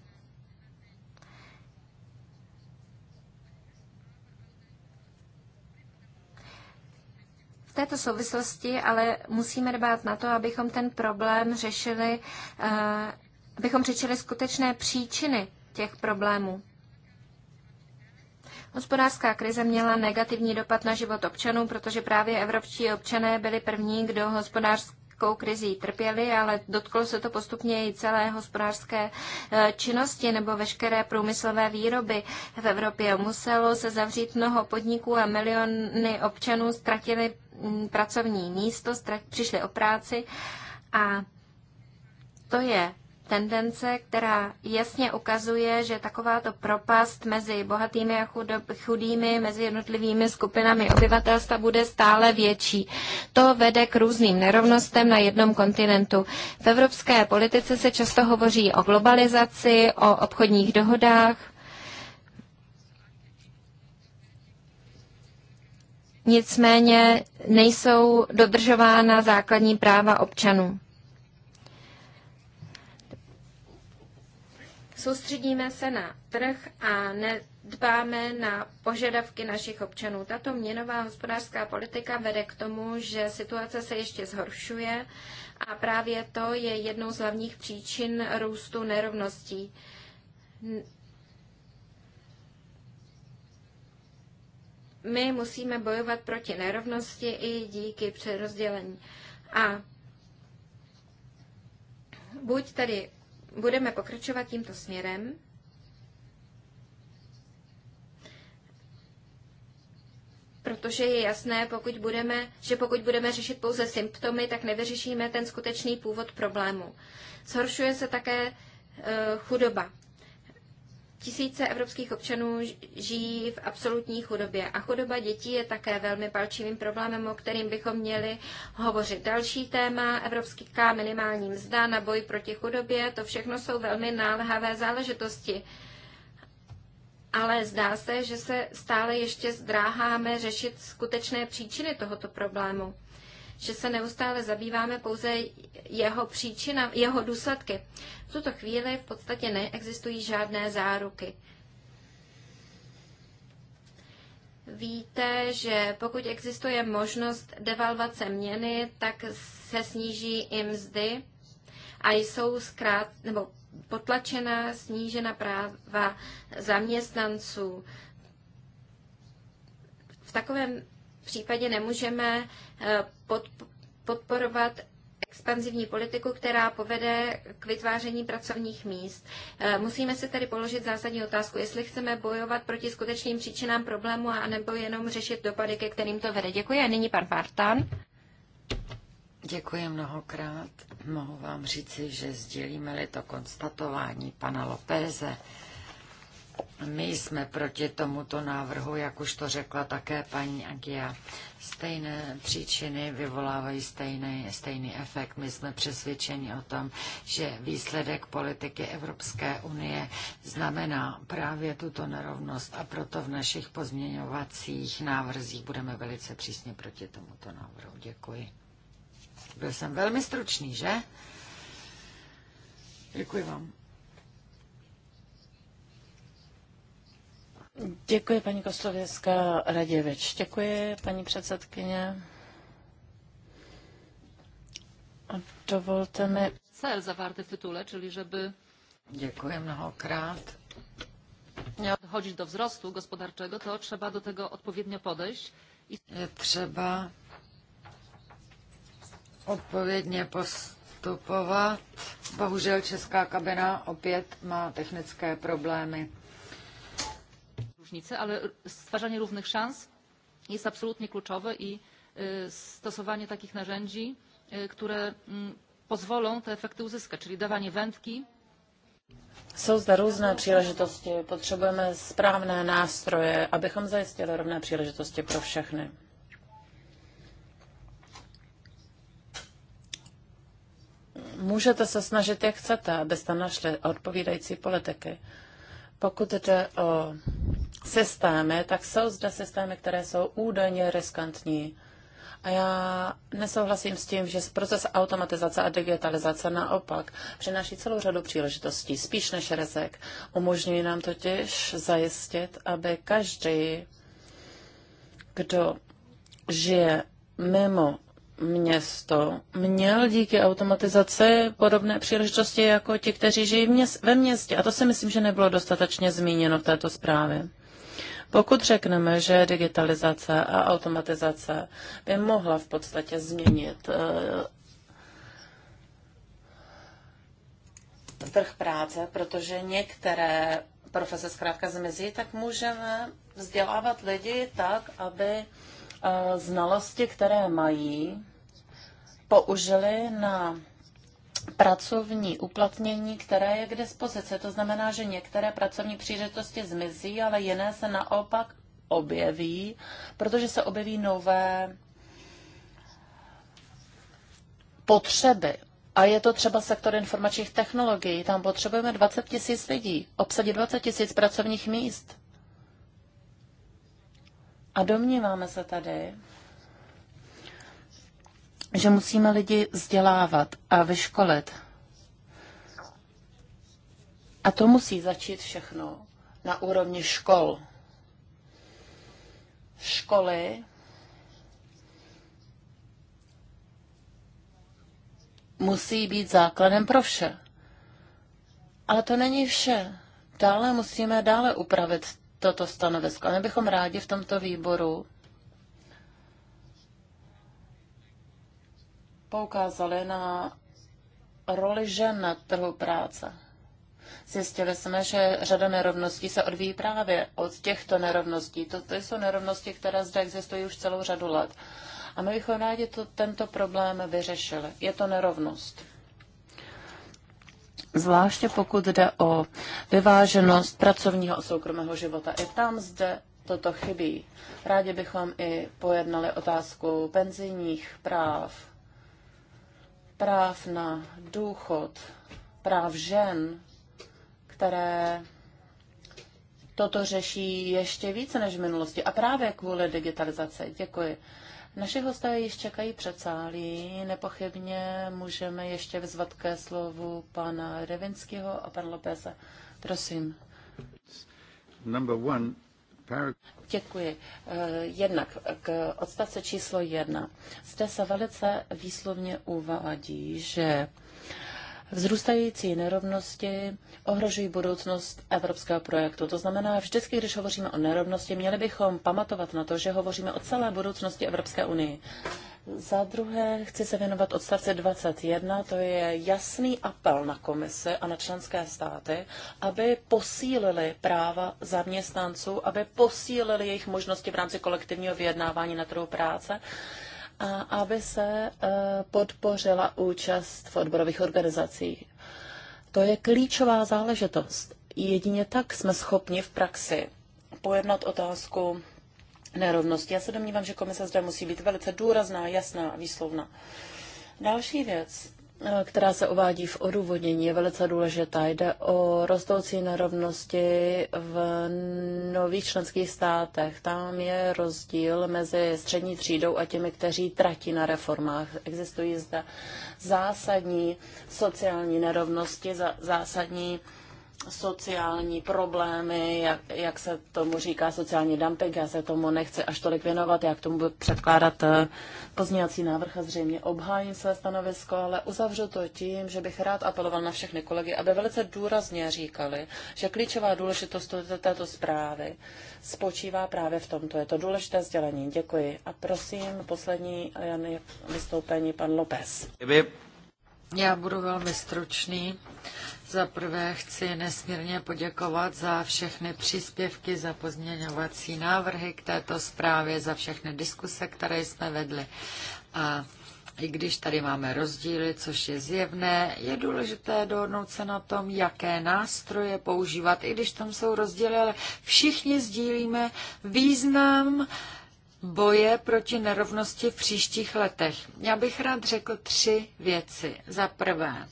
této souvislosti ale musíme dbát na to, abychom ten problém řešili, eh, abychom řešili skutečné příčiny těch problémů. Hospodářská krize měla negativní dopad na život občanů, protože právě evropští občané byli první, kdo hospodářskou ekonomickou krizí trpěli, ale dotklo se to postupně i celé hospodářské eh, činnosti nebo veškeré průmyslové výroby v Evropě. Muselo se zavřít mnoho podniků a miliony občanů ztratili mm, pracovní místo, přišli o práci a to je tendence, která jasně ukazuje, že takováto propast mezi bohatými a chudými, mezi jednotlivými skupinami obyvatelstva bude stále větší. To vede k různým nerovnostem na jednom kontinentu. V evropské politice se často hovoří o globalizaci, o obchodních dohodách. Nicméně nejsou dodržována základní práva občanů. soustředíme se na trh a nedbáme na požadavky našich občanů. Tato měnová hospodářská politika vede k tomu, že situace se ještě zhoršuje a právě to je jednou z hlavních příčin růstu nerovností. My musíme bojovat proti nerovnosti i díky přerozdělení. A buď tedy budeme pokračovat tímto směrem. protože je jasné, pokud budeme, že pokud budeme řešit pouze symptomy, tak nevyřešíme ten skutečný původ problému. Zhoršuje se také eh, chudoba. Tisíce evropských občanů žijí v absolutní chudobě a chudoba dětí je také velmi palčivým problémem, o kterým bychom měli hovořit. Další téma, evropská minimální mzda na boj proti chudobě, to všechno jsou velmi náléhavé záležitosti. Ale zdá se, že se stále ještě zdráháme řešit skutečné příčiny tohoto problému že se neustále zabýváme pouze jeho příčina, jeho důsledky. V tuto chvíli v podstatě neexistují žádné záruky. Víte, že pokud existuje možnost devalvace měny, tak se sníží i mzdy a jsou zkrát, nebo potlačena, snížena práva zaměstnanců. V takovém případě nemůžeme eh, podporovat expanzivní politiku, která povede k vytváření pracovních míst. Eh, musíme se tedy položit zásadní otázku, jestli chceme bojovat proti skutečným příčinám problému a nebo jenom řešit dopady, ke kterým to vede. Děkuji a nyní pan Fartan. Děkuji mnohokrát. Mohu vám říci, že sdělíme-li to konstatování pana Lopéze, my jsme proti tomuto návrhu, jak už to řekla také paní Agia. Stejné příčiny vyvolávají stejný, stejný efekt. My jsme přesvědčeni o tom, že výsledek politiky Evropské unie znamená právě tuto nerovnost a proto v našich pozměňovacích návrzích budeme velice přísně proti tomuto návrhu. Děkuji. Byl jsem velmi stručný, že? Děkuji vám. Děkuji, paní Koslověská Raděvič. Děkuji, paní předsedkyně. A dovolte mi... Cel zawarty v tytule, czyli żeby... Děkuji mnohokrát. Nie odchodzić do wzrostu gospodarczego, to trzeba do tego odpowiednio podejść. I... Je třeba odpovědně postupovat. Bohužel česká kabina opět má technické problémy różnice, ale stwarzanie równych szans jest absolutnie kluczowe i stosowanie takich narzędzi, które mm, pozwolą te efekty uzyskać, czyli dawanie wędki. Jsou zde různé příležitosti, potřebujeme správné nástroje, abychom zajistili rovné příležitosti pro všechny. Můžete se snažit, jak chcete, abyste našli odpovídající politiky. Pokud jde o systémy, tak jsou zde systémy, které jsou údajně riskantní. A já nesouhlasím s tím, že proces automatizace a digitalizace naopak přináší celou řadu příležitostí, spíš než rizik. Umožňují nám totiž zajistit, aby každý, kdo žije mimo město měl díky automatizaci podobné příležitosti jako ti, kteří žijí měst, ve městě. A to si myslím, že nebylo dostatečně zmíněno v této zprávě. Pokud řekneme, že digitalizace a automatizace by mohla v podstatě změnit eh, trh práce, protože některé profese zkrátka zmizí, tak můžeme vzdělávat lidi tak, aby Eh, znalosti, které mají, použili na pracovní uplatnění, které je k dispozici. To znamená, že některé pracovní příležitosti zmizí, ale jiné se naopak objeví, protože se objeví nové potřeby. A je to třeba sektor informačních technologií. Tam potřebujeme 20 tisíc lidí, obsadit 20 tisíc pracovních míst. A domníváme se tady, že musíme lidi vzdělávat a vyškolit. A to musí začít všechno na úrovni škol. Školy musí být základem pro vše. Ale to není vše. Dále musíme dále upravit toto stanovisko. A my bychom rádi v tomto výboru poukázali na roli žen na trhu práce. Zjistili jsme, že řada nerovností se odvíjí právě od těchto nerovností. To, to jsou nerovnosti, které zde existují už celou řadu let. A my bychom rádi to, tento problém vyřešili. Je to nerovnost zvláště pokud jde o vyváženost pracovního a soukromého života. I tam zde toto chybí. Rádi bychom i pojednali otázku penzijních práv, práv na důchod, práv žen, které toto řeší ještě více než v minulosti a právě kvůli digitalizaci. Děkuji. Naši hosté již čekají před sálí. Nepochybně můžeme ještě vzvat ke slovu pana Revinského a pana Lopeze. Prosím. Number one, Děkuji. Eh, jednak k odstavce číslo jedna. Zde se velice výslovně uvádí, že Vzrůstající nerovnosti ohrožují budoucnost evropského projektu. To znamená, vždycky, když hovoříme o nerovnosti, měli bychom pamatovat na to, že hovoříme o celé budoucnosti Evropské unie. Za druhé chci se věnovat odstavce 21, to je jasný apel na Komise a na členské státy, aby posílili práva zaměstnanců, aby posílili jejich možnosti v rámci kolektivního vyjednávání na trhu práce, a aby se e, podpořila účast v odborových organizacích. To je klíčová záležitost. Jedině tak jsme schopni v praxi pojednat otázku nerovnosti. Já se domnívám, že komise zde musí být velice důrazná, jasná a výslovná. Další věc, Eh, která se uvádí v odůvodnění, je velice důležitá. Jde o rostoucí nerovnosti v nových členských státech. Tam je rozdíl mezi střední třídou a těmi, kteří tratí na reformách. Existují zde zásadní sociální nerovnosti, zásadní sociální problémy, jak, jak se tomu říká sociální dumping. Já se tomu nechci až tolik věnovat, já k tomu budu předkládat eh, pozměňovací návrh a zřejmě obhájím své stanovisko, ale uzavřu to tím, že bych rád apeloval na všechny kolegy, aby velice důrazně říkali, že klíčová důležitost této zprávy spočívá právě v tomto. Je to důležité sdělení. Děkuji. A prosím, poslední vystoupení pan López. Já budu velmi stručný. Za prvé chci nesmírně poděkovat za všechny příspěvky, za pozměňovací návrhy k této zprávě, za všechny diskuse, které jsme vedli. A i když tady máme rozdíly, což je zjevné, je důležité dohodnout se na tom, jaké nástroje používat, i když tam jsou rozdíly, ale všichni sdílíme význam boje proti nerovnosti v příštích letech. Já bych rád řekl tři věci. Za prvé,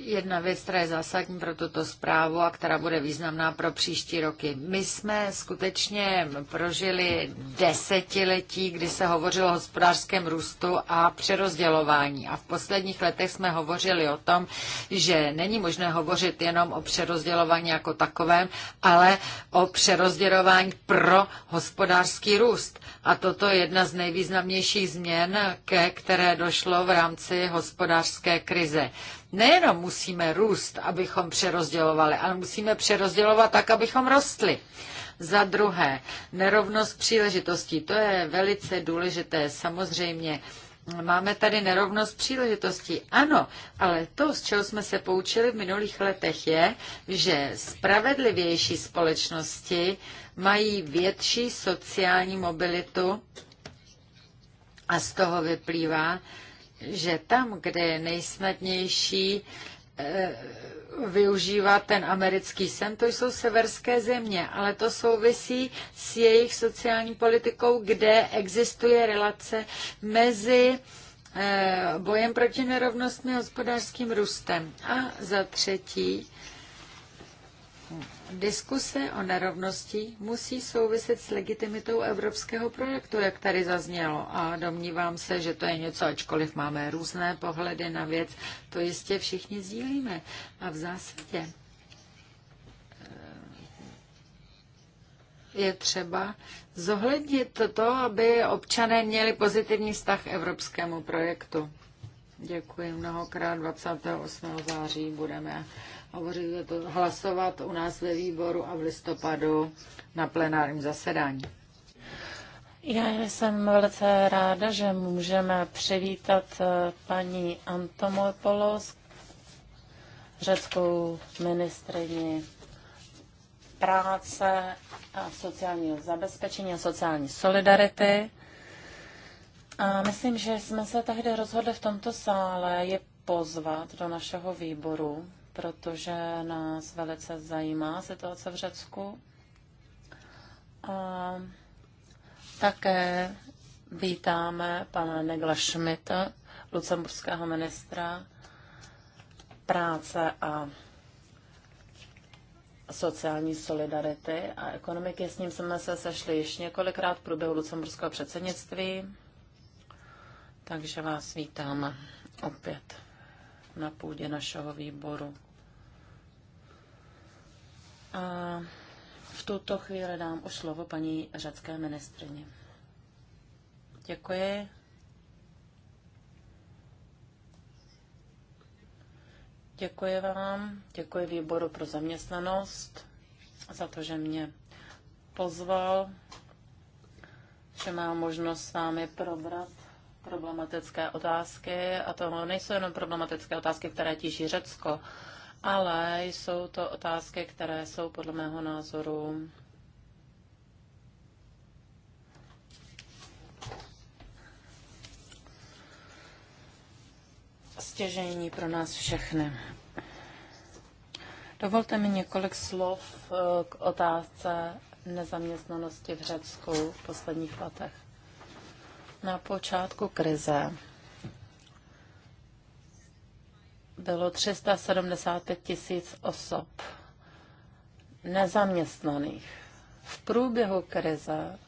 jedna věc, která je zásadní pro tuto zprávu a která bude významná pro příští roky. My jsme skutečně prožili desetiletí, kdy se hovořilo o hospodářském růstu a přerozdělování. A v posledních letech jsme hovořili o tom, že není možné hovořit jenom o přerozdělování jako takovém, ale o přerozdělování pro hospodářský růst. A toto je jedna z nejvýznamnějších změn, ke které došlo v rámci hospodářské krize nejenom musíme růst, abychom přerozdělovali, ale musíme přerozdělovat tak, abychom rostli. Za druhé, nerovnost příležitostí. To je velice důležité. Samozřejmě máme tady nerovnost příležitostí. Ano, ale to, z čeho jsme se poučili v minulých letech, je, že spravedlivější společnosti mají větší sociální mobilitu a z toho vyplývá, že tam, kde je nejsnadnější eh, využívat ten americký sen, to jsou severské země, ale to souvisí s jejich sociální politikou, kde existuje relace mezi eh, bojem proti nerovnostmi a hospodářským růstem. A za třetí, Diskuse o nerovnosti musí souviset s legitimitou evropského projektu, jak tady zaznělo. A domnívám se, že to je něco, ačkoliv máme různé pohledy na věc, to jistě všichni sdílíme. A v zásadě eh, je třeba zohlednit to, aby občané měli pozitivní vztah k evropskému projektu. Děkuji mnohokrát. 28. září budeme hovořit, to hlasovat u nás ve výboru a v listopadu na plenárním zasedání. Já jsem velice ráda, že můžeme přivítat eh, paní Antomopoulos, řeckou ministrině práce a sociálního zabezpečení a sociální solidarity. A myslím, že jsme se tehdy rozhodli v tomto sále je pozvat do našeho výboru, protože nás velice zajímá situace v Řecku. A také vítáme pana Negla Schmidta, lucemburského ministra práce a sociální solidarity a ekonomiky. S ním jsme se sešli již několikrát v průběhu lucemburského předsednictví, takže vás vítáme opět na půdě našeho výboru. A v tuto chvíli dám už slovo paní řecké ministrině. Děkuji. Děkuji vám, děkuji výboru pro zaměstnanost za to, že mě pozval, že mám možnost s vámi probrat problematické otázky. A to nejsou jenom problematické otázky, které tíží Řecko, ale jsou to otázky, které jsou podle mého názoru stěžení pro nás všechny. Dovolte mi několik slov eh, k otázce nezaměstnanosti v Řecku v posledních letech. Na počátku krize bylo 375 tisíc osob nezaměstnaných. V průběhu krize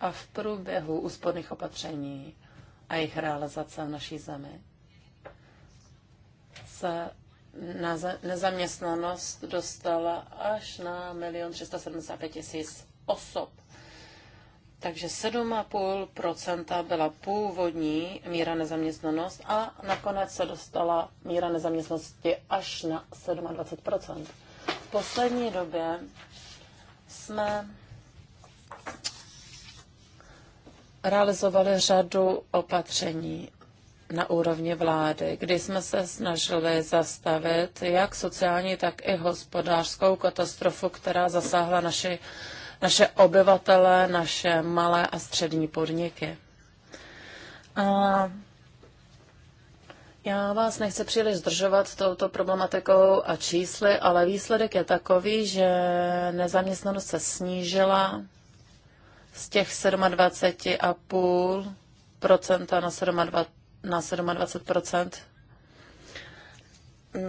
a v průběhu úsporných opatření a jejich realizace v naší zemi se nezaměstnanost dostala až na 1 375 000 osob. Takže 7,5% byla původní míra nezaměstnanost a nakonec se dostala míra nezaměstnanosti až na 27%. V poslední době jsme realizovali řadu opatření na úrovni vlády, kdy jsme se snažili zastavit jak sociální, tak i hospodářskou katastrofu, která zasáhla naši naše obyvatele, naše malé a střední podniky. A já vás nechci příliš zdržovat touto problematikou a čísly, ale výsledek je takový, že nezaměstnanost se snížila z těch 27,5% na 27%,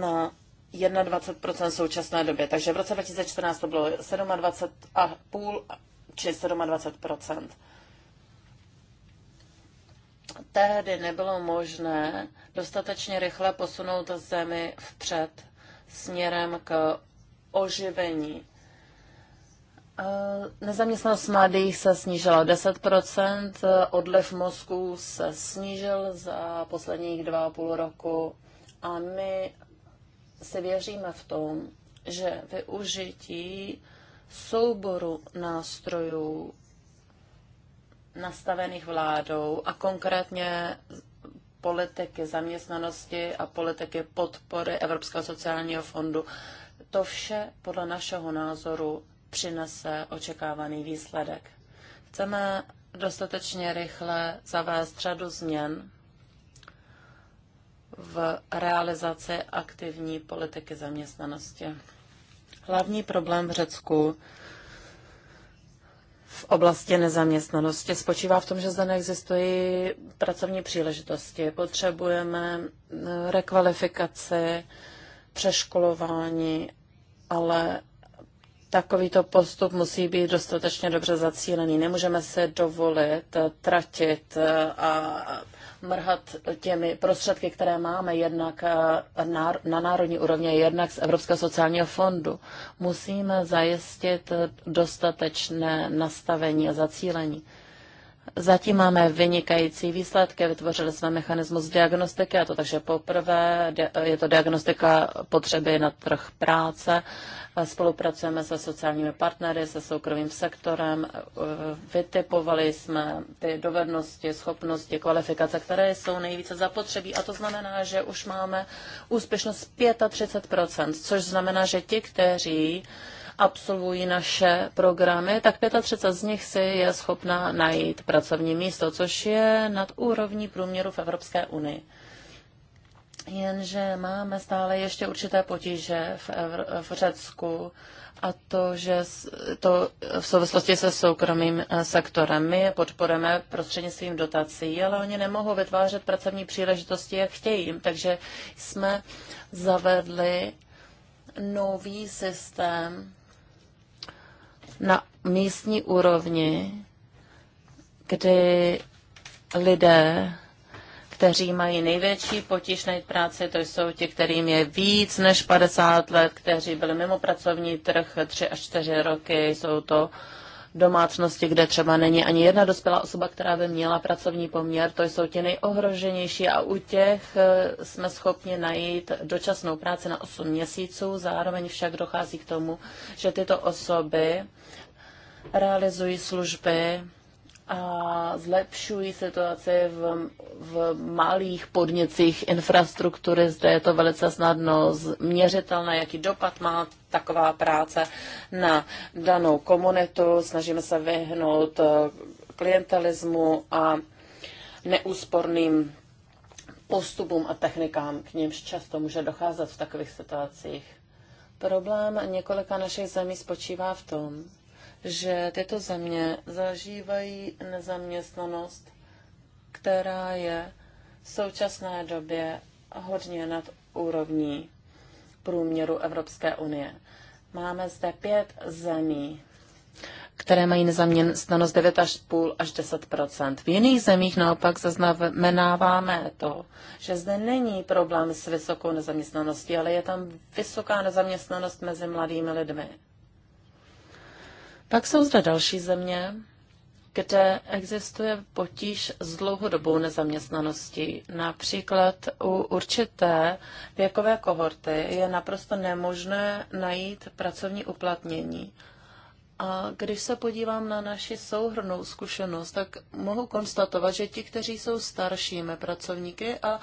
na na 21% v současné době. Takže v roce 2014 to bylo 27,5 či 27%. Tehdy nebylo možné dostatečně rychle posunout zemi vpřed směrem k oživení. E, nezaměstnanost mladých se snížila 10%, odliv mozků se snížil za posledních dva a půl roku a my se věříme v tom, že využití souboru nástrojů nastavených vládou a konkrétně politiky zaměstnanosti a politiky podpory Evropského sociálního fondu. To vše podle našeho názoru přinese očekávaný výsledek. Chceme dostatečně rychle zavést řadu změn v realizaci aktivní politiky zaměstnanosti. Hlavní problém v Řecku v oblasti nezaměstnanosti spočívá v tom, že zde neexistují pracovní příležitosti. Potřebujeme eh, rekvalifikaci, přeškolování, ale takovýto postup musí být dostatečně dobře zacílený. Nemůžeme se dovolit eh, tratit eh, a mrhat těmi prostředky, které máme jednak eh, na národní úrovně, jednak z Evropského sociálního fondu. Musíme zajistit dostatečné nastavení a zacílení. Zatím máme vynikající výsledky, vytvořili jsme mechanismus diagnostiky, a to takže poprvé je to diagnostika potřeby na trh práce. Spolupracujeme se sociálními partnery, se soukromým sektorem, Vytypovali jsme ty dovednosti, schopnosti, kvalifikace, které jsou nejvíce zapotřebí a to znamená, že už máme úspěšnost 35%, což znamená, že ti, kteří absolvují naše programy, tak 35 z nich si je schopna najít pracovní místo, což je nad úrovní průměru v Evropské unii. Jenže máme stále ještě určité potíže v, Evr- v Řecku a to, že to v souvislosti se soukromým eh, sektorem. My je podporujeme prostřednictvím dotací, ale oni nemohou vytvářet pracovní příležitosti, jak chtějí. Takže jsme zavedli nový systém na místní úrovni, kdy lidé, kteří mají největší potíž najít práci, to jsou ti, kterým je víc než 50 let, kteří byli mimo pracovní trh 3 až 4 roky, jsou to uh, domácnosti, kde třeba není ani jedna dospělá osoba, která by měla pracovní poměr. To jsou ti nejohroženější a u těch e, jsme schopni najít dočasnou práci na 8 měsíců. Zároveň však dochází k tomu, že tyto osoby realizují služby a zlepšují situace v, v malých podnicích infrastruktury. Zde je to velice snadno změřitelné, jaký dopad má taková práce na danou komunitu. Snažíme se vyhnout eh, klientelismu a neúsporným postupům a technikám, k němž často může docházet v takových situacích. Problém několika našich zemí spočívá v tom, že tyto země zažívají nezaměstnanost, která je v současné době hodně nad úrovní průměru Evropské unie. Máme zde pět zemí, které mají nezaměstnanost 9,5 až 10 V jiných zemích naopak zaznamenáváme to, že zde není problém s vysokou nezaměstnaností, ale je tam vysoká nezaměstnanost mezi mladými lidmi. Pak jsou zde další země, kde existuje potíž s dlouhodobou nezaměstnaností. Například u určité věkové kohorty je naprosto nemožné najít pracovní uplatnění. A když se podívám na naši souhrnou zkušenost, tak mohu konstatovat, že ti, kteří jsou staršími pracovníky a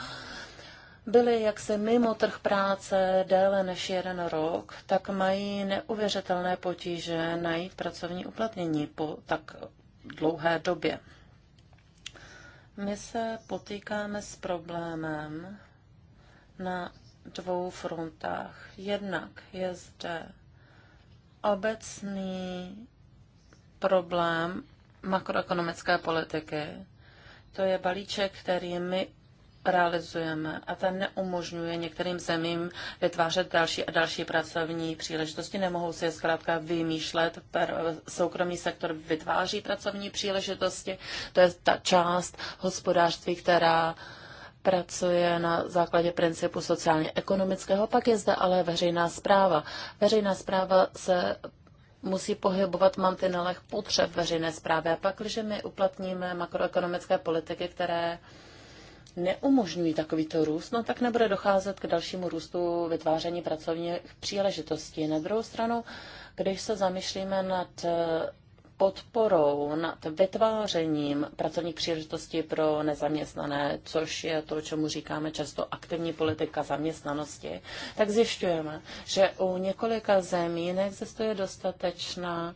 byli jaksi mimo trh práce déle než jeden rok, tak mají neuvěřitelné potíže najít pracovní uplatnění po tak dlouhé době. My se potýkáme s problémem na dvou frontách. Jednak je zde obecný problém makroekonomické politiky. To je balíček, který my realizujeme a ten neumožňuje některým zemím vytvářet další a další pracovní příležitosti. Nemohou si je zkrátka vymýšlet. Soukromý sektor vytváří pracovní příležitosti. To je ta část hospodářství, která pracuje na základě principu sociálně-ekonomického. Pak je zde ale veřejná zpráva. Veřejná zpráva se musí pohybovat mantinelech potřeb veřejné zprávy. A pak, když my uplatníme makroekonomické politiky, které neumožňují takovýto růst, no tak nebude docházet k dalšímu růstu vytváření pracovních příležitostí. Na druhou stranu, když se zamýšlíme nad eh, podporou, nad vytvářením pracovních příležitostí pro nezaměstnané, což je to, čemu říkáme často aktivní politika zaměstnanosti, tak zjišťujeme, že u několika zemí neexistuje dostatečná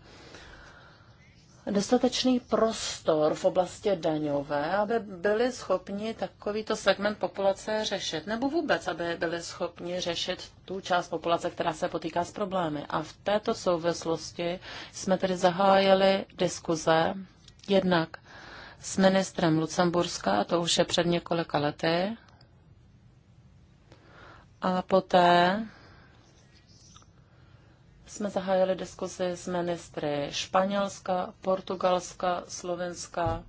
dostatečný prostor v oblasti daňové, aby byli schopni takovýto segment populace řešit, nebo vůbec, aby byli schopni řešit tu část populace, která se potýká s problémy. A v této souvislosti jsme tedy zahájili diskuze jednak s ministrem Lucemburska, to už je před několika lety, a poté jsme zahájili diskuzi s ministry Španělska, Portugalska, Slovenska,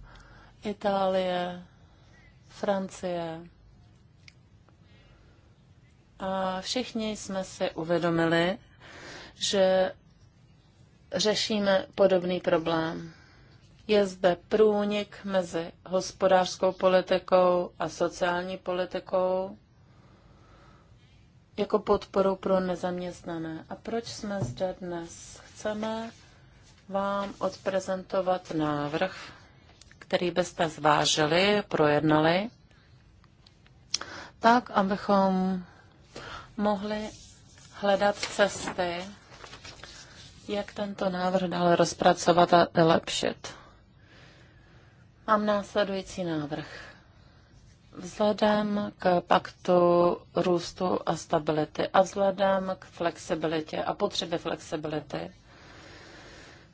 Itálie, Francie. A všichni jsme si uvědomili, že řešíme podobný problém. Je zde průnik mezi hospodářskou politikou a sociální politikou jako podporu pro nezaměstnané. A proč jsme zde dnes? Chceme vám odprezentovat návrh, který byste zvážili, projednali, tak, abychom mohli hledat cesty, jak tento návrh dále rozpracovat a vylepšit. Mám následující návrh vzhledem k paktu růstu a stability a vzhledem k flexibilitě a potřebě flexibility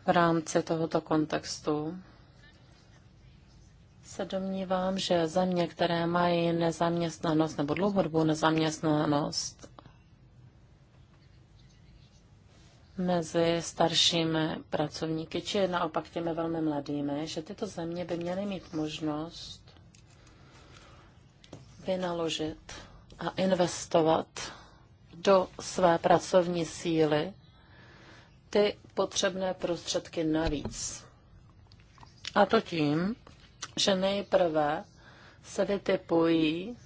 v rámci tohoto kontextu se domnívám, že země, které mají nezaměstnanost nebo dlouhodobou nezaměstnanost mezi staršími pracovníky, či naopak těmi velmi mladými, že tyto země by měly mít možnost vynaložit a investovat do své pracovní síly ty potřebné prostředky navíc. A to tím, že nejprve se vytipují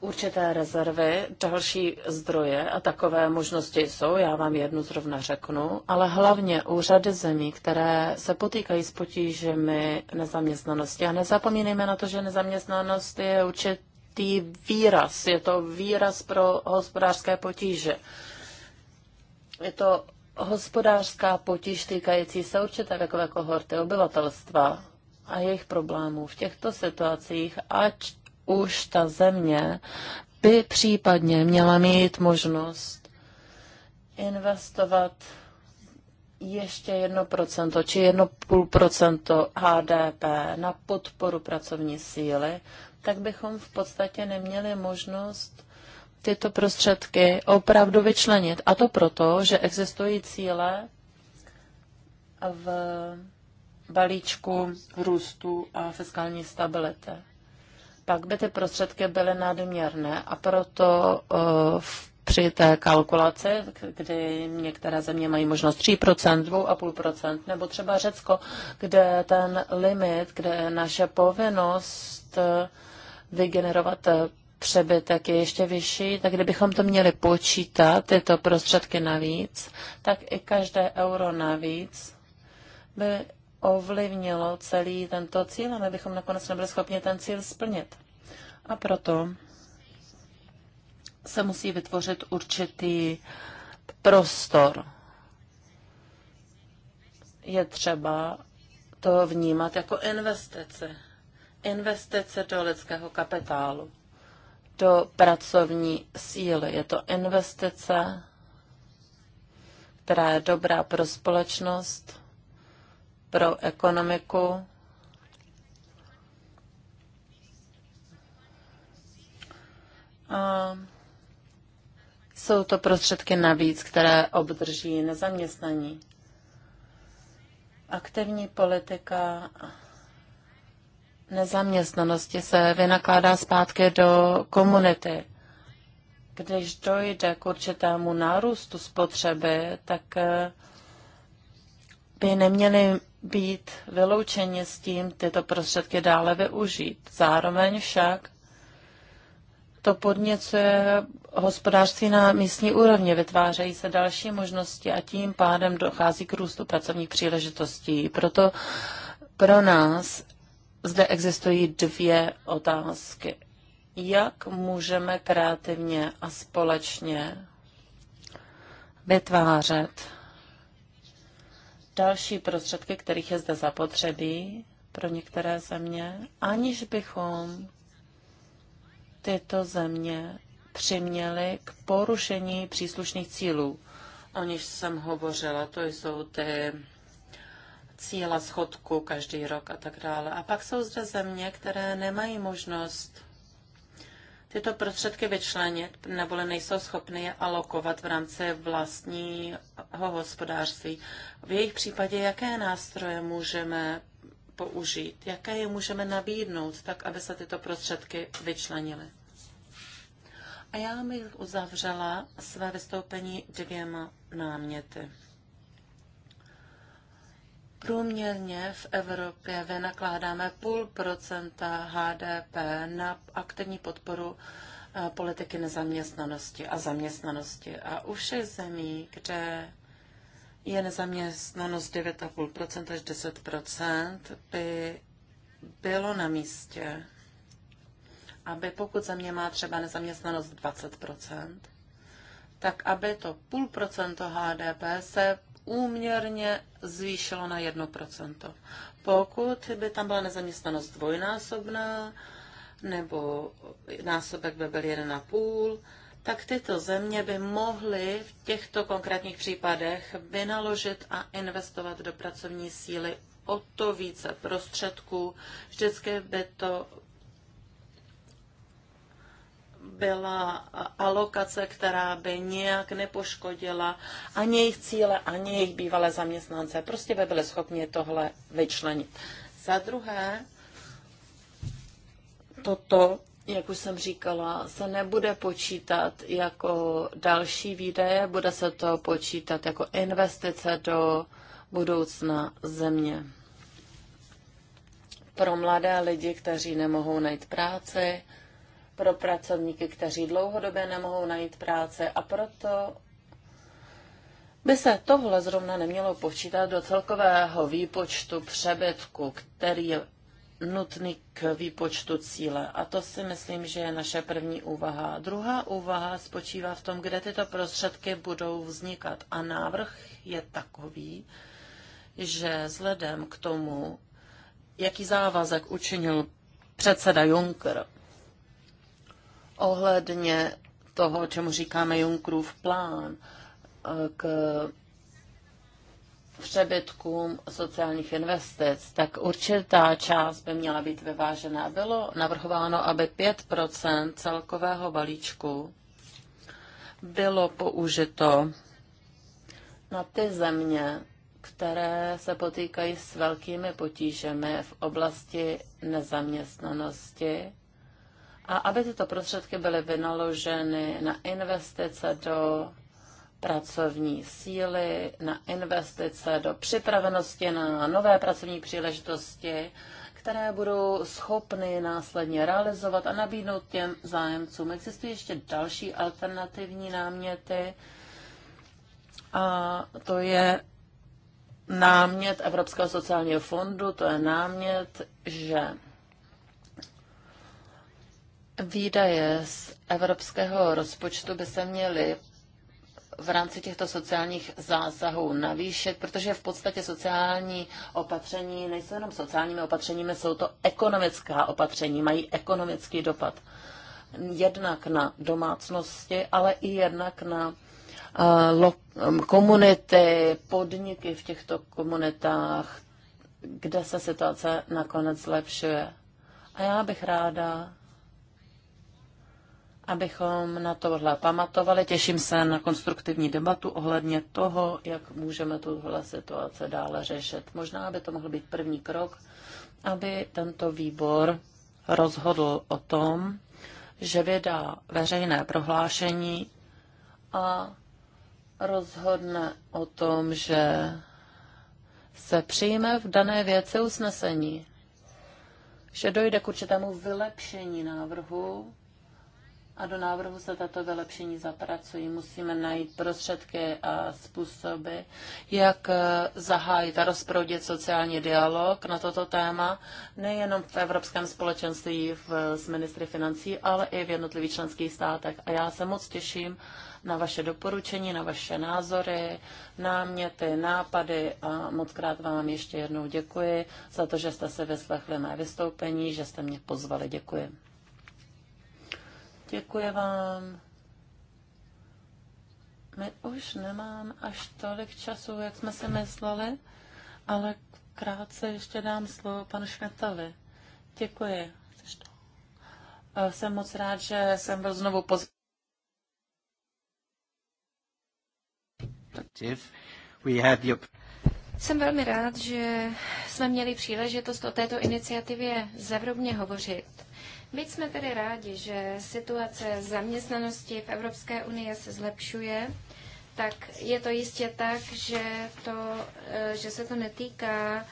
určité rezervy, další zdroje a takové možnosti jsou, já vám jednu zrovna řeknu, ale hlavně u řady zemí, které se potýkají s potížemi nezaměstnanosti. A nezapomínejme na to, že nezaměstnanost je určitý výraz, je to výraz pro hospodářské potíže. Je to hospodářská potíž týkající se určité věkové kohorty obyvatelstva a jejich problémů v těchto situacích, ať už ta země by případně měla mít možnost investovat ještě jedno procento, či jedno půl procento HDP na podporu pracovní síly, tak bychom v podstatě neměli možnost tyto prostředky opravdu vyčlenit. A to proto, že existují cíle v balíčku růstu a fiskální stability pak by ty prostředky byly nadměrné a proto eh, v při té kalkulaci, kdy některé země mají možnost 3%, 2,5%, nebo třeba Řecko, kde ten limit, kde naše povinnost eh, vygenerovat eh, přebytek je ještě vyšší, tak kdybychom to měli počítat, tyto prostředky navíc, tak i každé euro navíc by ovlivnilo celý tento cíl a my bychom nakonec nebyli schopni ten cíl splnit. A proto se musí vytvořit určitý prostor. Je třeba to vnímat jako investice. Investice do lidského kapitálu, do pracovní síly. Je to investice, která je dobrá pro společnost, pro ekonomiku. A jsou to prostředky navíc, které obdrží nezaměstnaní. Aktivní politika nezaměstnanosti se vynakládá zpátky do komunity. Když dojde k určitému nárůstu spotřeby, tak eh, by neměli být vyloučeni s tím tyto prostředky dále využít. Zároveň však to podněcuje hospodářství na místní úrovni, vytvářejí se další možnosti a tím pádem dochází k růstu pracovních příležitostí. Proto pro nás zde existují dvě otázky. Jak můžeme kreativně a společně vytvářet další prostředky, kterých je zde zapotřebí pro některé země, aniž bychom tyto země přiměli k porušení příslušných cílů. O nich jsem hovořila, to jsou ty cíla schodku každý rok a tak dále. A pak jsou zde země, které nemají možnost tyto prostředky vyčlenit nebo nejsou schopny je alokovat v rámci vlastního hospodářství. V jejich případě, jaké nástroje můžeme použít, jaké je můžeme nabídnout, tak aby se tyto prostředky vyčlenily. A já bych uzavřela své vystoupení dvěma náměty. Průměrně v Evropě vynakládáme půl procenta HDP na aktivní podporu eh, politiky nezaměstnanosti a zaměstnanosti. A u všech zemí, kde je nezaměstnanost 9,5% až 10%, by bylo na místě, aby pokud země má třeba nezaměstnanost 20%, tak aby to půl procento HDP se úměrně zvýšilo na 1%. Pokud by tam byla nezaměstnanost dvojnásobná, nebo násobek by byl 1,5, tak tyto země by mohly v těchto konkrétních případech vynaložit a investovat do pracovní síly o to více prostředků. Vždycky by to byla alokace, která by nějak nepoškodila ani jejich cíle, ani jejich bývalé zaměstnance. Prostě by byly schopni tohle vyčlenit. Za druhé, toto, jak už jsem říkala, se nebude počítat jako další výdaje, bude se to počítat jako investice do budoucna země. Pro mladé lidi, kteří nemohou najít práci, pro pracovníky, kteří dlouhodobě nemohou najít práce a proto by se tohle zrovna nemělo počítat do celkového výpočtu přebytku, který je nutný k výpočtu cíle. A to si myslím, že je naše první úvaha. Druhá úvaha spočívá v tom, kde tyto prostředky budou vznikat. A návrh je takový, že vzhledem k tomu, jaký závazek učinil předseda Juncker ohledně toho, čemu říkáme Junckerův plán eh, k přebytkům sociálních investic, tak určitá část by měla být vyvážená. Bylo navrhováno, aby 5 celkového balíčku bylo použito na ty země, které se potýkají s velkými potížemi v oblasti nezaměstnanosti a aby tyto prostředky byly vynaloženy na investice do pracovní síly, na investice do připravenosti na nové pracovní příležitosti, které budou schopny následně realizovat a nabídnout těm zájemcům. Existují ještě další alternativní náměty a to je námět Evropského sociálního fondu, to je námět, že Výdaje z evropského rozpočtu by se měly v rámci těchto sociálních zásahů navýšit, protože v podstatě sociální opatření nejsou jenom sociálními opatřeními, jsou to ekonomická opatření, mají ekonomický dopad. Jednak na domácnosti, ale i jednak na eh, komunity, podniky v těchto komunitách, kde se situace nakonec zlepšuje. A já bych ráda abychom na tohle pamatovali. Těším se na konstruktivní debatu ohledně toho, jak můžeme tuhle situace dále řešit. Možná by to mohl být první krok, aby tento výbor rozhodl o tom, že vydá veřejné prohlášení a rozhodne o tom, že se přijme v dané věci usnesení, že dojde k určitému vylepšení návrhu a do návrhu se tato vylepšení zapracují. Musíme najít prostředky a způsoby, jak eh, zahájit a rozproudit sociální dialog na toto téma, nejenom v Evropském společenství v, s ministry financí, ale i v jednotlivých členských státech. A já se moc těším na vaše doporučení, na vaše názory, náměty, nápady a moc krát vám ještě jednou děkuji za to, že jste se vyslechli mé vystoupení, že jste mě pozvali. Děkuji. Děkuji vám. My už nemám až tolik času, jak jsme si mysleli, ale krátce ještě dám slovo panu Šmetovi. Děkuji. Eh, jsem moc rád, že jsem byl znovu pozván. Jsem velmi rád, že jsme měli příležitost o této iniciativě zevrubně hovořit. Byť jsme tedy rádi, že situace zaměstnanosti v Evropské unii se zlepšuje, tak je to jistě tak, že, to, e, že se to netýká e,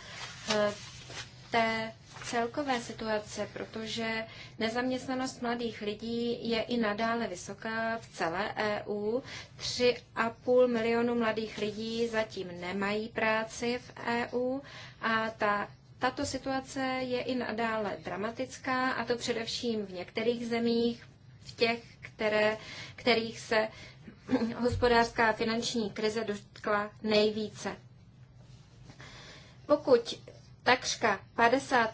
té celkové situace, protože nezaměstnanost mladých lidí je i nadále vysoká v celé EU. 3,5 milionu mladých lidí zatím nemají práci v EU a ta tato situace je i nadále dramatická, a to především v některých zemích, v těch, které, kterých se hospodářská a finanční krize dotkla nejvíce. Pokud takřka 50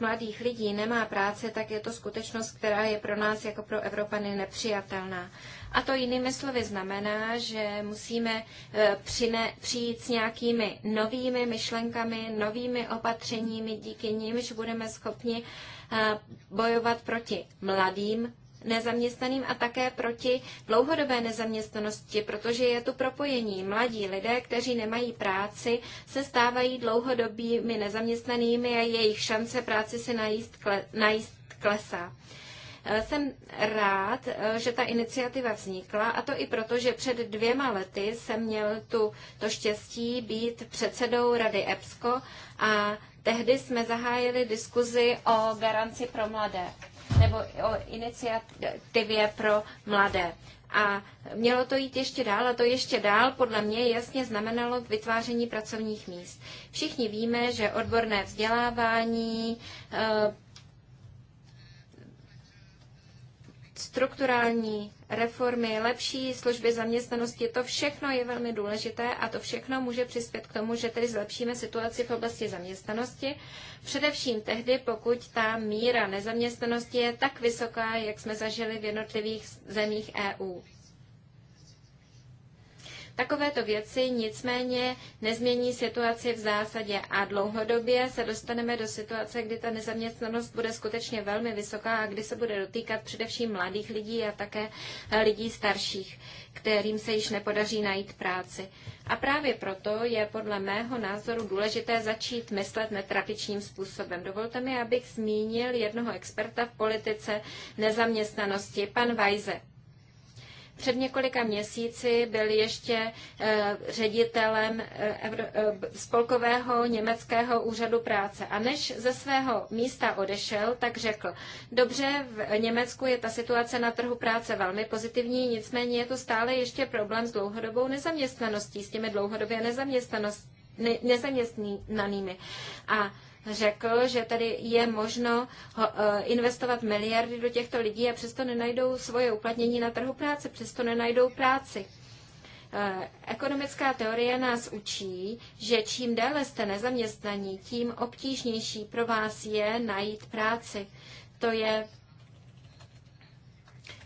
mladých lidí nemá práce, tak je to skutečnost, která je pro nás jako pro Evropany nepřijatelná. A to jinými slovy znamená, že musíme e, přine, přijít s nějakými novými myšlenkami, novými opatřeními, díky nimž budeme schopni e, bojovat proti mladým nezaměstnaným a také proti dlouhodobé nezaměstnanosti, protože je tu propojení. Mladí lidé, kteří nemají práci, se stávají dlouhodobými nezaměstnanými a jejich šance práci si najíst, kle, najíst klesá. Eh, jsem rád, eh, že ta iniciativa vznikla a to i proto, že před dvěma lety jsem měl tu, to štěstí být předsedou Rady EPSCO a tehdy jsme zahájili diskuzi o garanci pro mladé nebo o iniciativě pro mladé. A mělo to jít ještě dál a to ještě dál podle mě jasně znamenalo vytváření pracovních míst. Všichni víme, že odborné vzdělávání, eh, strukturální reformy, lepší služby zaměstnanosti, to všechno je velmi důležité a to všechno může přispět k tomu, že tedy zlepšíme situaci v oblasti zaměstnanosti, především tehdy, pokud ta míra nezaměstnanosti je tak vysoká, jak jsme zažili v jednotlivých zemích EU. Takovéto věci nicméně nezmění situaci v zásadě a dlouhodobě se dostaneme do situace, kdy ta nezaměstnanost bude skutečně velmi vysoká a kdy se bude dotýkat především mladých lidí a také eh, lidí starších, kterým se již nepodaří najít práci. A právě proto je podle mého názoru důležité začít myslet netradičním způsobem. Dovolte mi, abych zmínil jednoho experta v politice nezaměstnanosti, pan Weise. Před několika měsíci byl ještě eh, ředitelem eh, eh, spolkového německého úřadu práce. A než ze svého místa odešel, tak řekl, dobře, v Německu je ta situace na trhu práce velmi pozitivní, nicméně je to stále ještě problém s dlouhodobou nezaměstnaností, s těmi dlouhodobě nezaměstnanými. A řekl, že tady je možno eh, investovat miliardy do těchto lidí a přesto nenajdou svoje uplatnění na trhu práce, přesto nenajdou práci. Eh, ekonomická teorie nás učí, že čím déle jste nezaměstnaní, tím obtížnější pro vás je najít práci. To je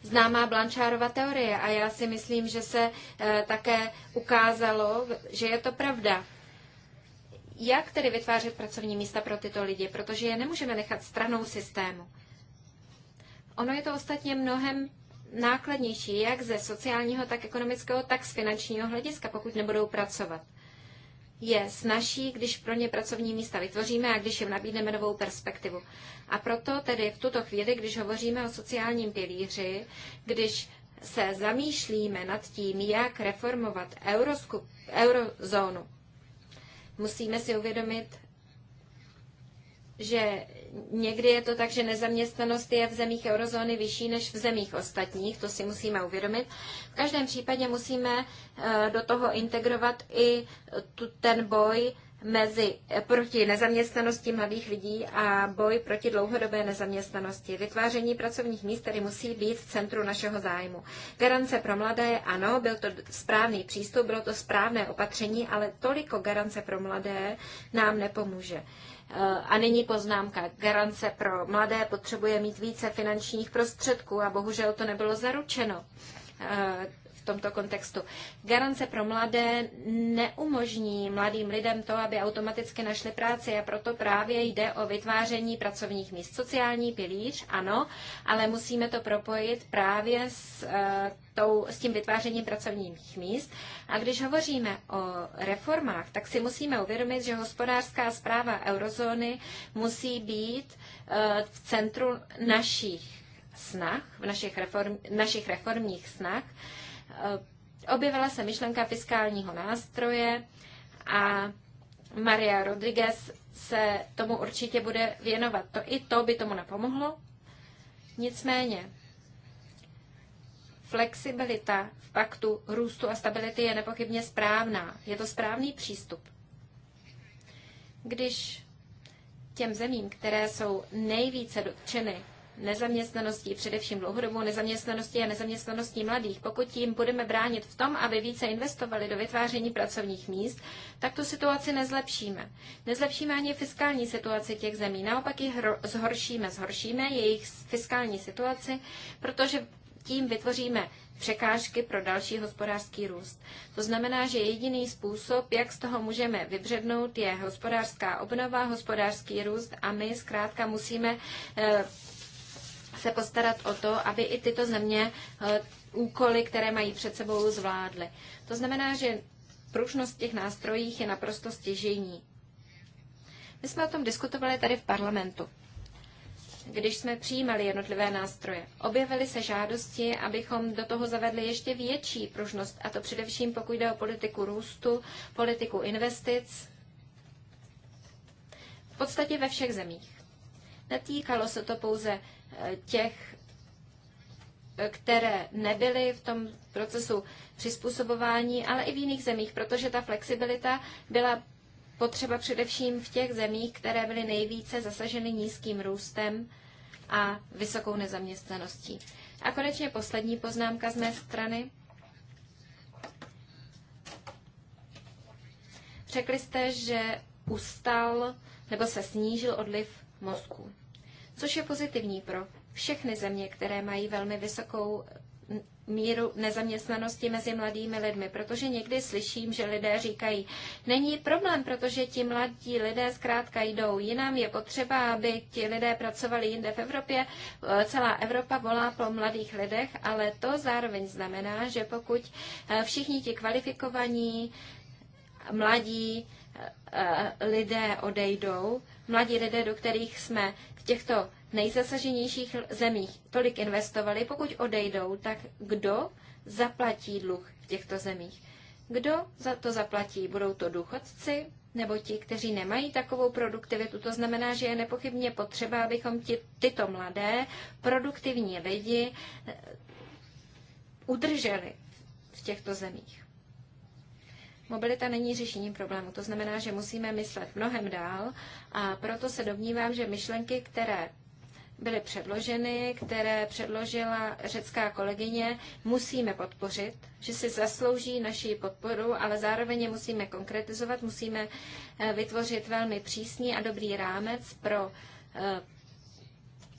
známá Blanchárova teorie a já si myslím, že se eh, také ukázalo, že je to pravda jak tedy vytvářet pracovní místa pro tyto lidi, protože je nemůžeme nechat stranou systému. Ono je to ostatně mnohem nákladnější, jak ze sociálního, tak ekonomického, tak z finančního hlediska, pokud nebudou pracovat. Je snažší, když pro ně pracovní místa vytvoříme a když jim nabídneme novou perspektivu. A proto tedy v tuto chvíli, když hovoříme o sociálním pilíři, když se zamýšlíme nad tím, jak reformovat euroskup, eurozónu. Musíme si uvědomit, že někdy je to tak, že nezaměstnanost je v zemích eurozóny vyšší než v zemích ostatních, to si musíme uvědomit. V každém případě musíme eh, do toho integrovat i ten boj mezi proti nezaměstnanosti mladých lidí a boj proti dlouhodobé nezaměstnanosti. Vytváření pracovních míst tedy musí být v centru našeho zájmu. Garance pro mladé, ano, byl to správný přístup, bylo to správné opatření, ale toliko garance pro mladé nám nepomůže. Eh, a nyní poznámka. Garance pro mladé potřebuje mít více finančních prostředků a bohužel to nebylo zaručeno eh, tomto kontextu. Garance pro mladé neumožní mladým lidem to, aby automaticky našli práci a proto právě jde o vytváření pracovních míst. Sociální pilíř, ano, ale musíme to propojit právě s eh, tou, s tím vytvářením pracovních míst. A když hovoříme o reformách, tak si musíme uvědomit, že hospodářská zpráva eurozóny musí být eh, v centru našich snah, v našich, reform, našich reformních snah. Eh, objevila se myšlenka fiskálního nástroje a Maria Rodriguez se tomu určitě bude věnovat. To i to by tomu napomohlo. Nicméně flexibilita v paktu růstu a stability je nepochybně správná. Je to správný přístup. Když těm zemím, které jsou nejvíce dotčeny nezaměstnaností, především dlouhodobou nezaměstnaností a nezaměstnaností mladých. Pokud jim budeme bránit v tom, aby více investovali do vytváření pracovních míst, tak tu situaci nezlepšíme. Nezlepšíme ani fiskální situaci těch zemí, naopak ji zhoršíme. Zhoršíme jejich fiskální situaci, protože tím vytvoříme překážky pro další hospodářský růst. To znamená, že jediný způsob, jak z toho můžeme vybřednout, je hospodářská obnova, hospodářský růst a my zkrátka musíme eh, se postarat o to, aby i tyto země eh, úkoly, které mají před sebou, zvládly. To znamená, že pružnost těch nástrojích je naprosto stěžení. My jsme o tom diskutovali tady v parlamentu když jsme přijímali jednotlivé nástroje. Objevily se žádosti, abychom do toho zavedli ještě větší pružnost, a to především pokud jde o politiku růstu, politiku investic, v podstatě ve všech zemích. Netýkalo se to pouze těch, které nebyly v tom procesu přizpůsobování, ale i v jiných zemích, protože ta flexibilita byla potřeba především v těch zemích, které byly nejvíce zasaženy nízkým růstem a vysokou nezaměstnaností. A konečně poslední poznámka z mé strany. Řekli jste, že ustal nebo se snížil odliv mozku což je pozitivní pro všechny země, které mají velmi vysokou míru nezaměstnanosti mezi mladými lidmi, protože někdy slyším, že lidé říkají, není problém, protože ti mladí lidé zkrátka jdou jinam, je potřeba, aby ti lidé pracovali jinde v Evropě. Eh, celá Evropa volá po mladých lidech, ale to zároveň znamená, že pokud eh, všichni ti kvalifikovaní, mladí, Eh, eh, lidé odejdou, mladí lidé, do kterých jsme v těchto nejzasaženějších zemích tolik investovali, pokud odejdou, tak kdo zaplatí dluh v těchto zemích? Kdo za to zaplatí? Budou to důchodci nebo ti, kteří nemají takovou produktivitu? To znamená, že je nepochybně potřeba, abychom ti, tyto mladé, produktivní lidi eh, udrželi v těchto zemích mobilita není řešením problému. To znamená, že musíme myslet mnohem dál a proto se domnívám, že myšlenky, které byly předloženy, které předložila řecká kolegyně, musíme podpořit, že si zaslouží naši podporu, ale zároveň je musíme konkretizovat, musíme eh, vytvořit velmi přísný a dobrý rámec pro eh,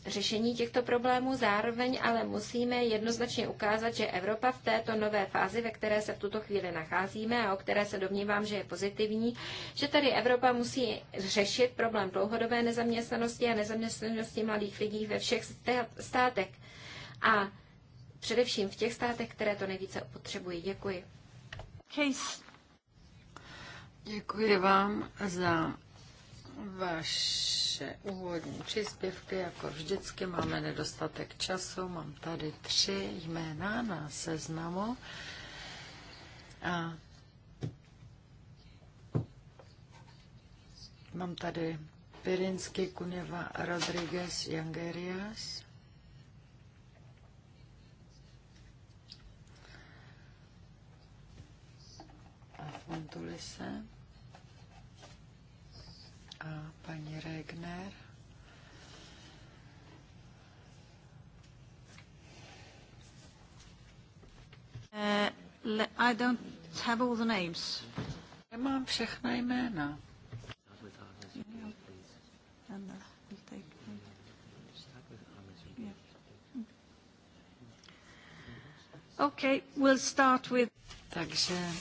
řešení těchto problémů, zároveň ale musíme jednoznačně ukázat, že Evropa v této nové fázi, ve které se v tuto chvíli nacházíme a o které se domnívám, že je pozitivní, že tady Evropa musí řešit problém dlouhodobé nezaměstnanosti a nezaměstnanosti mladých lidí ve všech státech. A především v těch státech, které to nejvíce potřebují. Děkuji. Case. Děkuji vám za vaše úvodní příspěvky. Jako vždycky máme nedostatek času. Mám tady tři jména na seznamu. A mám tady Pirinsky, Kuneva, Rodriguez, Jangerias. A Fontulise a paní Regner. Uh, I don't have all the names. Nemám všechna jména. Okay, we'll start with... Takže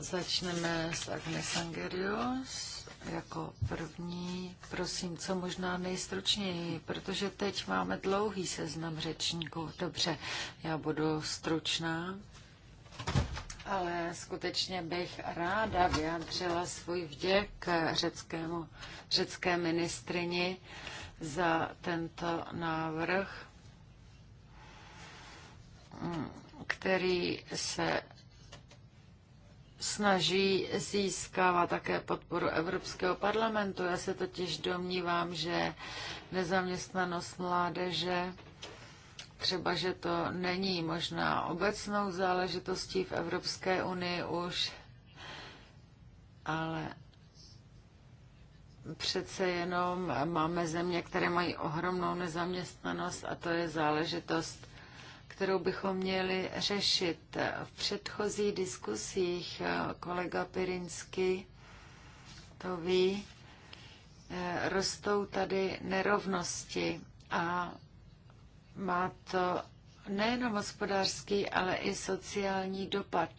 začneme s Agnes Angerios jako první, prosím, co možná nejstručněji, protože teď máme dlouhý seznam řečníků. Dobře, já budu stručná, ale skutečně bych ráda vyjádřila svůj vděk řeckému, řecké ministrini za tento návrh, který se snaží získávat také podporu Evropského parlamentu. Já se totiž domnívám, že nezaměstnanost mládeže třeba, že to není možná obecnou záležitostí v Evropské unii už, ale přece jenom máme země, které mají ohromnou nezaměstnanost a to je záležitost kterou bychom měli řešit. V předchozích diskusích eh, kolega Pirinsky to ví, eh, rostou tady nerovnosti a má to nejenom hospodářský, ale i sociální dopad.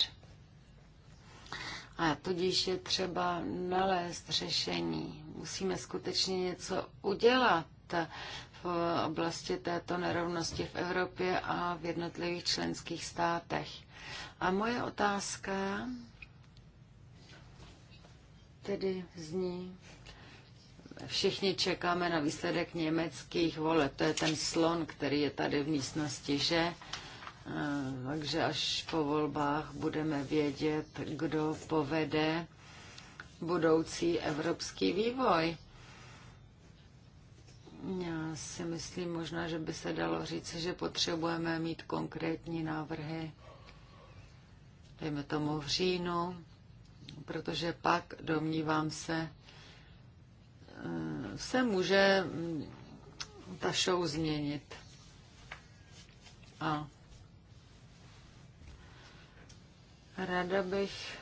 A tudíž je třeba nalézt řešení. Musíme skutečně něco udělat oblasti této nerovnosti v Evropě a v jednotlivých členských státech. A moje otázka tedy zní, všichni čekáme na výsledek německých voleb, to je ten slon, který je tady v místnosti, že? Takže až po volbách budeme vědět, kdo povede budoucí evropský vývoj. Já si myslím možná, že by se dalo říct, že potřebujeme mít konkrétní návrhy, dejme tomu v říjnu, protože pak, domnívám se, eh, se může mm, ta show změnit. A rada bych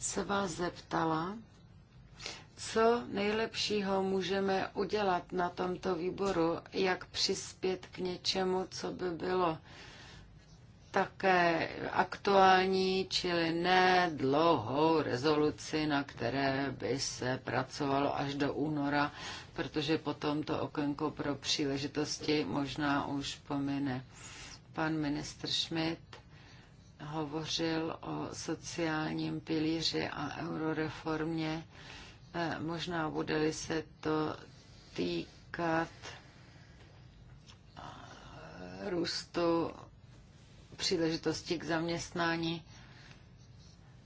se vás zeptala, co nejlepšího můžeme udělat na tomto výboru, jak přispět k něčemu, co by bylo také aktuální, čili ne dlouhou rezoluci, na které by se pracovalo až do února, protože potom to okénko pro příležitosti možná už pomine. Pan ministr Schmidt hovořil o sociálním pilíři a euroreformě. Eh, možná bude-li se to týkat eh, růstu příležitosti k zaměstnání,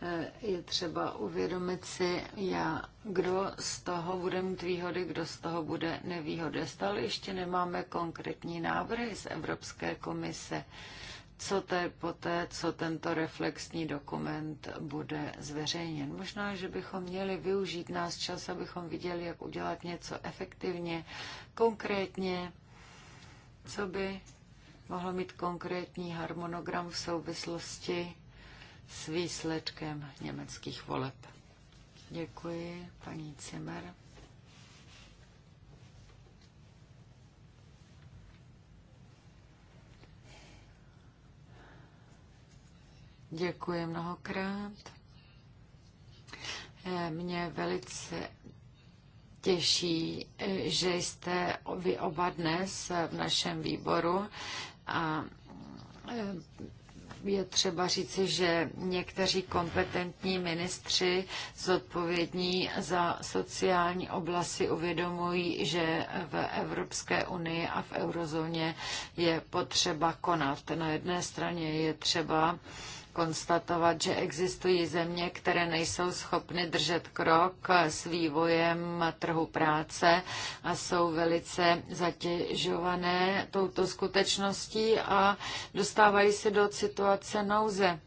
eh, je třeba uvědomit si, já, kdo z toho bude mít výhody, kdo z toho bude nevýhody. Stále ještě nemáme konkrétní návrhy z Evropské komise co te, poté, co tento reflexní dokument bude zveřejněn. Možná, že bychom měli využít nás čas, abychom viděli, jak udělat něco efektivně, konkrétně, co by mohlo mít konkrétní harmonogram v souvislosti s výsledkem německých voleb. Děkuji, paní Cimer. Děkuji mnohokrát. Eh, mě velice těší, eh, že jste vy oba dnes v našem výboru a eh, je třeba říci, že někteří kompetentní ministři zodpovědní za sociální oblasti uvědomují, že v Evropské unii a v eurozóně je potřeba konat. Na jedné straně je třeba konstatovat, že existují země, které nejsou schopny držet krok s vývojem trhu práce a jsou velice zatěžované touto skutečností a dostávají se do situace nouze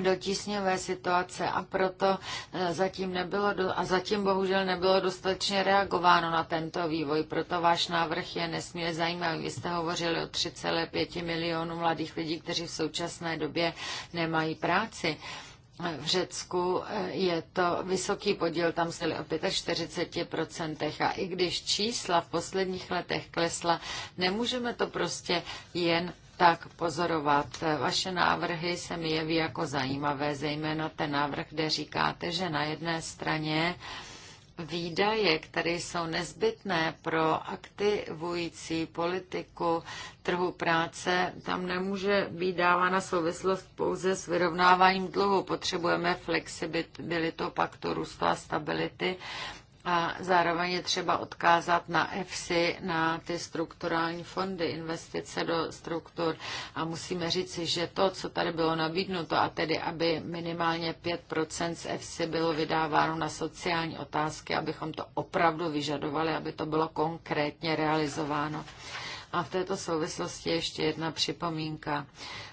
do tísňové situace a proto eh, zatím nebylo do, a zatím bohužel nebylo dostatečně reagováno na tento vývoj. Proto váš návrh je nesmírně zajímavý. Vy jste hovořili o 3,5 milionů mladých lidí, kteří v současné době nemají práci. V Řecku eh, je to vysoký podíl, tam se o 45% a i když čísla v posledních letech klesla, nemůžeme to prostě jen tak pozorovat. Vaše návrhy se mi jeví jako zajímavé, zejména ten návrh, kde říkáte, že na jedné straně výdaje, které jsou nezbytné pro aktivující politiku trhu práce, tam nemůže být dávána souvislost pouze s vyrovnáváním dluhu. Potřebujeme flexibilitu paktu růstu a stability a zároveň je třeba odkázat na EFSI, na ty strukturální fondy, investice do struktur. A musíme říci, že to, co tady bylo nabídnuto, a tedy, aby minimálně 5% z EFSI bylo vydáváno na sociální otázky, abychom to opravdu vyžadovali, aby to bylo konkrétně realizováno. A v této souvislosti ještě jedna připomínka.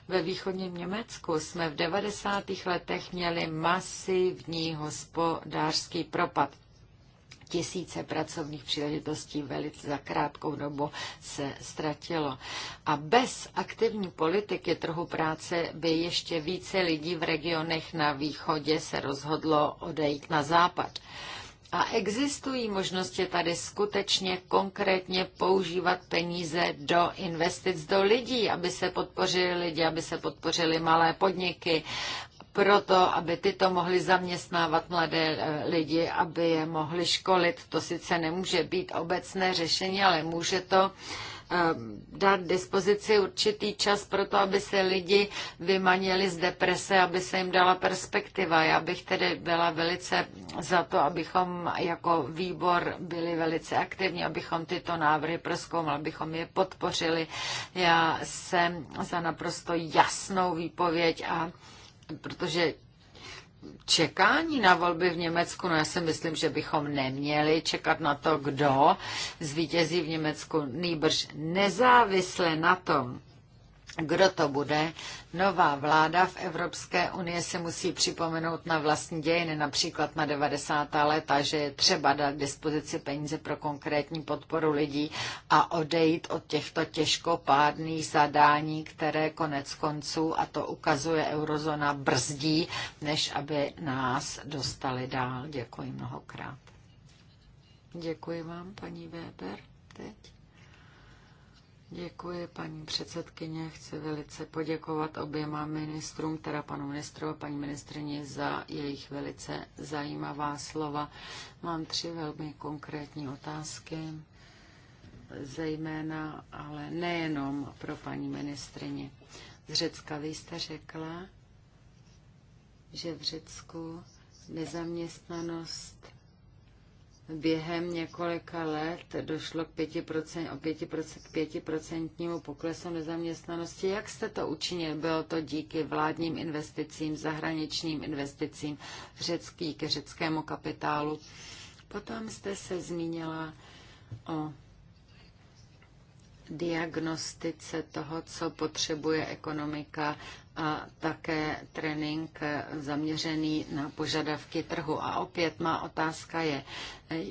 Ve východním Německu jsme v 90. letech měli masivní hospodářský propad tisíce pracovních příležitostí velice za krátkou dobu se ztratilo. A bez aktivní politiky trhu práce by ještě více lidí v regionech na východě se rozhodlo odejít na západ. A existují možnosti tady skutečně konkrétně používat peníze do investic do lidí, aby se podpořili lidi, aby se podpořili malé podniky, proto, aby tyto mohly zaměstnávat mladé eh, lidi, aby je mohly školit. To sice nemůže být obecné řešení, ale může to eh, dát dispozici určitý čas pro to, aby se lidi vymanili z deprese, aby se jim dala perspektiva. Já bych tedy byla velice za to, abychom jako výbor byli velice aktivní, abychom tyto návrhy proskoumali, abychom je podpořili. Já jsem za naprosto jasnou výpověď a protože čekání na volby v Německu, no já si myslím, že bychom neměli čekat na to, kdo zvítězí v Německu, nýbrž nezávisle na tom, kdo to bude? Nová vláda v Evropské unii se musí připomenout na vlastní dějiny, například na 90. léta, že je třeba dát k dispozici peníze pro konkrétní podporu lidí a odejít od těchto těžkopádných zadání, které konec konců, a to ukazuje eurozona, brzdí, než aby nás dostali dál. Děkuji mnohokrát. Děkuji vám, paní Weber, teď. Děkuji, paní předsedkyně. Chci velice poděkovat oběma ministrům, teda panu ministru a paní ministrině, za jejich velice zajímavá slova. Mám tři velmi konkrétní otázky, zejména, ale nejenom pro paní ministrině. Z Řecka vy jste řekla, že v Řecku nezaměstnanost během několika let došlo k 5%, o 5%, k 5% poklesu nezaměstnanosti. Jak jste to učinil? Bylo to díky vládním investicím, zahraničním investicím, řecký ke řeckému kapitálu. Potom jste se zmínila o diagnostice toho, co potřebuje ekonomika a také trénink zaměřený na požadavky trhu. A opět má otázka je,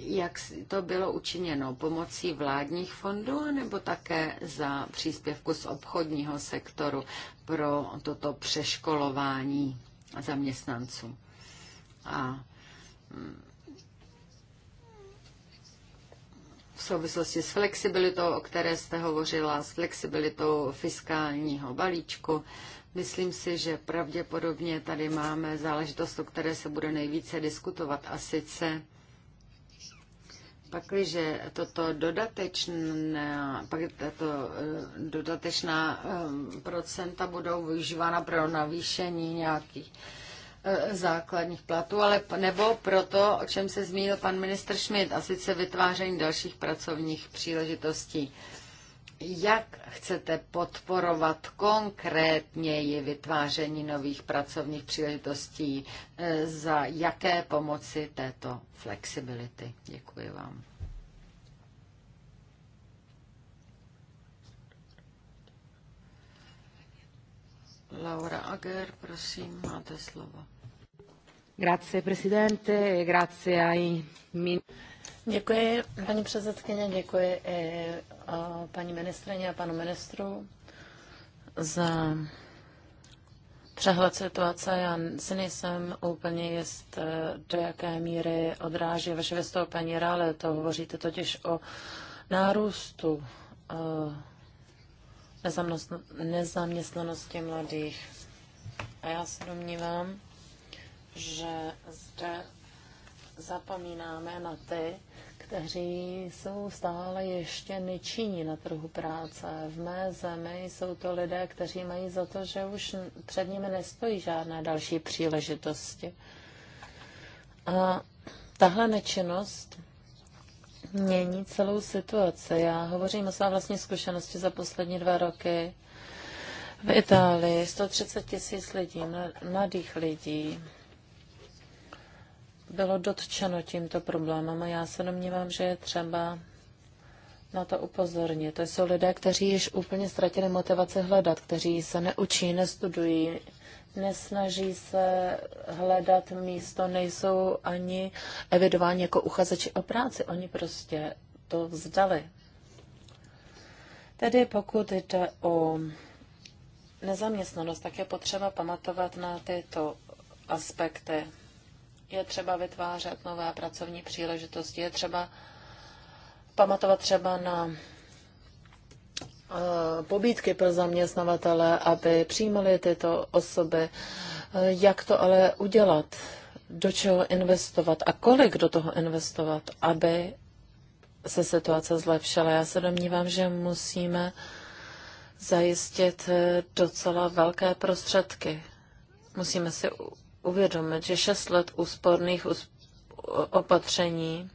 jak to bylo učiněno pomocí vládních fondů nebo také za příspěvku z obchodního sektoru pro toto přeškolování zaměstnanců. A mm, v souvislosti s flexibilitou, o které jste hovořila, s flexibilitou fiskálního balíčku, Myslím si, že pravděpodobně tady máme záležitost, o které se bude nejvíce diskutovat a sice Pakliže toto dodatečná, pak tato eh, dodatečná eh, procenta budou využívána pro navýšení nějakých eh, základních platů, ale nebo pro to, o čem se zmínil pan ministr Schmidt, a sice vytváření dalších pracovních příležitostí. Jak chcete podporovat konkrétně vytváření nových pracovních příležitostí? E, za jaké pomoci této flexibility? Děkuji vám. Laura Ager, prosím, máte slovo. Grazie, presidente, grazie ai... Děkuji, paní předsedkyně, děkuji i paní ministrině a panu ministru za přehled situace. Já si nejsem úplně jist, e, do jaké míry odráží vaše vystoupení realitu. Hovoříte totiž o nárůstu e, nezaměstnanosti mladých. A já se domnívám, že zde zapomínáme na ty, kteří jsou stále ještě nečiní na trhu práce. V mé zemi jsou to lidé, kteří mají za to, že už před nimi nestojí žádné další příležitosti. A tahle nečinnost mění celou situaci. Já hovořím o své vlastní zkušenosti za poslední dva roky. V Itálii 130 tisíc lidí, mladých lidí, bylo dotčeno tímto problémem a já se domnívám, že je třeba na to upozornit. To jsou lidé, kteří již úplně ztratili motivaci hledat, kteří se neučí, nestudují, nesnaží se hledat místo, nejsou ani evidováni jako uchazeči o práci. Oni prostě to vzdali. Tedy pokud jde o nezaměstnanost, tak je potřeba pamatovat na tyto aspekty je třeba vytvářet nové pracovní příležitosti, je třeba pamatovat třeba na eh, pobídky pro zaměstnavatele, aby přijímali tyto osoby. Eh, jak to ale udělat? Do čeho investovat a kolik do toho investovat, aby se situace zlepšila? Já se domnívám, že musíme zajistit eh, docela velké prostředky. Musíme si uvědomit, že šest let úsporných opatření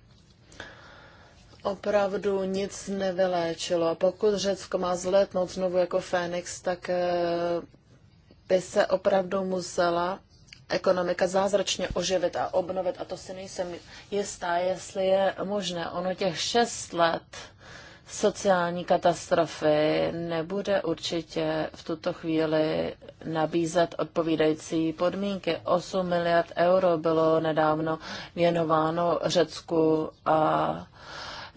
opravdu nic nevyléčilo. pokud Řecko má zletnout znovu jako Fénix, tak eh, by se opravdu musela ekonomika zázračně oživit a obnovit. A to si nejsem jistá, jestli je možné. Ono těch šest let sociální katastrofy nebude určitě v tuto chvíli nabízet odpovídající podmínky. 8 miliard euro bylo nedávno věnováno Řecku a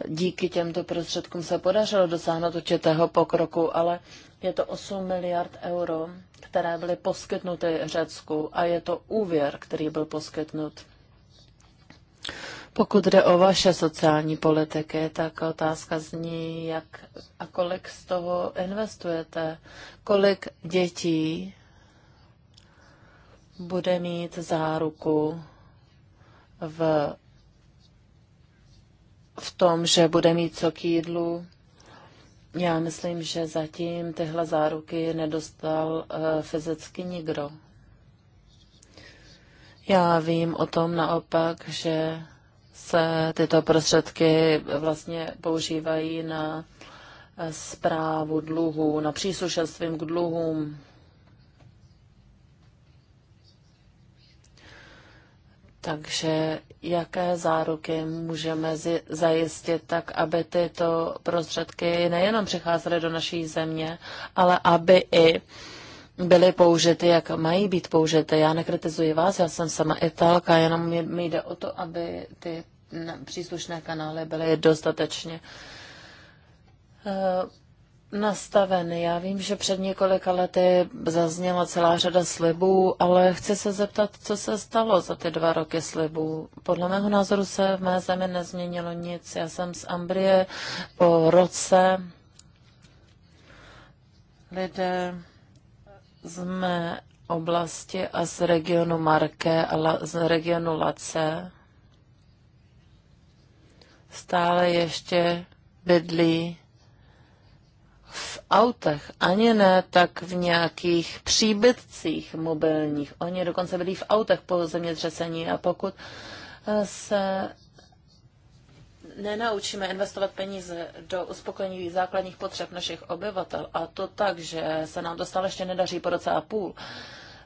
díky těmto prostředkům se podařilo dosáhnout určitého pokroku, ale je to 8 miliard euro, které byly poskytnuty Řecku a je to úvěr, který byl poskytnut. Pokud jde o vaše sociální politiky, tak otázka zní, jak a kolik z toho investujete, kolik dětí bude mít záruku v, v tom, že bude mít co k jídlu. Já myslím, že zatím tyhle záruky nedostal uh, fyzicky nikdo. Já vím o tom naopak, že se tyto prostředky vlastně používají na zprávu dluhů, na příslušenstvím k dluhům. Takže jaké záruky můžeme zajistit tak, aby tyto prostředky nejenom přicházely do naší země, ale aby i byly použity, jak mají být použity. Já nekritizuji vás, já jsem sama italka, jenom mi, mi jde o to, aby ty příslušné kanály byly dostatečně eh, nastaveny. Já vím, že před několika lety zazněla celá řada slibů, ale chci se zeptat, co se stalo za ty dva roky slibů. Podle mého názoru se v mé zemi nezměnilo nic. Já jsem z Ambrie po roce lidé z mé oblasti a z regionu Marke a la, z regionu Lace stále ještě bydlí v autech, ani ne tak v nějakých příbytcích mobilních. Oni dokonce bydlí v autech po zemětřesení a pokud eh, se nenaučíme investovat peníze do uspokojení základních potřeb našich obyvatel, a to tak, že se nám to stále ještě nedaří po roce a půl,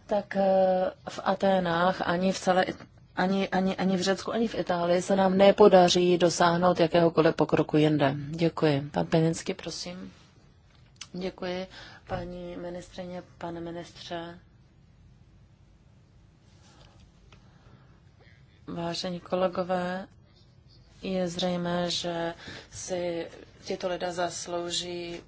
tak eh, v Aténách ani v celé ani, ani, ani v Řecku, ani v Itálii se nám nepodaří dosáhnout jakéhokoliv pokroku jinde. Děkuji. Pan Peninsky, prosím. Děkuji, paní ministrině, pane ministře. Vážení kolegové, je zřejmé, že si tito lidé zaslouží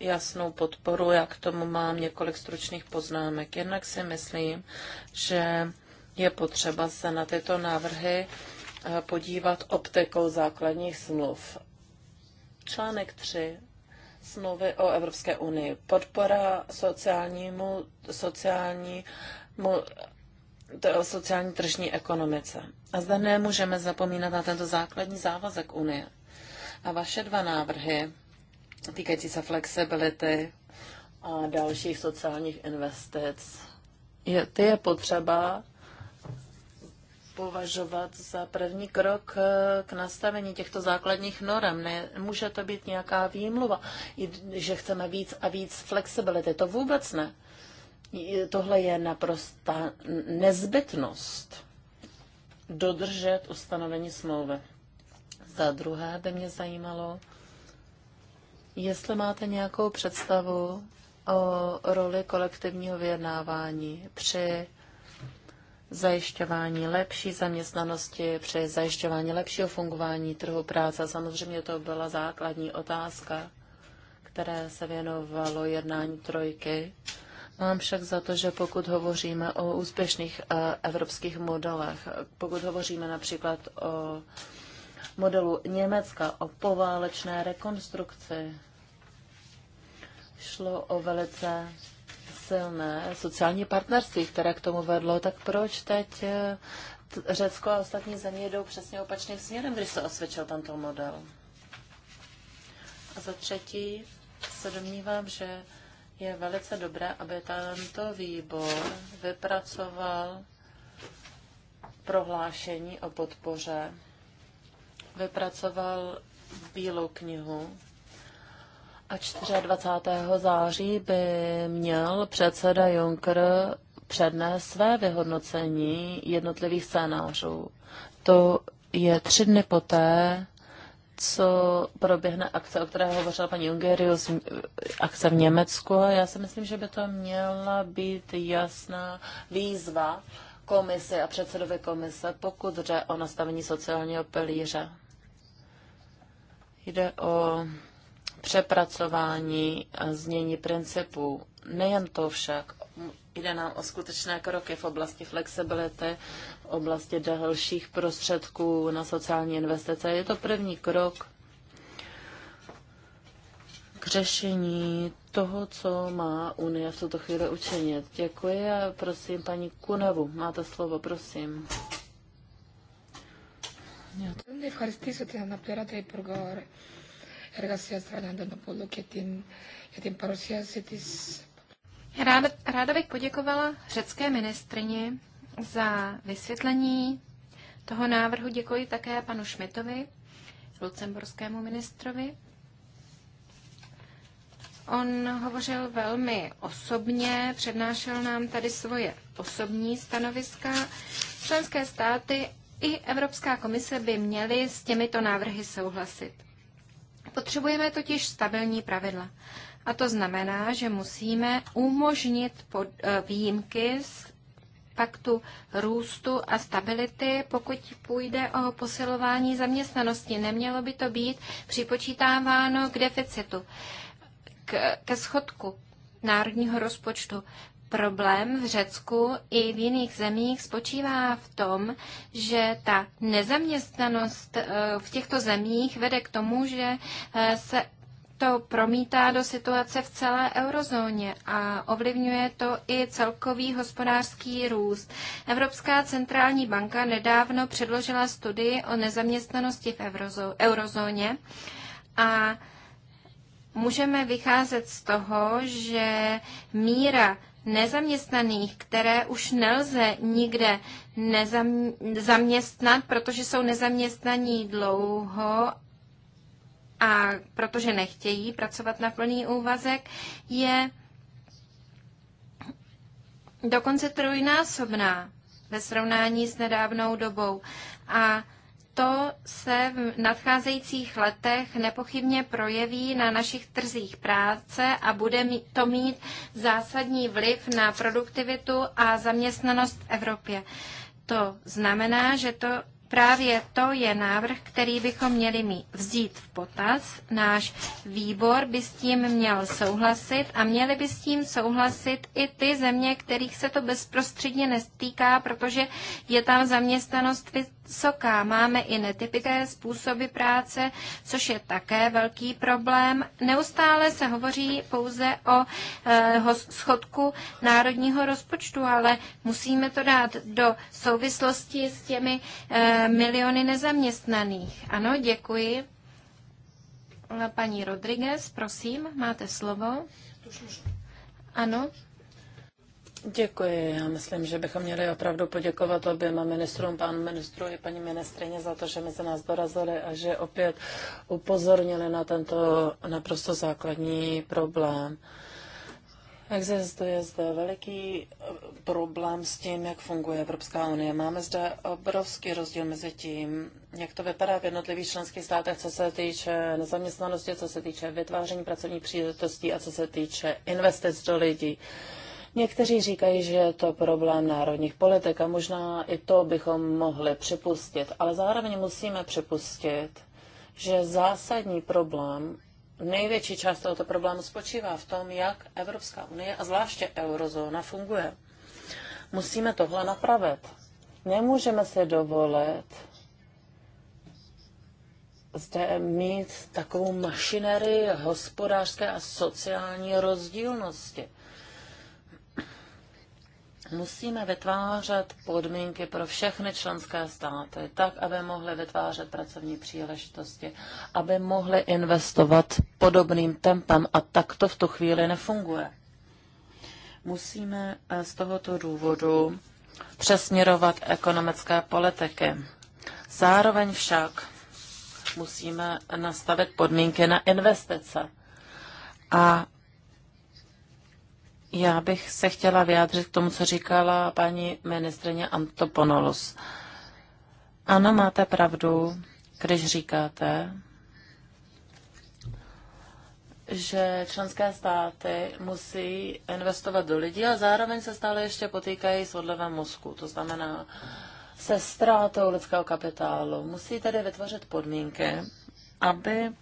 jasnou podporu. Já k tomu mám několik stručných poznámek. Jednak si myslím, že je potřeba se na tyto návrhy eh, podívat optikou základních smluv. Článek 3 smlouvy o Evropské unii. Podpora sociálnímu, sociálnímu, sociální tržní ekonomice. A zde nemůžeme zapomínat na tento základní závazek Unie. A vaše dva návrhy týkající se flexibility a dalších sociálních investic, je, ty je potřeba považovat za první krok eh, k nastavení těchto základních Ne Nemůže to být nějaká výmluva, že chceme víc a víc flexibility. To vůbec ne. Tohle je naprosta nezbytnost dodržet ustanovení smlouvy. Za druhé by mě zajímalo, jestli máte nějakou představu o roli kolektivního vyjednávání při zajišťování lepší zaměstnanosti, při zajišťování lepšího fungování trhu práce. Samozřejmě to byla základní otázka, které se věnovalo jednání trojky Mám však za to, že pokud hovoříme o úspěšných eh, evropských modelech, pokud hovoříme například o modelu Německa, o poválečné rekonstrukci, šlo o velice silné sociální partnerství, které k tomu vedlo, tak proč teď eh, Řecko a ostatní země jdou přesně opačným směrem, když se osvědčil tento model? A za třetí se domnívám, že je velice dobré, aby tento výbor vypracoval prohlášení o podpoře, vypracoval bílou knihu a 24. září by měl předseda Juncker přednést své vyhodnocení jednotlivých scénářů. To je tři dny poté, co proběhne akce, o které hovořila paní Ungerius, akce v Německu. Já si myslím, že by to měla být jasná výzva komise a předsedovi komise, pokud jde o nastavení sociálního pilíře. Jde o přepracování a změní principů. Nejen to však, Jde nám o skutečné kroky v oblasti flexibility, v oblasti dalších prostředků na sociální investice. Je to první krok k řešení toho, co má Unie v tuto chvíli učinit. Děkuji a prosím paní Kunevu, máte slovo, prosím. Děkuji. Ráda, ráda bych poděkovala řecké ministrině za vysvětlení toho návrhu. Děkuji také panu Šmitovi, lucemburskému ministrovi. On hovořil velmi osobně, přednášel nám tady svoje osobní stanoviska. Členské státy i Evropská komise by měly s těmito návrhy souhlasit. Potřebujeme totiž stabilní pravidla. A to znamená, že musíme umožnit pod, eh, výjimky z paktu růstu a stability, pokud půjde o posilování zaměstnanosti. Nemělo by to být připočítáváno k deficitu, k, ke schodku národního rozpočtu. Problém v Řecku i v jiných zemích spočívá v tom, že ta nezaměstnanost eh, v těchto zemích vede k tomu, že eh, se to promítá do situace v celé eurozóně a ovlivňuje to i celkový hospodářský růst. Evropská centrální banka nedávno předložila studii o nezaměstnanosti v eurozóně a můžeme vycházet z toho, že míra nezaměstnaných, které už nelze nikde nezaměstnat, protože jsou nezaměstnaní dlouho a protože nechtějí pracovat na plný úvazek, je dokonce trojnásobná ve srovnání s nedávnou dobou. A to se v nadcházejících letech nepochybně projeví na našich trzích práce a bude to mít zásadní vliv na produktivitu a zaměstnanost v Evropě. To znamená, že to Právě to je návrh, který bychom měli mít vzít v potaz. Náš výbor by s tím měl souhlasit a měli by s tím souhlasit i ty země, kterých se to bezprostředně nestýká, protože je tam zaměstnanost vysoká. Máme i netypické způsoby práce, což je také velký problém. Neustále se hovoří pouze o eh, schodku národního rozpočtu, ale musíme to dát do souvislosti s těmi eh, miliony nezaměstnaných. Ano, děkuji. Paní Rodriguez, prosím, máte slovo. Ano. Děkuji. Já myslím, že bychom měli opravdu poděkovat oběma ministrům, pánu ministru i paní ministrině za to, že mezi nás dorazili a že opět upozornili na tento naprosto základní problém. Existuje zde veliký eh, problém s tím, jak funguje Evropská unie. Máme zde obrovský rozdíl mezi tím, jak to vypadá v jednotlivých členských státech, co se týče nezaměstnanosti, co se týče vytváření pracovních příležitostí a co se týče investic do lidí. Uh, Někteří říkají, že je to problém národních politik a možná i to bychom mohli připustit, ale zároveň musíme připustit, že zásadní problém, největší část tohoto problému spočívá v tom, jak Evropská unie a zvláště eurozóna funguje. Musíme tohle napravit. Nemůžeme si dovolit zde mít takovou mašinerii hospodářské a sociální rozdílnosti. Musíme vytvářet podmínky pro všechny členské státy, tak, aby mohly vytvářet pracovní příležitosti, aby mohly investovat podobným tempem a tak to v tu chvíli nefunguje. Musíme eh, z tohoto důvodu přesměrovat ekonomické politiky. Zároveň však musíme nastavit podmínky na investice. A já bych se chtěla vyjádřit k tomu, co říkala paní ministrině Antoponolos. Ano, máte pravdu, když říkáte, že členské státy musí investovat do lidí a zároveň se stále ještě potýkají s odlevem mozku, to znamená se ztrátou lidského kapitálu. Musí tedy vytvořit podmínky, aby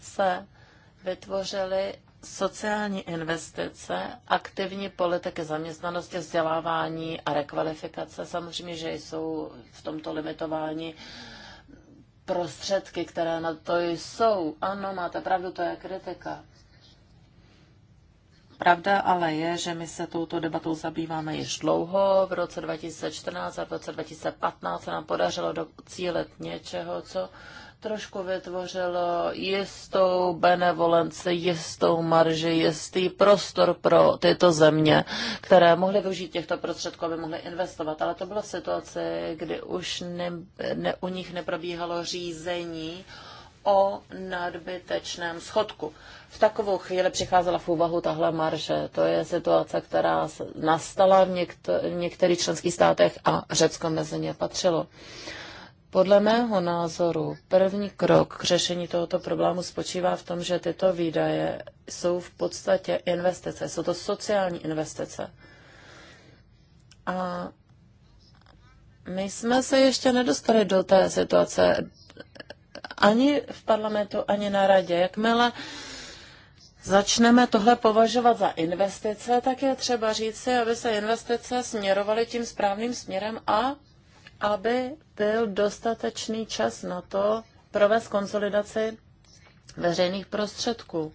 se vytvořily sociální investice, aktivní politiky zaměstnanosti, vzdělávání a rekvalifikace. Samozřejmě, že jsou v tomto limitování prostředky, které na to jsou. Ano, máte pravdu, to je kritika. Pravda ale je, že my se touto debatou zabýváme již dlouho. V roce 2014 a v roce 2015 se nám podařilo docílit něčeho, co trošku vytvořilo jistou benevolenci, jistou marži, jistý prostor pro tyto země, které mohly využít těchto prostředků, aby mohly investovat. Ale to bylo situace, kdy už ne, ne, u nich neprobíhalo řízení o nadbytečném schodku. V takovou chvíli přicházela v úvahu tahle marže. To je situace, která nastala v, někter- v některých členských státech a Řecko mezi ně patřilo. Podle mého názoru první krok k řešení tohoto problému spočívá v tom, že tyto výdaje jsou v podstatě investice, jsou to sociální investice. A my jsme se ještě nedostali do té situace ani v parlamentu, ani na radě. Jakmile začneme tohle považovat za investice, tak je třeba říci, aby se investice směrovaly tím správným směrem a aby byl dostatečný čas na to provést konsolidaci veřejných prostředků.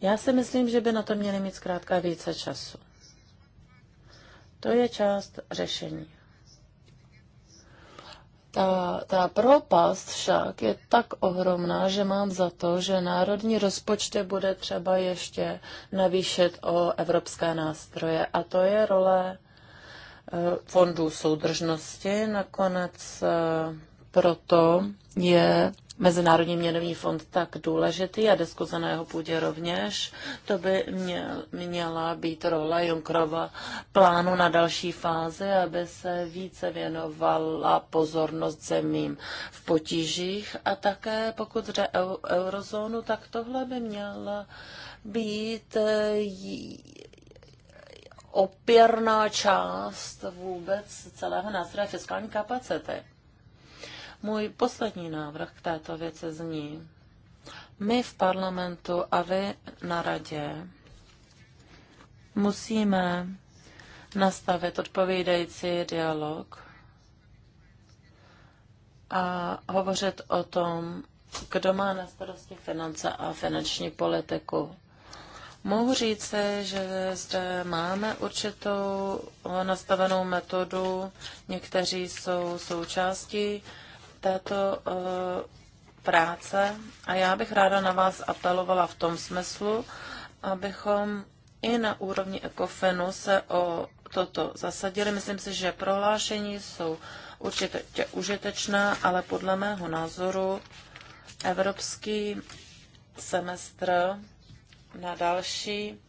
Já si myslím, že by na to měli mít zkrátka více času. To je část řešení. Ta, ta propast však je tak ohromná, že mám za to, že národní rozpočty bude třeba ještě navýšit o evropské nástroje. A to je role Eh, fondů soudržnosti. Nakonec eh, proto je Mezinárodní měnový fond tak důležitý a diskuze na jeho půdě rovněž. To by měl, měla být role Junkrova plánu na další fázi, aby se více věnovala pozornost zemím v potížích a také pokud jde o eurozónu, tak tohle by měla být eh, opěrná část vůbec celého nástroje fiskální kapacity. Můj poslední návrh k této věci zní, my v parlamentu a vy na radě musíme nastavit odpovídající dialog a hovořit o tom, kdo má na starosti finance a finanční politiku. Mohu říct, že zde máme určitou nastavenou metodu. Někteří jsou součástí této eh, práce a já bych ráda na vás apelovala v tom smyslu, abychom i na úrovni ECOFENu se o toto zasadili. Myslím si, že prohlášení jsou určitě užitečná, ale podle mého názoru evropský semestr na další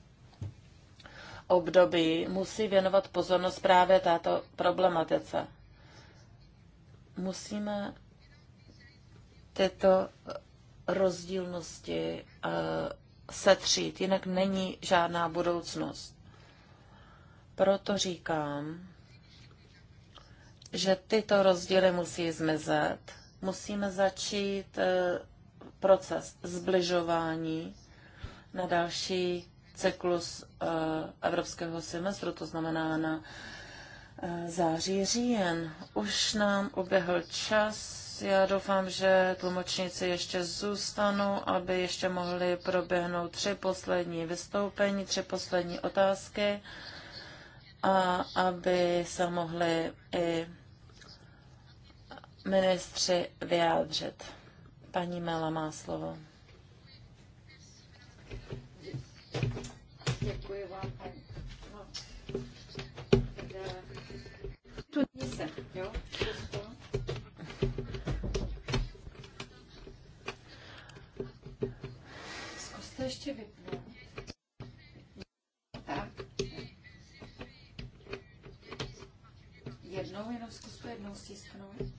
období musí věnovat pozornost právě této problematice. Musíme tyto rozdílnosti eh, setřít, jinak není žádná budoucnost. Proto říkám, že tyto rozdíly musí zmizet. Musíme začít eh, proces zbližování na další cyklus eh, evropského semestru, to znamená na eh, září, říjen. Už nám uběhl čas. Já doufám, že tlumočníci ještě zůstanou, aby ještě mohli proběhnout tři poslední vystoupení, tři poslední otázky a aby se mohli i ministři vyjádřit. Paní Mela má slovo. Děkuji vám, paní. No. se, jo? Zkuste ještě vypnout. Tak. Jednou jenom zkuste jednou stisknout.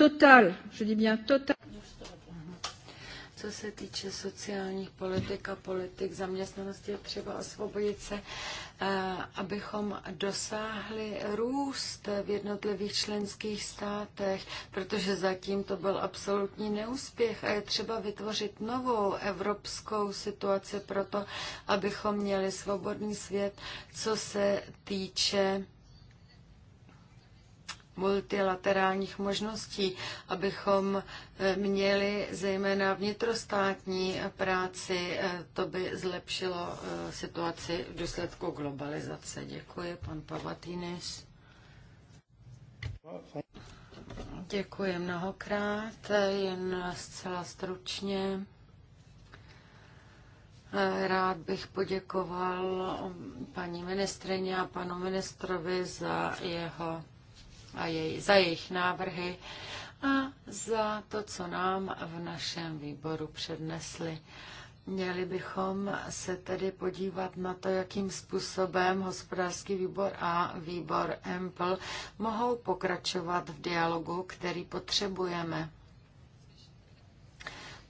total, je dis bien total. Co se týče sociálních politik a politik zaměstnanosti, je třeba osvobodit se, eh, abychom dosáhli růst v jednotlivých členských státech, protože zatím to byl absolutní neúspěch a je třeba vytvořit novou evropskou situaci pro to, abychom měli svobodný svět, co se týče multilaterálních možností, abychom eh, měli zejména vnitrostátní práci. Eh, to by zlepšilo eh, situaci v důsledku globalizace. Děkuji, pan Pavatýnis. Děkuji mnohokrát, jen zcela stručně. Rád bych poděkoval mm, paní ministrině a panu ministrovi za jeho a jej, za jejich návrhy a za to, co nám v našem výboru přednesli. Měli bychom se tedy podívat na to, jakým způsobem hospodářský výbor a výbor EMPL mohou pokračovat v dialogu, který potřebujeme.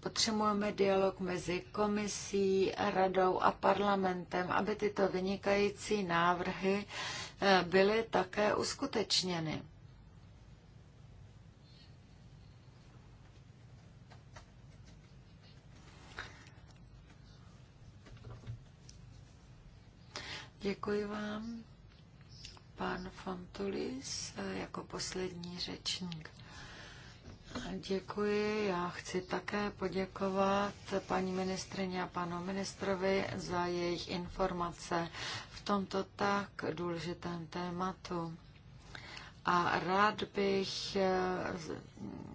Potřebujeme dialog mezi komisí, radou a parlamentem, aby tyto vynikající návrhy eh, byly také uskutečněny. Děkuji vám. Pan Fontulis eh, jako poslední řečník. Děkuji. Já chci také poděkovat paní ministrině a panu ministrovi za jejich informace v tomto tak důležitém tématu. A rád bych eh,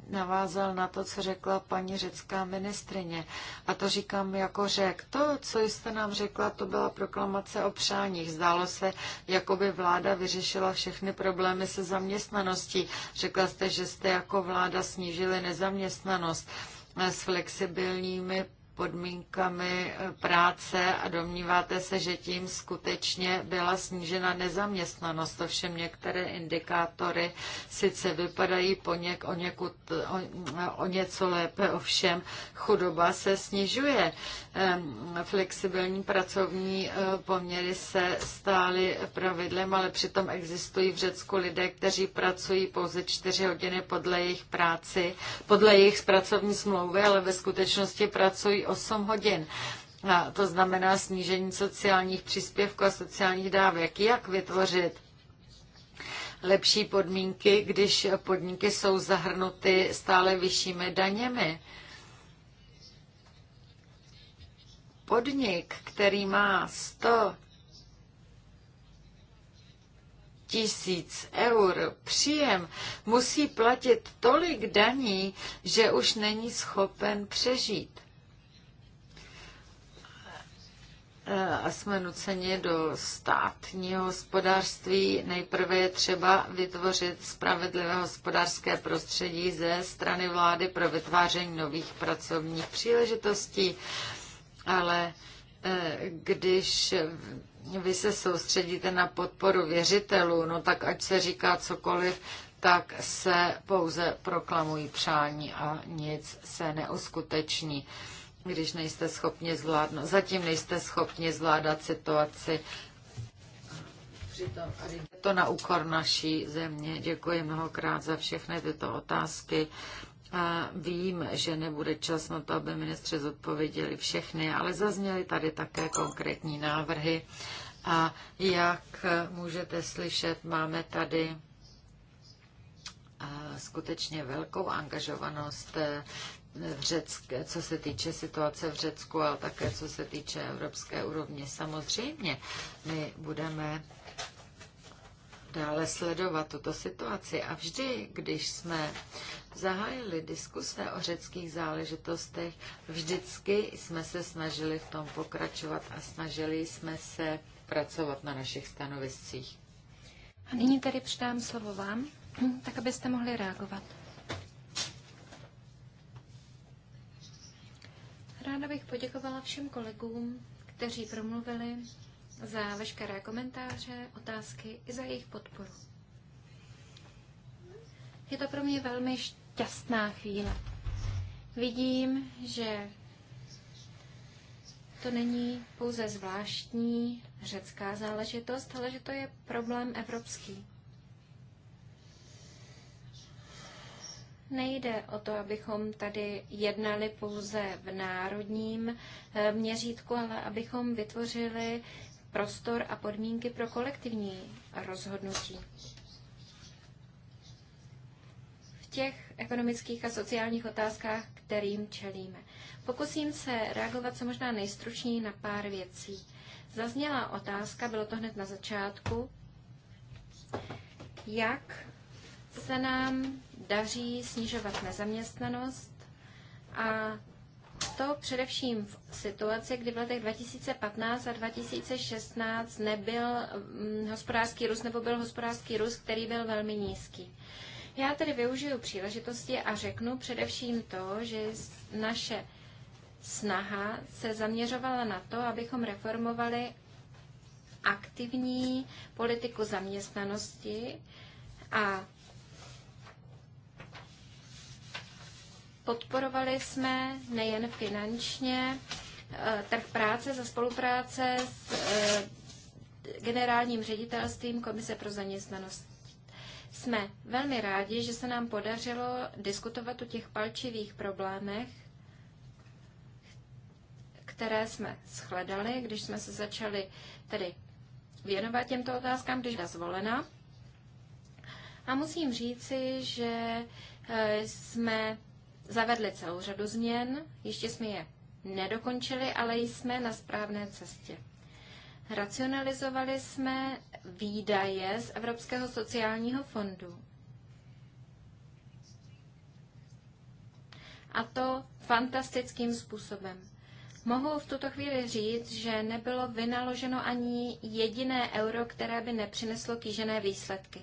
navázal na to, co řekla paní řecká ministrině. A to říkám jako řek. To, co jste nám řekla, to byla proklamace o přáních. Zdálo se, jako by vláda vyřešila všechny problémy se zaměstnaností. Řekla jste, že jste jako vláda snížili nezaměstnanost s flexibilními podmínkami eh, práce a domníváte se, že tím skutečně byla snížena nezaměstnanost. Ovšem některé indikátory sice vypadají po něk, o, někud, o, o něco lépe, ovšem chudoba se snižuje. Flexibilní pracovní e, poměry se stály pravidlem, ale přitom existují v Řecku lidé, kteří pracují pouze čtyři hodiny podle jejich práci, podle jejich pracovní smlouvy, ale ve skutečnosti pracují 8 hodin. A to znamená snížení sociálních příspěvků a sociálních dávek. Jak vytvořit lepší podmínky, když podniky jsou zahrnuty stále vyššími daněmi? podnik, který má 100 tisíc eur příjem, musí platit tolik daní, že už není schopen přežít. A jsme nuceni do státního hospodářství. Nejprve je třeba vytvořit spravedlivé hospodářské prostředí ze strany vlády pro vytváření nových pracovních příležitostí ale e, když vy se soustředíte na podporu věřitelů, no tak ať se říká cokoliv, tak se pouze proklamují přání a nic se neuskuteční, když nejste schopni zvládnout, zatím nejste schopni zvládat situaci. Přitom je to na úkor naší země. Děkuji mnohokrát za všechny tyto otázky a vím, že nebude čas na to, aby ministři zodpověděli všechny, ale zazněly tady také konkrétní návrhy. A jak můžete slyšet, máme tady eh, skutečně velkou angažovanost eh, v Řecké, co se týče situace v Řecku, ale také co se týče evropské úrovně. Samozřejmě my budeme dále sledovat tuto situaci a vždy, když jsme zahájili diskuse o řeckých záležitostech, vždycky jsme se snažili v tom pokračovat a snažili jsme se pracovat na našich stanoviscích. A nyní tedy předám slovo vám, tak abyste mohli reagovat. Ráda bych poděkovala všem kolegům, kteří promluvili za veškeré komentáře, otázky i za jejich podporu. Je to pro mě velmi šťastná chvíle. Vidím, že to není pouze zvláštní řecká záležitost, ale že to je problém evropský. Nejde o to, abychom tady jednali pouze v národním eh, měřítku, ale abychom vytvořili prostor a podmínky pro kolektivní rozhodnutí. V těch ekonomických a sociálních otázkách, kterým čelíme. Pokusím se reagovat co možná nejstručněji na pár věcí. Zazněla otázka, bylo to hned na začátku, jak se nám daří snižovat nezaměstnanost a to především v situaci, kdy v letech 2015 a 2016 nebyl mm, hospodářský růst nebo byl hospodářský růst, který byl velmi nízký. Já tedy využiju příležitosti a řeknu především to, že naše snaha se zaměřovala na to, abychom reformovali aktivní politiku zaměstnanosti a podporovali jsme nejen finančně eh, trh práce za spolupráce s eh, generálním ředitelstvím Komise pro zaměstnanost. Jsme velmi rádi, že se nám podařilo diskutovat o těch palčivých problémech, které jsme shledali, když jsme se začali tedy věnovat těmto otázkám, když byla zvolena. A musím říci, že eh, jsme zavedli celou řadu změn, ještě jsme je nedokončili, ale jsme na správné cestě. Racionalizovali jsme výdaje z Evropského sociálního fondu. A to fantastickým způsobem. Mohu v tuto chvíli říct, že nebylo vynaloženo ani jediné euro, které by nepřineslo kýžené výsledky.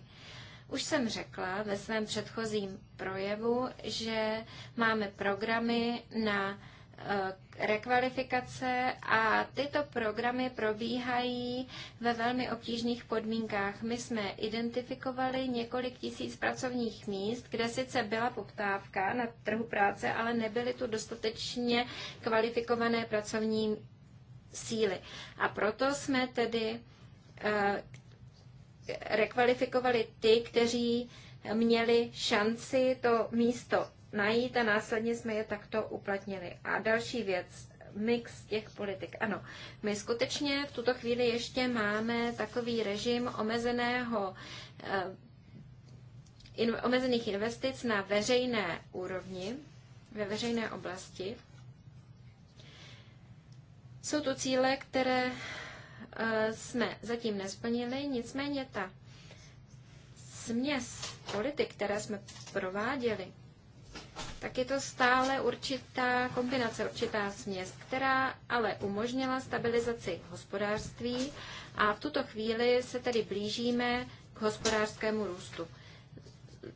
Už jsem řekla ve svém předchozím projevu, že máme programy na eh, rekvalifikace a tyto programy probíhají ve velmi obtížných podmínkách. My jsme identifikovali několik tisíc pracovních míst, kde sice byla poptávka na trhu práce, ale nebyly tu dostatečně kvalifikované pracovní síly. A proto jsme tedy eh, rekvalifikovali ty, kteří měli šanci to místo najít a následně jsme je takto uplatnili. A další věc, mix těch politik. Ano, my skutečně v tuto chvíli ještě máme takový režim omezeného eh, in, omezených investic na veřejné úrovni, ve veřejné oblasti. Jsou to cíle, které eh, jsme zatím nesplnili, nicméně ta směs politik, které jsme prováděli, tak je to stále určitá kombinace, určitá směs, která ale umožnila stabilizaci hospodářství a v tuto chvíli se tedy blížíme k hospodářskému růstu.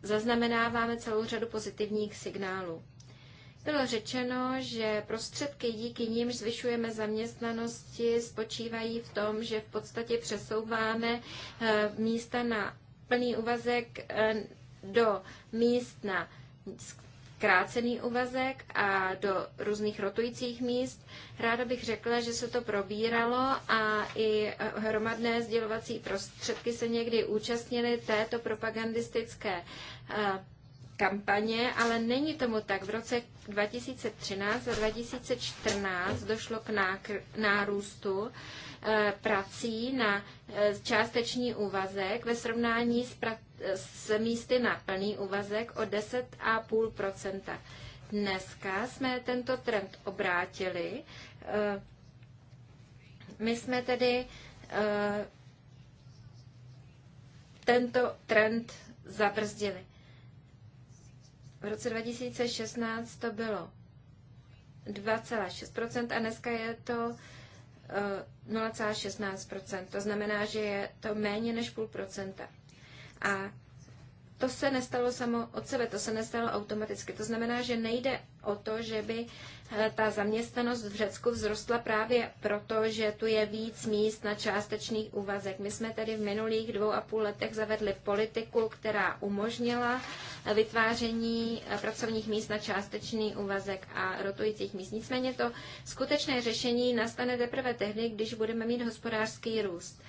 Zaznamenáváme celou řadu pozitivních signálů. Bylo řečeno, že prostředky, díky nímž zvyšujeme zaměstnanosti, spočívají v tom, že v podstatě přesouváme eh, místa na plný úvazek eh, do míst na krácený uvazek a do různých rotujících míst. Ráda bych řekla, že se to probíralo a i hromadné sdělovací prostředky se někdy účastnily této propagandistické eh, kampaně, ale není tomu tak. V roce 2013 a 2014 došlo k nárůstu eh, prací na eh, částečný úvazek ve srovnání s, prací z místy na plný úvazek o 10,5 Dneska jsme tento trend obrátili. Eh, my jsme tedy eh, tento trend zabrzdili. V roce 2016 to bylo 2,6 a dneska je to 0,16 eh, To znamená, že je to méně než půl procenta. A to se nestalo samo od sebe, to se nestalo automaticky. To znamená, že nejde o to, že by eh, ta zaměstnanost v Řecku vzrostla právě proto, že tu je víc míst na částečný úvazek. My jsme tedy v minulých dvou a půl letech zavedli politiku, která umožnila eh, vytváření eh, pracovních míst na částečný úvazek a rotujících míst. Nicméně to skutečné řešení nastane teprve tehdy, když budeme mít hospodářský růst.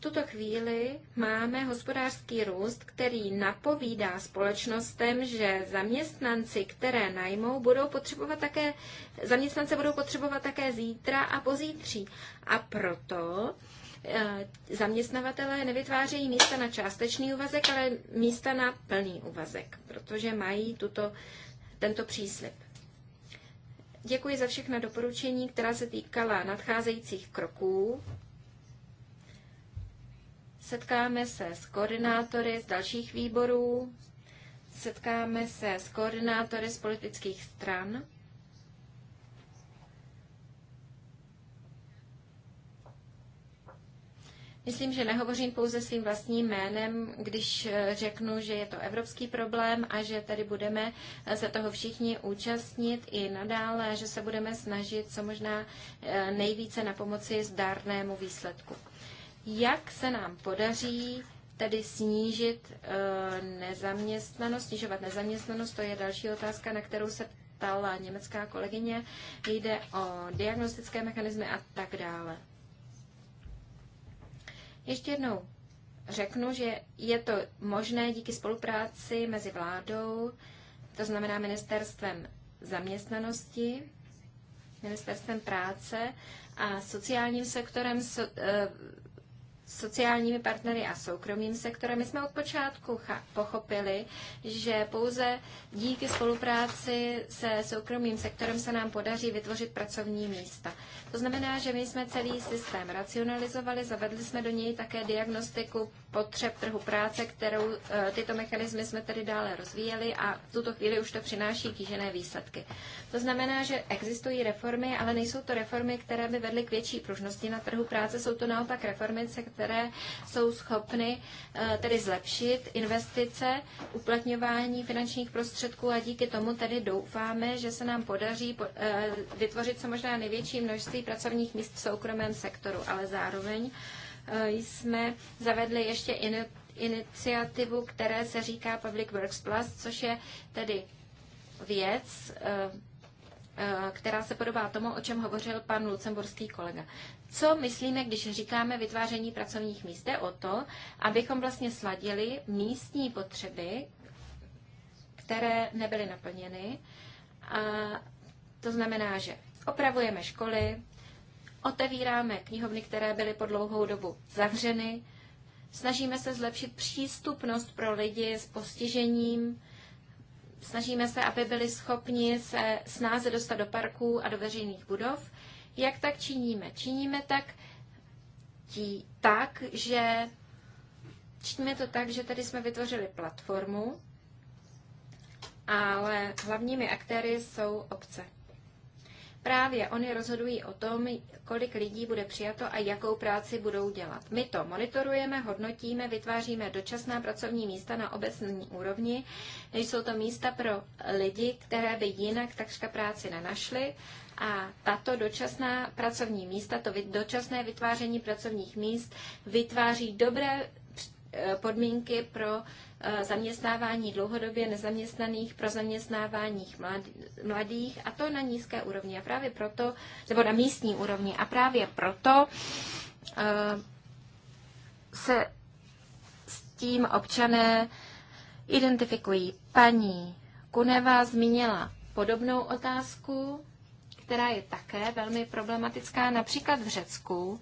tuto chvíli máme hospodářský růst, který napovídá společnostem, že zaměstnanci, které najmou, budou potřebovat také, zaměstnance budou potřebovat také zítra a pozítří. A proto eh, zaměstnavatelé nevytvářejí místa na částečný úvazek, ale místa na plný úvazek, protože mají tuto, tento příslip. Děkuji za všechna doporučení, která se týkala nadcházejících kroků Setkáme se s koordinátory z dalších výborů, setkáme se s koordinátory z politických stran. Myslím, že nehovořím pouze svým vlastním jménem, když eh, řeknu, že je to evropský problém a že tady budeme eh, se toho všichni účastnit i nadále, že se budeme snažit co možná eh, nejvíce na pomoci zdárnému výsledku jak se nám podaří tedy snížit eh, nezaměstnanost, snižovat nezaměstnanost, to je další otázka, na kterou se ptala německá kolegyně, jde o diagnostické mechanismy a tak dále. Ještě jednou řeknu, že je to možné díky spolupráci mezi vládou, to znamená ministerstvem zaměstnanosti, ministerstvem práce a sociálním sektorem, so, eh, sociálními partnery a soukromým sektorem. My jsme od počátku pochopili, že pouze díky spolupráci se soukromým sektorem se nám podaří vytvořit pracovní místa. To znamená, že my jsme celý systém racionalizovali, zavedli jsme do něj také diagnostiku potřeb trhu práce, kterou e, tyto mechanismy jsme tedy dále rozvíjeli a v tuto chvíli už to přináší kýžené výsledky. To znamená, že existují reformy, ale nejsou to reformy, které by vedly k větší pružnosti na trhu práce, jsou to naopak reformy, které jsou schopny eh, tedy zlepšit investice, uplatňování finančních prostředků a díky tomu tedy doufáme, že se nám podaří eh, vytvořit co možná největší množství pracovních míst v soukromém sektoru, ale zároveň eh, jsme zavedli ještě iniciativu, které se říká Public Works Plus, což je tedy věc, která se podobá tomu, o čem hovořil pan lucemburský kolega co myslíme, když říkáme vytváření pracovních míst. Jde o to, abychom vlastně sladili místní potřeby, které nebyly naplněny. A to znamená, že opravujeme školy, otevíráme knihovny, které byly po dlouhou dobu zavřeny, snažíme se zlepšit přístupnost pro lidi s postižením, snažíme se, aby byli schopni se snáze dostat do parků a do veřejných budov jak tak činíme? Činíme tak, tí, tak že činíme to tak, že tady jsme vytvořili platformu, ale hlavními aktéry jsou obce. Právě oni rozhodují o tom, kolik lidí bude přijato a jakou práci budou dělat. My to monitorujeme, hodnotíme, vytváříme dočasná pracovní místa na obecní úrovni. Jsou to místa pro lidi, které by jinak takřka práci nenašli a tato dočasná pracovní místa, to dočasné vytváření pracovních míst vytváří dobré eh, podmínky pro eh, zaměstnávání dlouhodobě nezaměstnaných, pro zaměstnávání mladých a to na nízké úrovni a právě proto, nebo na místní úrovni a právě proto eh, se s tím občané identifikují. Paní Kuneva zmínila podobnou otázku která je také velmi problematická, například v Řecku.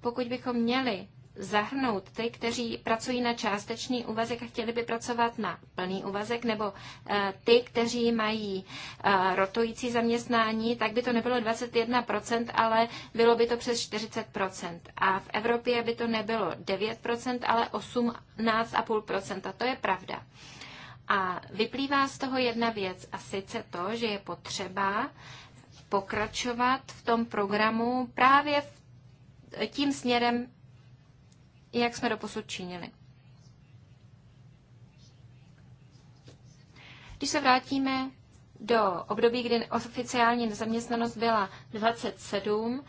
Pokud bychom měli zahrnout ty, kteří pracují na částečný úvazek a chtěli by pracovat na plný úvazek, nebo eh, ty, kteří mají eh, rotující zaměstnání, tak by to nebylo 21%, ale bylo by to přes 40%. A v Evropě by to nebylo 9%, ale 18,5%. A to je pravda. A vyplývá z toho jedna věc, a sice to, že je potřeba pokračovat v tom programu právě tím směrem, jak jsme doposud činili. Když se vrátíme do období, kdy oficiální nezaměstnanost byla 27,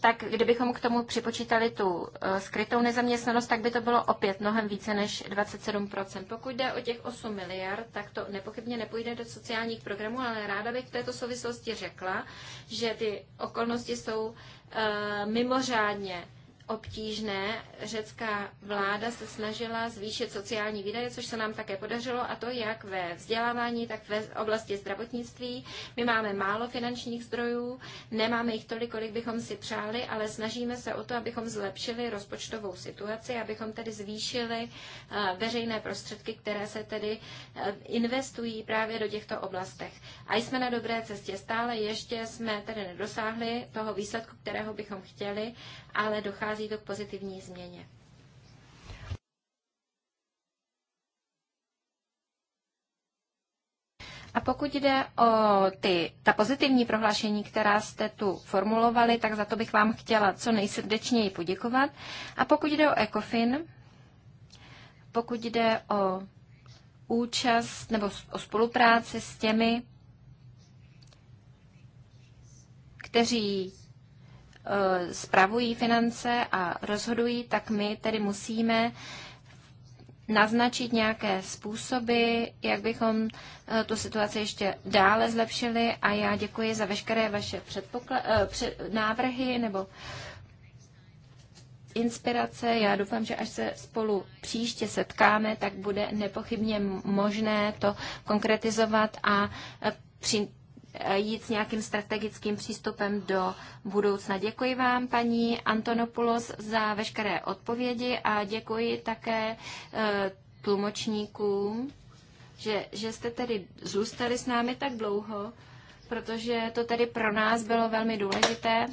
tak kdybychom k tomu připočítali tu eh, skrytou nezaměstnanost, tak by to bylo opět mnohem více než 27 Pokud jde o těch 8 miliard, tak to nepochybně nepůjde do sociálních programů, ale ráda bych v této souvislosti řekla, že ty okolnosti jsou eh, mimořádně obtížné. Řecká vláda se snažila zvýšit sociální výdaje, což se nám také podařilo, a to jak ve vzdělávání, tak ve oblasti zdravotnictví. My máme málo finančních zdrojů, nemáme jich tolik, kolik bychom si přáli, ale snažíme se o to, abychom zlepšili rozpočtovou situaci, abychom tedy zvýšili eh, veřejné prostředky, které se tedy eh, investují právě do těchto oblastech. A jsme na dobré cestě. Stále ještě jsme tedy nedosáhli toho výsledku, kterého bychom chtěli, ale dochází dochází to k pozitivní změně. A pokud jde o ty, ta pozitivní prohlášení, která jste tu formulovali, tak za to bych vám chtěla co nejsrdečněji poděkovat. A pokud jde o ECOFIN, pokud jde o účast nebo o spolupráci s těmi, kteří Eh, spravují finance a rozhodují, tak my tedy musíme naznačit nějaké způsoby, jak bychom eh, tu situaci ještě dále zlepšili a já děkuji za veškeré vaše před, eh, návrhy nebo inspirace. Já doufám, že až se spolu příště setkáme, tak bude nepochybně možné to konkretizovat a při, Eh, jít s nějakým strategickým přístupem do budoucna. Děkuji vám, paní Antonopoulos, za veškeré odpovědi a děkuji také eh, tlumočníkům, že, že jste tedy zůstali s námi tak dlouho, protože to tedy pro nás bylo velmi důležité.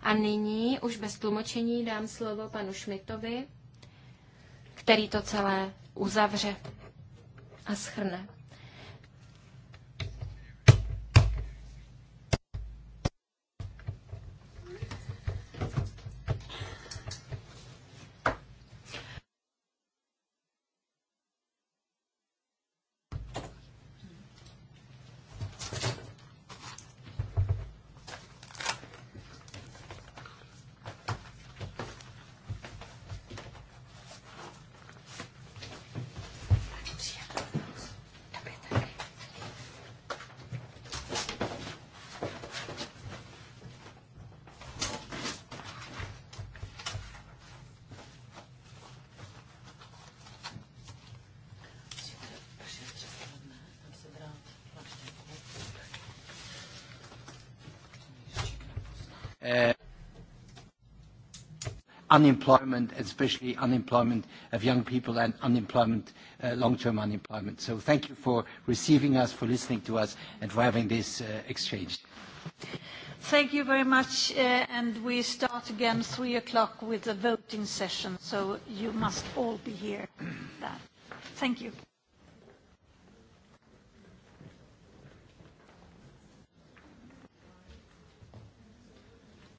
A nyní už bez tlumočení dám slovo panu Šmitovi, který to celé uzavře a schrne. unemployment, especially unemployment of young people and unemployment, uh, long-term unemployment. So thank you for receiving us, for listening to us, and for having this uh, exchange. Thank you very much, uh, and we start again 3:00 o'clock with the voting session, so you must all be here. Thank you.